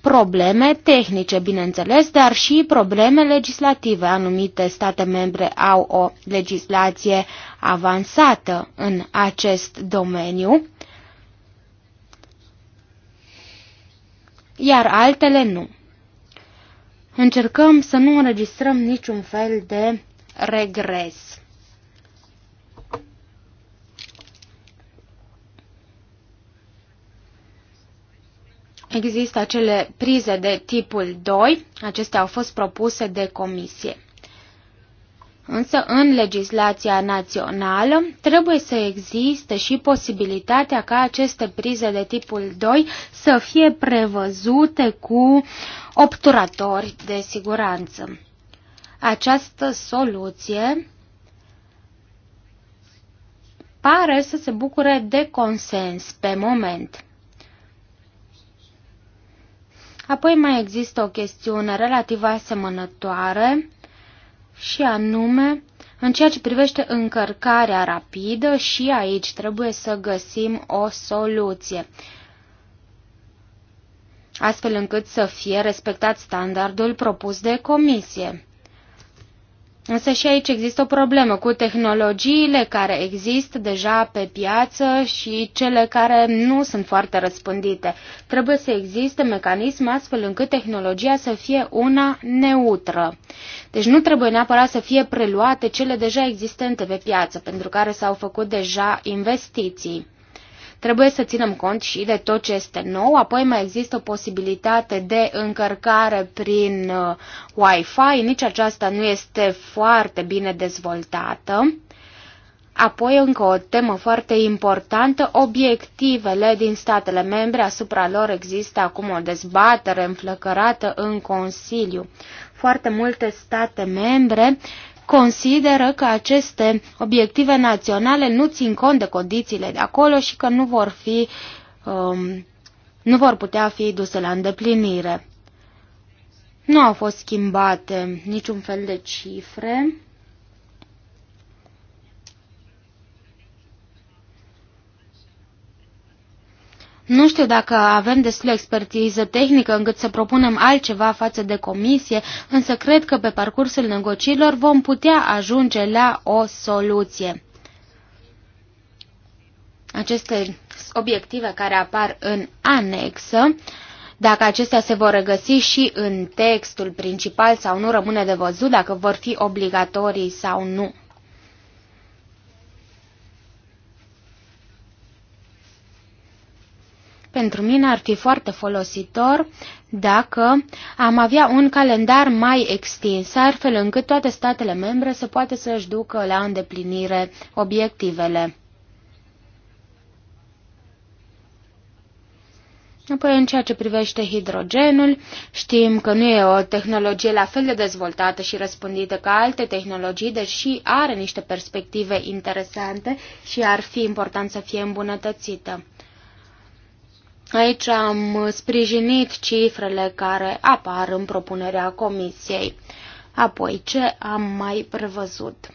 Speaker 1: Probleme tehnice, bineînțeles, dar și probleme legislative. Anumite state membre au o legislație avansată în acest domeniu, iar altele nu. Încercăm să nu înregistrăm niciun fel de regres. Există acele prize de tipul 2, acestea au fost propuse de comisie. Însă, în legislația națională, trebuie să existe și posibilitatea ca aceste prize de tipul 2 să fie prevăzute cu obturatori de siguranță. Această soluție pare să se bucure de consens pe moment. Apoi mai există o chestiune relativ asemănătoare și anume în ceea ce privește încărcarea rapidă și aici trebuie să găsim o soluție astfel încât să fie respectat standardul propus de comisie. Însă și aici există o problemă cu tehnologiile care există deja pe piață și cele care nu sunt foarte răspândite. Trebuie să existe mecanisme astfel încât tehnologia să fie una neutră. Deci nu trebuie neapărat să fie preluate cele deja existente pe piață, pentru care s-au făcut deja investiții. Trebuie să ținem cont și de tot ce este nou, apoi mai există o posibilitate de încărcare prin uh, Wi-Fi, nici aceasta nu este foarte bine dezvoltată. Apoi încă o temă foarte importantă, obiectivele din statele membre, asupra lor există acum o dezbatere înflăcărată în Consiliu. Foarte multe state membre consideră că aceste obiective naționale nu țin cont de condițiile de acolo și că nu vor, fi, um, nu vor putea fi duse la îndeplinire. Nu au fost schimbate niciun fel de cifre. Nu știu dacă avem destul expertiză tehnică încât să propunem altceva față de comisie, însă cred că pe parcursul negocierilor vom putea ajunge la o soluție. Aceste obiective care apar în anexă, dacă acestea se vor regăsi și în textul principal sau nu rămâne de văzut, dacă vor fi obligatorii sau nu. Pentru mine ar fi foarte folositor dacă am avea un calendar mai extins, astfel încât toate statele membre să poată să-și ducă la îndeplinire obiectivele. Apoi, în ceea ce privește hidrogenul, știm că nu e o tehnologie la fel de dezvoltată și răspândită ca alte tehnologii, deși are niște perspective interesante și ar fi important să fie îmbunătățită. Aici am sprijinit cifrele care apar în propunerea comisiei. Apoi, ce am mai prevăzut?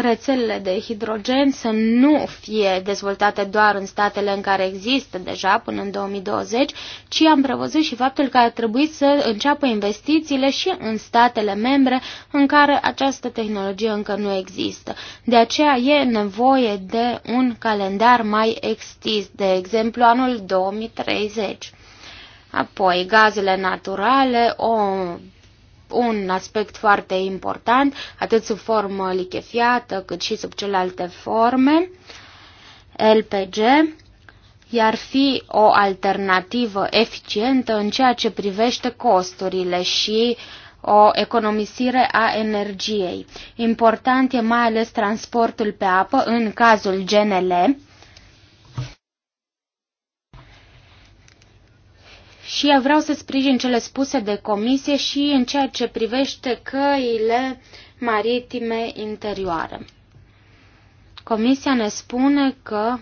Speaker 1: rețelele de hidrogen să nu fie dezvoltate doar în statele în care există deja până în 2020, ci am prevăzut și faptul că ar trebui să înceapă investițiile și în statele membre în care această tehnologie încă nu există. De aceea e nevoie de un calendar mai extins, de exemplu anul 2030. Apoi, gazele naturale, o un aspect foarte important, atât sub formă lichefiată, cât și sub celelalte forme, LPG, iar fi o alternativă eficientă în ceea ce privește costurile și o economisire a energiei. Important e mai ales transportul pe apă în cazul GNL, Și eu vreau să sprijin cele spuse de comisie și în ceea ce privește căile maritime interioare. Comisia ne spune că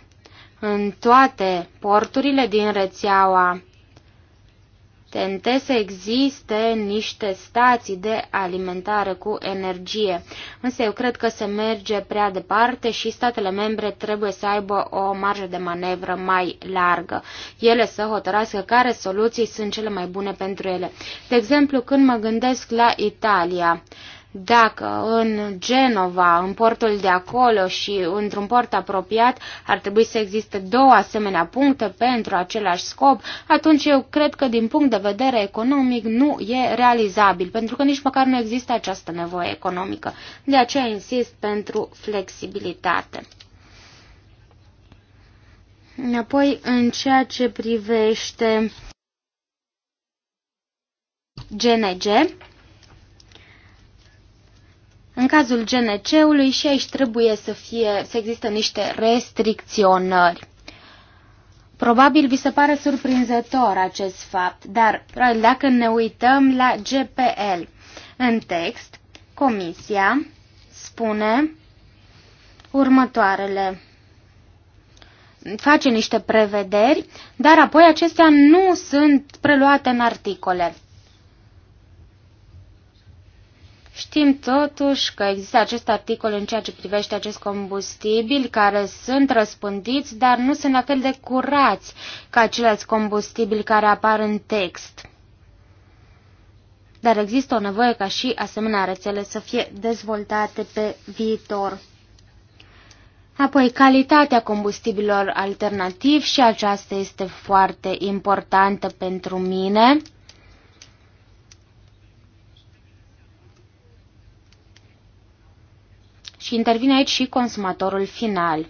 Speaker 1: în toate porturile din rețeaua TNT să existe niște stații de alimentare cu energie. Însă eu cred că se merge prea departe și statele membre trebuie să aibă o marjă de manevră mai largă. Ele să hotărască care soluții sunt cele mai bune pentru ele. De exemplu, când mă gândesc la Italia, dacă în Genova, în portul de acolo și într-un port apropiat ar trebui să existe două asemenea puncte pentru același scop, atunci eu cred că din punct de vedere economic nu e realizabil, pentru că nici măcar nu există această nevoie economică. De aceea insist pentru flexibilitate. Apoi, în ceea ce privește GNG, în cazul GNC-ului și aici trebuie să, fie, să există niște restricționări. Probabil vi se pare surprinzător acest fapt, dar dacă ne uităm la GPL, în text, Comisia spune următoarele face niște prevederi, dar apoi acestea nu sunt preluate în articole. Știm totuși că există acest articol în ceea ce privește acest combustibil care sunt răspândiți, dar nu sunt la fel de curați ca ceilalți combustibili care apar în text. Dar există o nevoie ca și asemenea rețele să fie dezvoltate pe viitor. Apoi, calitatea combustibilor alternativ și aceasta este foarte importantă pentru mine. și intervine aici și consumatorul final.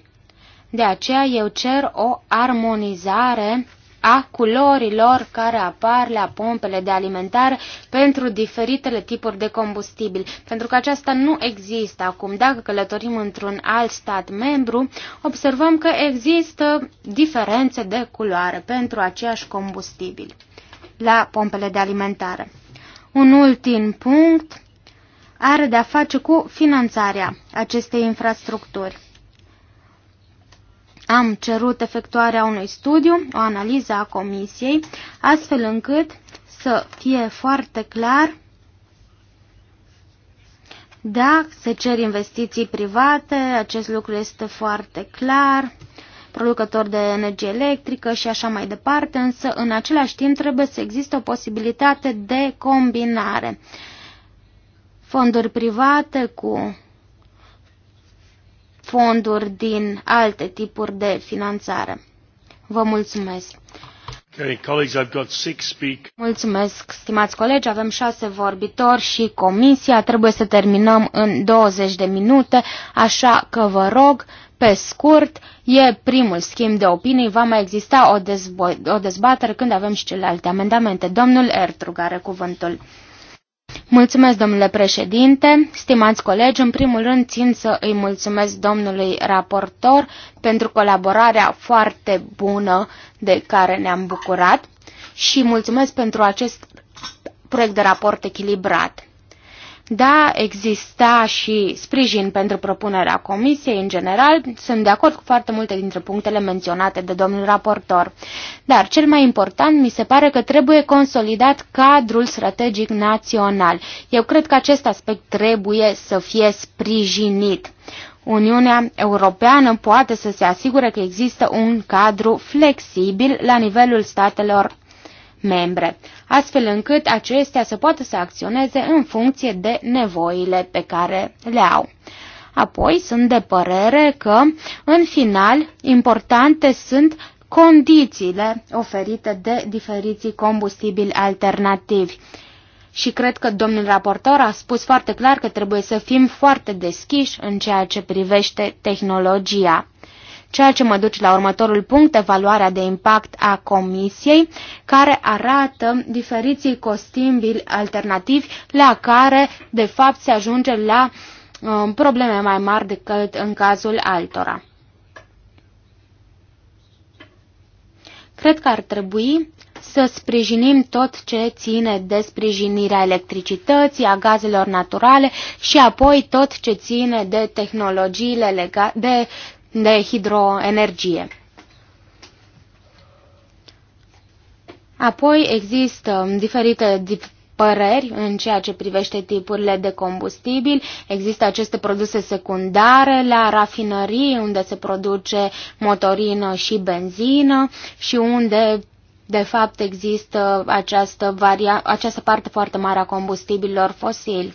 Speaker 1: De aceea eu cer o armonizare a culorilor care apar la pompele de alimentare pentru diferitele tipuri de combustibil, pentru că aceasta nu există acum. Dacă călătorim într-un alt stat membru, observăm că există diferențe de culoare pentru aceeași combustibil la pompele de alimentare. Un ultim punct are de-a face cu finanțarea acestei infrastructuri. Am cerut efectuarea unui studiu, o analiză a comisiei, astfel încât să fie foarte clar da, se cer investiții private, acest lucru este foarte clar, producători de energie electrică și așa mai departe, însă în același timp trebuie să existe o posibilitate de combinare fonduri private cu fonduri din alte tipuri de finanțare. Vă mulțumesc!
Speaker 3: Okay, colleagues, I've got six speak.
Speaker 1: Mulțumesc, stimați colegi, avem șase vorbitori și comisia trebuie să terminăm în 20 de minute, așa că vă rog, pe scurt, e primul schimb de opinii, va mai exista o, dezbo- o dezbatere când avem și celelalte amendamente. Domnul Ertrug are cuvântul. Mulțumesc, domnule președinte, stimați colegi, în primul rând țin să îi mulțumesc domnului raportor pentru colaborarea foarte bună de care ne-am bucurat și mulțumesc pentru acest proiect de raport echilibrat. Da, exista și sprijin pentru propunerea comisiei în general. Sunt de acord cu foarte multe dintre punctele menționate de domnul raportor. Dar cel mai important mi se pare că trebuie consolidat cadrul strategic național. Eu cred că acest aspect trebuie să fie sprijinit. Uniunea Europeană poate să se asigure că există un cadru flexibil la nivelul statelor membre, astfel încât acestea să poată să acționeze în funcție de nevoile pe care le au. Apoi sunt de părere că, în final, importante sunt condițiile oferite de diferiții combustibili alternativi. Și cred că domnul raportor a spus foarte clar că trebuie să fim foarte deschiși în ceea ce privește tehnologia. Ceea ce mă duce la următorul punct, evaluarea de impact a Comisiei, care arată diferiții costimbili alternativi la care, de fapt, se ajunge la um, probleme mai mari decât în cazul altora. Cred că ar trebui să sprijinim tot ce ține de sprijinirea electricității, a gazelor naturale și apoi tot ce ține de tehnologiile legate de de hidroenergie. Apoi există diferite păreri în ceea ce privește tipurile de combustibil. Există aceste produse secundare la rafinării, unde se produce motorină și benzină și unde de fapt există această, varia- această parte foarte mare a combustibililor fosili.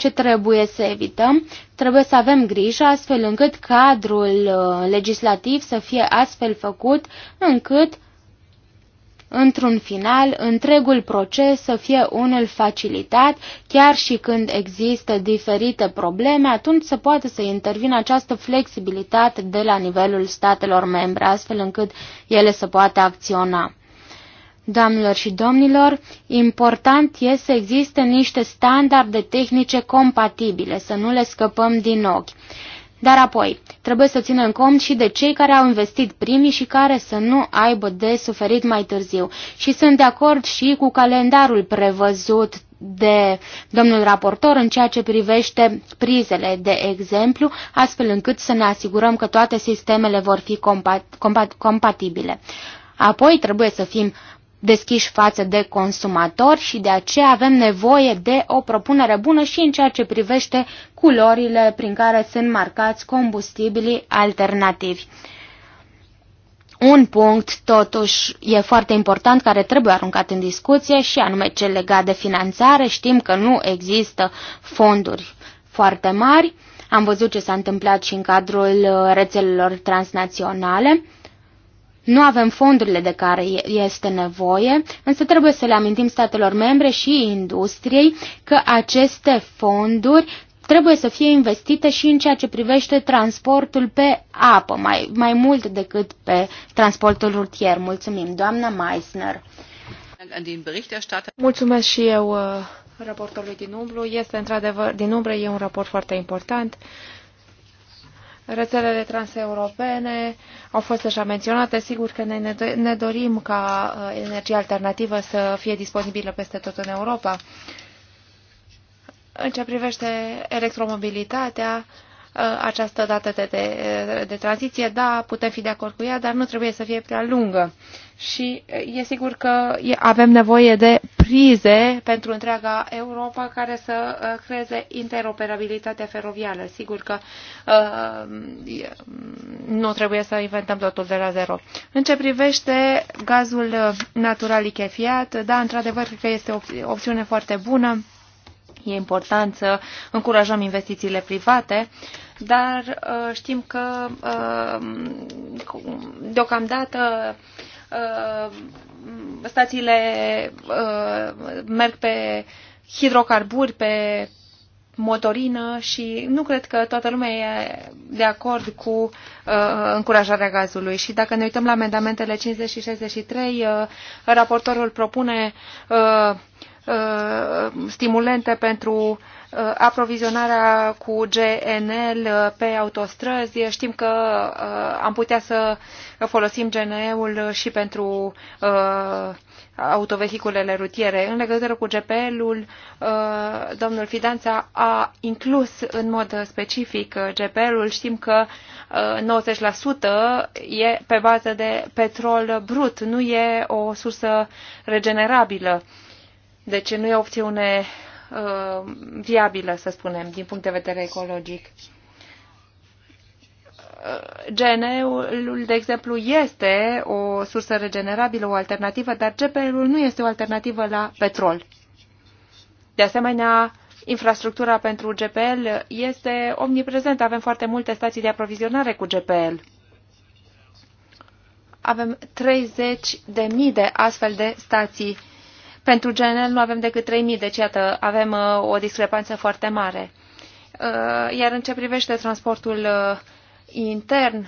Speaker 1: Ce trebuie să evităm? Trebuie să avem grijă astfel încât cadrul uh, legislativ să fie astfel făcut încât într-un final, întregul proces să fie unul facilitat, chiar și când există diferite probleme, atunci se poate să intervină această flexibilitate de la nivelul statelor membre, astfel încât ele să poată acționa. Doamnelor și domnilor, important e să existe niște standarde tehnice compatibile, să nu le scăpăm din ochi. Dar apoi, trebuie să ținem cont și de cei care au investit primii și care să nu aibă de suferit mai târziu. Și sunt de acord și cu calendarul prevăzut de domnul raportor în ceea ce privește prizele de exemplu, astfel încât să ne asigurăm că toate sistemele vor fi compat compat compatibile. Apoi trebuie să fim deschiși față de consumatori și de aceea avem nevoie de o propunere bună și în ceea ce privește culorile prin care sunt marcați combustibilii alternativi. Un punct totuși e foarte important care trebuie aruncat în discuție și anume cel legat de finanțare. Știm că nu există fonduri foarte mari. Am văzut ce s-a întâmplat și în cadrul uh, rețelelor transnaționale nu avem fondurile de care este nevoie, însă trebuie să le amintim statelor membre și industriei că aceste fonduri trebuie să fie investite și în ceea ce privește transportul pe apă, mai, mai mult decât pe transportul rutier. Mulțumim, doamna Meissner. Mulțumesc și eu uh,
Speaker 4: raportorului din umbră. Este într-adevăr, din umbră e un raport foarte important Rețelele transeuropene au fost deja menționate. Sigur că ne, ne dorim ca uh, energia alternativă să fie disponibilă peste tot în Europa. În ce privește electromobilitatea, uh, Uh, această dată de, de, uh, de tranziție, da, putem fi de acord cu ea, dar nu trebuie să fie prea lungă. Și uh, e sigur că avem nevoie de prize pentru întreaga Europa care să creeze interoperabilitatea feroviară. Sigur că uh, nu trebuie să inventăm totul de la zero. În ce privește gazul natural lichefiat, da, într-adevăr, cred că este o opțiune foarte bună E important să încurajăm investițiile private, dar uh, știm că uh, deocamdată uh, stațiile merg pe hidrocarburi, pe motorină și nu cred că toată lumea e de acord cu uh, încurajarea gazului. Și dacă ne uităm la amendamentele 50 și 63, uh, raportorul propune uh, Uh, stimulente pentru uh, aprovizionarea cu GNL pe autostrăzi. Știm că uh, am putea să folosim GNL-ul și pentru autovehiculele rutiere. În legătură cu GPL-ul, domnul Fidanța a inclus în mod specific GPL-ul. Știm că 90% e pe bază de petrol brut, nu e o sursă regenerabilă. Deci nu e o opțiune uh, viabilă, să spunem, din punct de vedere ecologic. Uh, GNL-ul, de exemplu, este o sursă regenerabilă, o alternativă, dar GPL-ul nu este o alternativă la petrol. De asemenea, infrastructura pentru GPL este omniprezentă. Avem foarte multe stații de aprovizionare cu GPL. Avem 30.000 de mii de astfel de stații pentru GNL nu avem decât 3.000, deci iată, avem uh, o discrepanță foarte mare. Uh, iar în ce privește transportul uh, intern,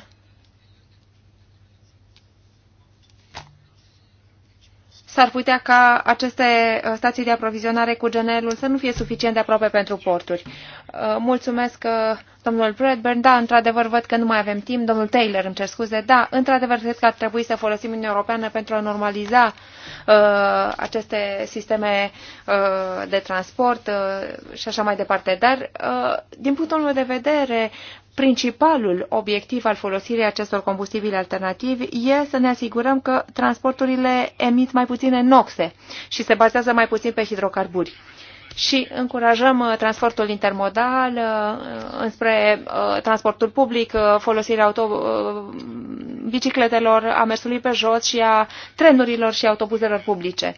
Speaker 4: s-ar putea ca aceste uh, stații de aprovizionare cu generul să nu fie suficient de aproape pentru porturi. Uh, mulțumesc, uh, domnul Bradburn. Da, într-adevăr, văd că nu mai avem timp. Domnul Taylor, îmi cer scuze. Da, într-adevăr, cred că ar trebui să folosim Uniunea Europeană pentru a normaliza uh, aceste sisteme uh, de transport uh, și așa mai departe. Dar, uh, din punctul meu de vedere, principalul obiectiv al folosirii acestor combustibili alternativi e să ne asigurăm că transporturile emit mai puține noxe și se bazează mai puțin pe hidrocarburi. Și încurajăm uh, transportul intermodal uh, înspre uh, transportul public, folosirea auto, bicicletelor, a mersului pe jos și a trenurilor și autobuzelor publice.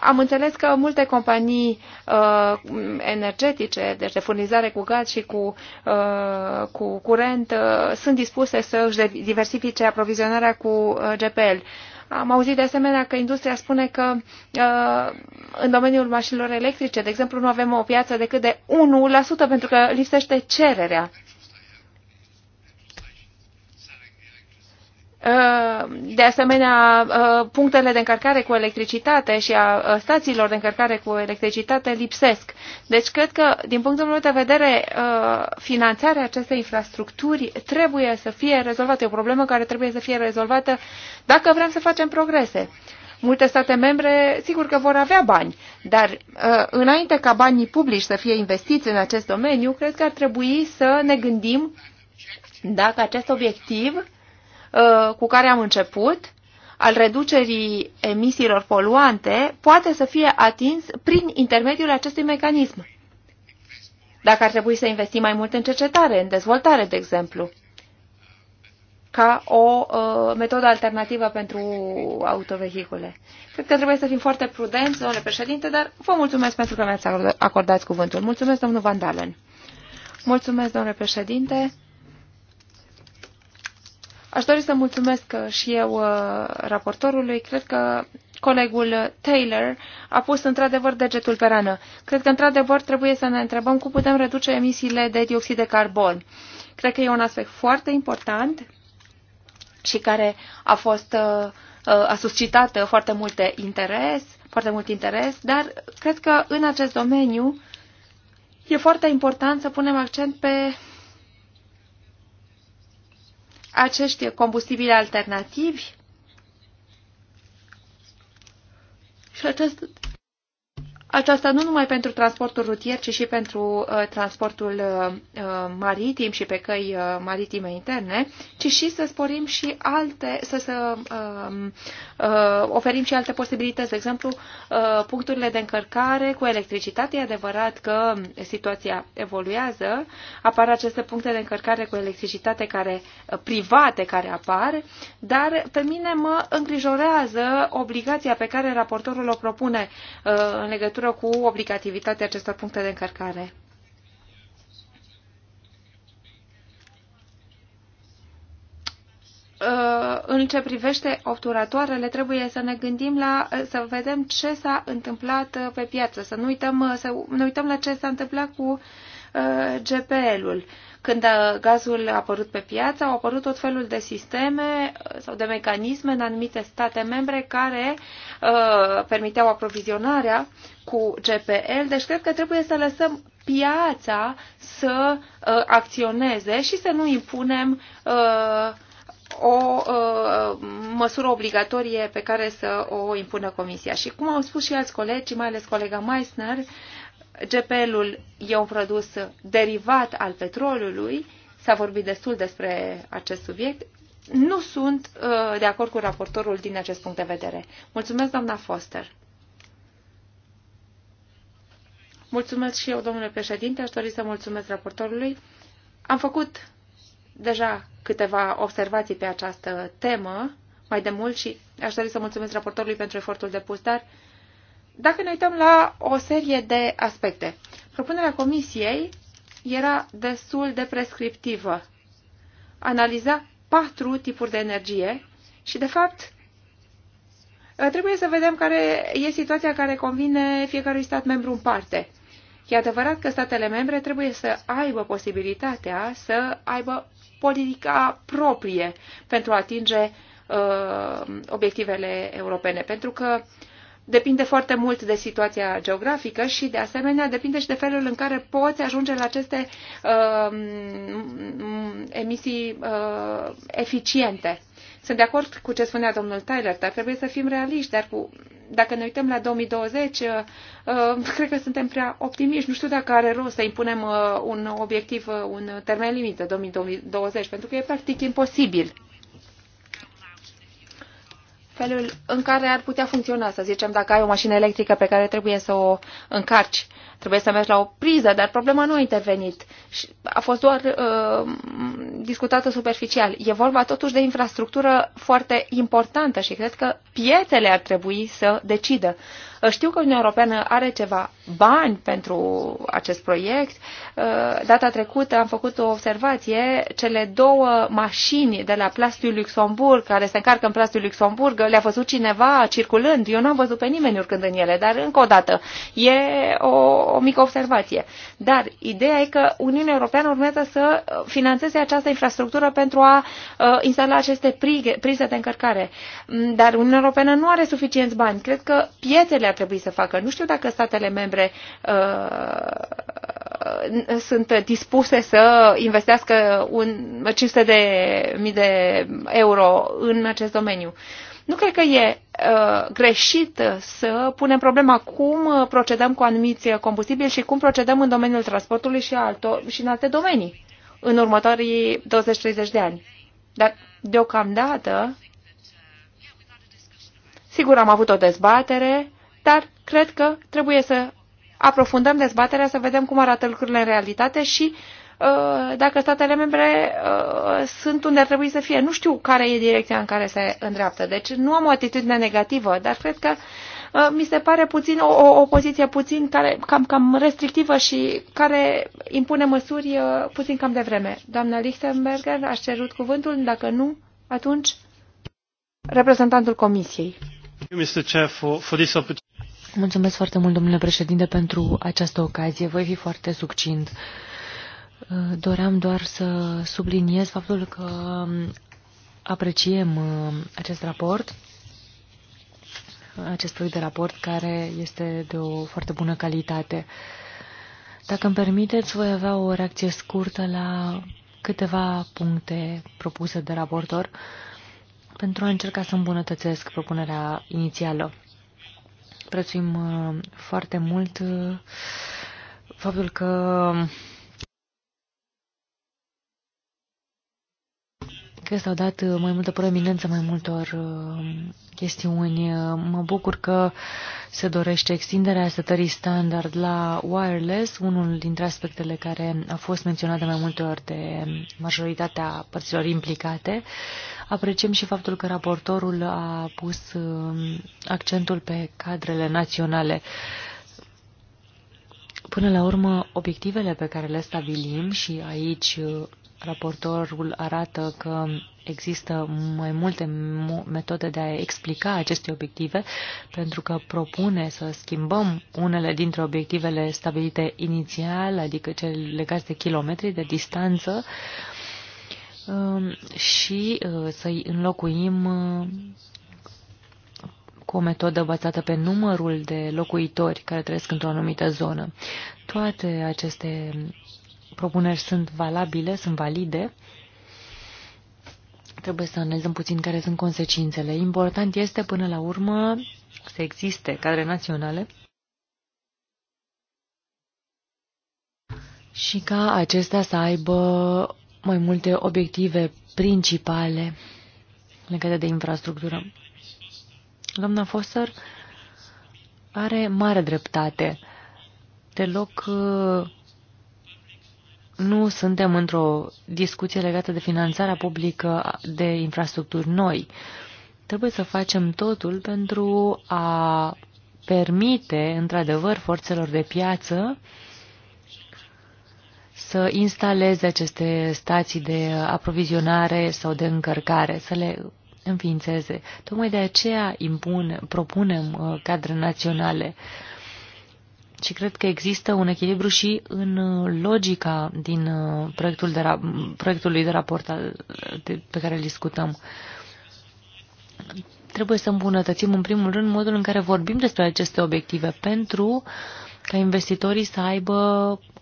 Speaker 4: Am înțeles că multe companii uh, energetice, deci de furnizare cu gaz și cu, uh, cu curent, uh, sunt dispuse să își diversifice aprovizionarea cu uh, GPL. Am auzit de asemenea că industria spune că uh, în domeniul mașinilor electrice, de exemplu, nu avem o piață decât de 1% pentru că lipsește cererea. Uh, de asemenea, uh, punctele de încărcare cu electricitate și a uh, stațiilor de încărcare cu electricitate lipsesc. Deci, cred că, din punctul meu de vedere, finanțarea acestei infrastructuri trebuie să fie rezolvată. E o problemă care trebuie să fie rezolvată dacă vrem să facem progrese. Multe state membre, sigur că vor avea bani, dar înainte ca banii publici să fie investiți în acest domeniu, cred că ar trebui să ne gândim dacă acest obiectiv Uh, cu care am început, al reducerii emisiilor poluante, poate să fie atins prin intermediul acestui mecanism. Dacă ar trebui să investim mai mult în cercetare, în dezvoltare, de exemplu, ca o uh, metodă alternativă pentru autovehicule. Cred că trebuie să fim foarte prudenți, domnule președinte, dar vă mulțumesc pentru că mi-ați acordat cuvântul. Mulțumesc, domnul Vandalen. Mulțumesc, domnule președinte. Aș dori să mulțumesc uh, și eu uh, raportorului. Cred că colegul Taylor a pus într-adevăr degetul pe rană. Cred că într-adevăr trebuie să ne întrebăm cum putem reduce emisiile de dioxid de carbon. Cred că e un aspect foarte important și care a fost uh, a suscitat foarte mult interes, foarte mult interes, dar cred că în acest domeniu e foarte important să punem accent pe acești combustibili alternativi și acest aceasta nu numai pentru transportul rutier, ci și pentru uh, transportul uh, uh, maritim și pe căi uh, maritime interne, ci și să sporim și alte, să, să uh, uh, oferim și alte posibilități. De exemplu, uh, puncturile de încărcare cu electricitate. E adevărat că situația evoluează. Apar aceste puncte de încărcare cu electricitate care, uh, private care apar, dar pe mine mă îngrijorează obligația pe care raportorul o propune uh, în legătură legătură cu obligativitatea acestor puncte de încărcare. Uh, în ce privește obturatoarele, trebuie să ne gândim la, uh, să vedem ce s-a întâmplat uh, pe piață, să nu uităm, să ne uităm la ce s-a întâmplat cu GPL-ul. Uh, când uh, gazul a apărut pe piață, au apărut tot felul de sisteme uh, sau de mecanisme în anumite state membre care uh, permiteau aprovizionarea cu GPL. Deci cred că trebuie să lăsăm piața să uh, acționeze și să nu impunem uh, o uh, măsură obligatorie pe care să o impună Comisia. Și cum au spus și alți colegi, mai ales colega Meissner, GPL-ul e un produs derivat al petrolului, s-a vorbit destul despre acest subiect. Nu sunt uh, de acord cu raportorul din acest punct de vedere. Mulțumesc, doamna Foster. Mulțumesc și eu, domnule președinte. Aș dori să mulțumesc raportorului. Am făcut deja câteva observații pe această temă mai de mult și aș dori să mulțumesc raportorului pentru efortul depus, dar uh, dacă ne uităm la o serie de aspecte, propunerea comisiei era destul de prescriptivă. Analiza patru tipuri de energie și, de fapt, trebuie să vedem care e situația care convine fiecărui stat membru în parte. E adevărat că statele membre trebuie să aibă posibilitatea să aibă politica proprie pentru a atinge uh, obiectivele europene, pentru că uh, depinde foarte mult de situația geografică și, de asemenea, depinde și de felul în care poți ajunge la aceste uh, emisii uh, eficiente. Sunt de acord cu ce spunea domnul Tyler, dar trebuie să fim realiști, dar cu, dacă ne uităm la 2020, uh, uh cred că suntem prea optimiști. Nu știu dacă are rost să impunem uh, un obiectiv, uh, un termen limită 2020, pentru că e practic imposibil felul în care ar putea funcționa. Să zicem, dacă ai o mașină electrică pe care trebuie să o încarci, trebuie să mergi la o priză, dar problema nu a intervenit. A fost doar uh, discutată superficial. E vorba totuși de infrastructură foarte importantă și cred că piețele ar trebui să decidă. Știu că Uniunea Europeană are ceva bani pentru acest proiect. Uh, data trecută am făcut o observație, cele două mașini de la Plastiul Luxemburg, care se încarcă în Plastiul Luxemburg, le-a văzut cineva circulând. Eu n-am văzut pe nimeni urcând în ele, dar încă o dată, e o, o mică observație. Dar ideea e că Uniunea Europeană urmează să financeze această infrastructură pentru a uh, instala aceste prize de încărcare. Mm, dar Uniunea Europeană nu are suficienți bani. Cred că piețele ar trebui să facă. Nu știu dacă statele membre membre uh, sunt dispuse să investească un 500 de mii de euro în acest domeniu. Nu cred că e uh, greșit să punem problema cum procedăm cu anumiți combustibili și cum procedăm în domeniul transportului și, alto, și în alte domenii în următorii 20-30 de ani. Dar deocamdată, sigur am avut o dezbatere, dar cred că trebuie să aprofundăm dezbaterea, să vedem cum arată lucrurile în realitate și uh, dacă statele membre uh, sunt unde ar trebui să fie. Nu știu care e direcția în care se îndreaptă. Deci nu am o atitudine negativă, dar cred că uh, mi se pare puțin o, o poziție puțin care, cam, cam restrictivă și care impune măsuri puțin cam devreme. Doamna Lichtenberger, aș cerut cuvântul. Dacă nu, atunci reprezentantul Comisiei.
Speaker 2: Mulțumesc foarte mult, domnule președinte, pentru această ocazie. Voi fi foarte succint. Uh, doream doar să subliniez faptul că um, apreciem uh, acest raport, acest proiect de raport care este de o foarte bună calitate. Dacă îmi permiteți, voi avea o reacție scurtă la câteva puncte propuse de raportor pentru a încerca să îmbunătățesc propunerea inițială. Prețuim uh, foarte mult uh, faptul că că s-au dat uh, mai multă proeminență mai multor uh, chestiuni. Uh, mă bucur că se dorește extinderea setării standard la wireless, unul dintre aspectele care a fost menționat de mai multe ori de majoritatea părților implicate. Apreciem și faptul că raportorul a pus um, accentul pe cadrele naționale. Până la urmă, obiectivele pe care le stabilim și aici raportorul arată că există mai multe metode de a explica aceste obiective, pentru că propune să schimbăm unele dintre obiectivele stabilite inițial, adică cele legate de kilometri, de distanță, um, și uh, să-i înlocuim uh, cu o metodă bazată pe numărul de locuitori care trăiesc într-o anumită zonă. Toate aceste propuneri sunt valabile, sunt valide. Trebuie să analizăm puțin care sunt consecințele. Important este, până la urmă, să existe cadre naționale și ca acestea să aibă mai multe obiective principale legate de infrastructură. Doamna Foster are mare dreptate. Deloc uh, nu suntem într-o discuție legată de finanțarea publică de infrastructuri noi. Trebuie să facem totul pentru a permite, într-adevăr, forțelor de piață să instaleze aceste stații de aprovizionare sau de încărcare, să le înființeze. Tocmai de aceea impune, propunem uh, cadre naționale uh, și cred că există un echilibru și în uh, logica din uh, proiectul de ra- proiectului de raport al, de, pe care îl discutăm. Trebuie să îmbunătățim, în primul rând, modul în care vorbim despre aceste obiective pentru ca investitorii să aibă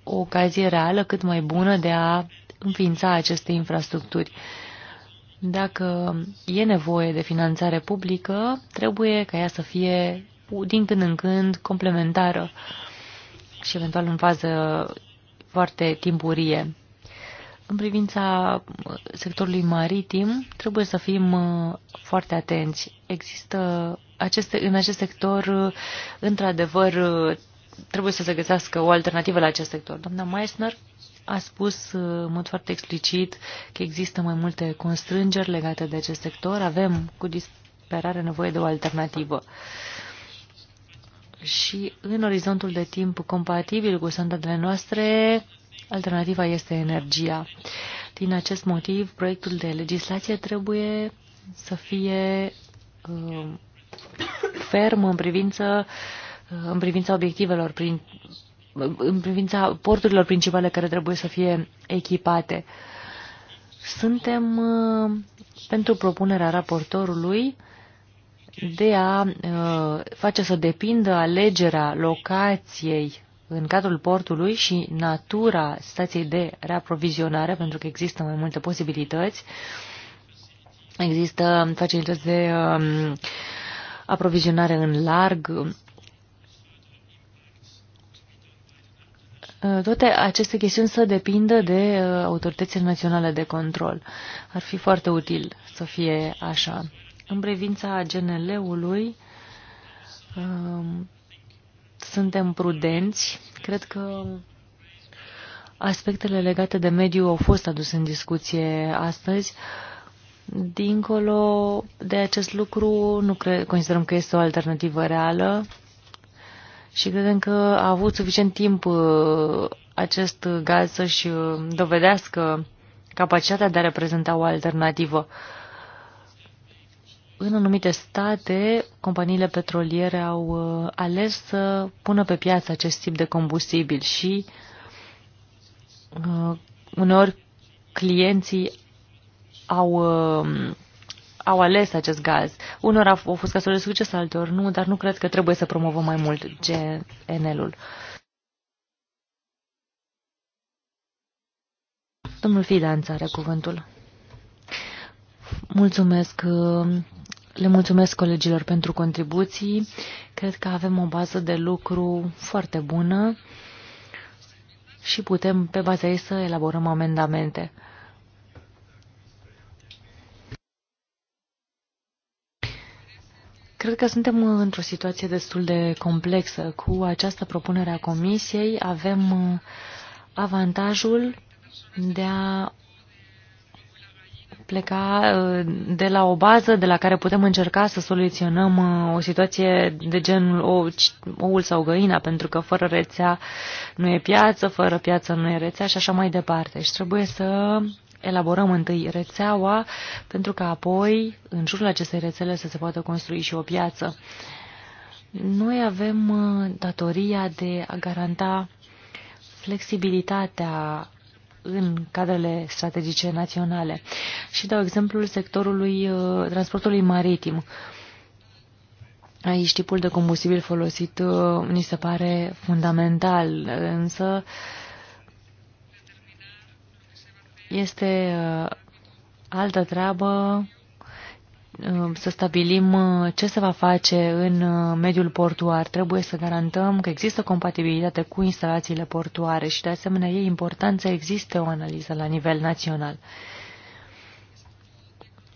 Speaker 2: o ocazie reală cât mai bună de a înființa aceste infrastructuri. Dacă e nevoie de finanțare publică, trebuie ca ea să fie din când în când complementară și eventual în fază foarte timpurie. În privința sectorului maritim, trebuie să fim uh, foarte atenți. Există aceste, în acest sector, uh, într-adevăr, uh, trebuie să se găsească o alternativă la acest sector. Doamna Meissner a spus în mod foarte explicit că există mai multe constrângeri legate de acest sector. Avem cu disperare nevoie de o alternativă. Uh, și în orizontul de timp compatibil cu standardele noastre, alternativa este energia. Din acest motiv, proiectul de legislație trebuie să fie uh, ferm în privință uh, în privința obiectivelor, prin, în privința porturilor principale care trebuie să fie echipate. Suntem uh, pentru propunerea raportorului de a uh, face să depindă alegerea locației în cadrul portului și natura stației de reaprovizionare, pentru că există mai multe posibilități. Există facilități de um, aprovizionare în larg. Uh, toate aceste chestiuni să depindă de uh, autoritățile naționale de control. Ar fi foarte util să fie așa. În privința GNL-ului, um, suntem prudenți. Cred că aspectele legate de mediu au fost aduse în discuție astăzi. Dincolo de acest lucru, nu cred, considerăm că este o alternativă reală și credem că a avut suficient timp uh, acest gaz să-și uh, dovedească capacitatea de a reprezenta o alternativă. Uh, în anumite state, companiile petroliere au uh, ales să pună pe piață acest tip de combustibil și uh, uneori clienții au, uh, au ales acest gaz. Unor au fost cazuri de succes, altor nu, dar nu cred că trebuie să promovăm mai mult GNL-ul. Domnul Fidanț are cuvântul. Mulțumesc. Le mulțumesc colegilor pentru contribuții. Cred că avem o bază de lucru foarte bună și putem pe baza ei să elaborăm amendamente. Cred că suntem într-o situație destul de complexă. Cu această propunere a Comisiei avem uh, avantajul de a pleca uh, de la o bază de la care putem încerca să soluționăm uh, o situație de genul oul sau găina, pentru că fără rețea nu e piață, fără piață nu e rețea și așa mai departe. Și trebuie să elaborăm întâi rețeaua, pentru că apoi, în jurul acestei rețele, să se poată construi și o piață. Noi avem uh, datoria de a garanta flexibilitatea în cadrele strategice naționale. Și dau exemplul sectorului uh, transportului maritim. Aici tipul de combustibil folosit uh, ni se pare fundamental, însă este uh, altă treabă Ehm, să stabilim eh, ce se va face în eh, mediul portuar. Trebuie să garantăm că există compatibilitate cu instalațiile portuare și, de asemenea, e important să existe o analiză la nivel național.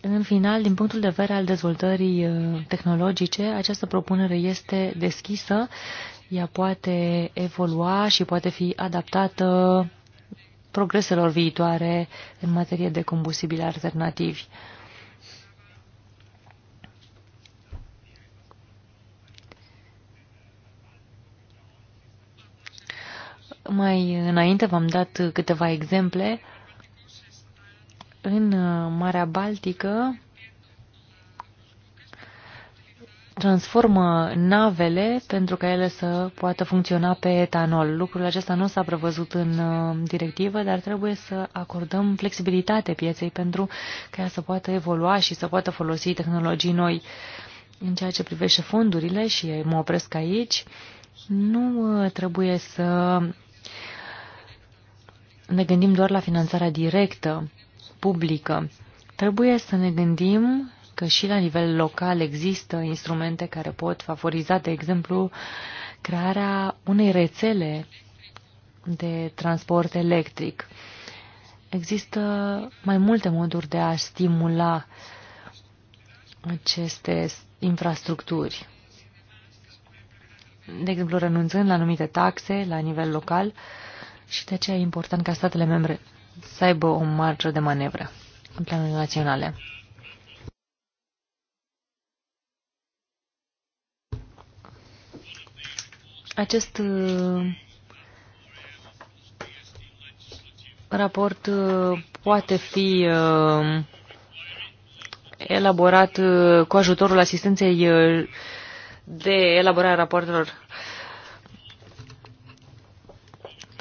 Speaker 2: În final, din punctul de vedere al dezvoltării eh, tehnologice, această propunere este deschisă, ea poate evolua și poate fi adaptată progreselor viitoare în materie de combustibili alternativi. Mai înainte v-am dat câteva exemple. În uh, Marea Baltică transformă navele pentru ca ele să poată funcționa pe etanol. Lucrul acesta nu s-a prevăzut în uh, directivă, dar trebuie să acordăm flexibilitate pieței pentru ca ea să poată evolua și să poată folosi tehnologii noi. În ceea ce privește fondurile, și mă opresc aici, nu uh, trebuie să ne gândim doar la finanțarea directă, publică. Trebuie să ne gândim că și la nivel local există instrumente care pot favoriza, de exemplu, crearea unei rețele de transport electric. Există mai multe moduri de a stimula aceste infrastructuri. De exemplu, renunțând la anumite taxe la nivel local, și de aceea e important ca statele membre să aibă o marjă de manevră în planul naționale. Acest uh, raport uh, poate fi uh, elaborat cu ajutorul asistenței de elaborare a raportelor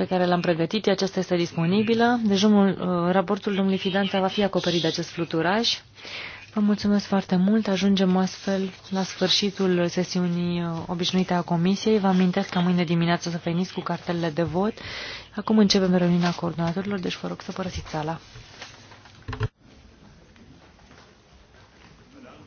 Speaker 2: pe care l-am pregătit, aceasta este disponibilă. Deci uh, raportul domnului Fidanța va fi acoperit de acest fluturaj. Vă mulțumesc foarte mult. Ajungem astfel la sfârșitul sesiunii uh, obișnuite a Comisiei. Vă amintesc că mâine dimineață să veniți cu cartelele de vot. Acum începem reuniunea coordonatorilor, deci vă rog să părăsiți sala.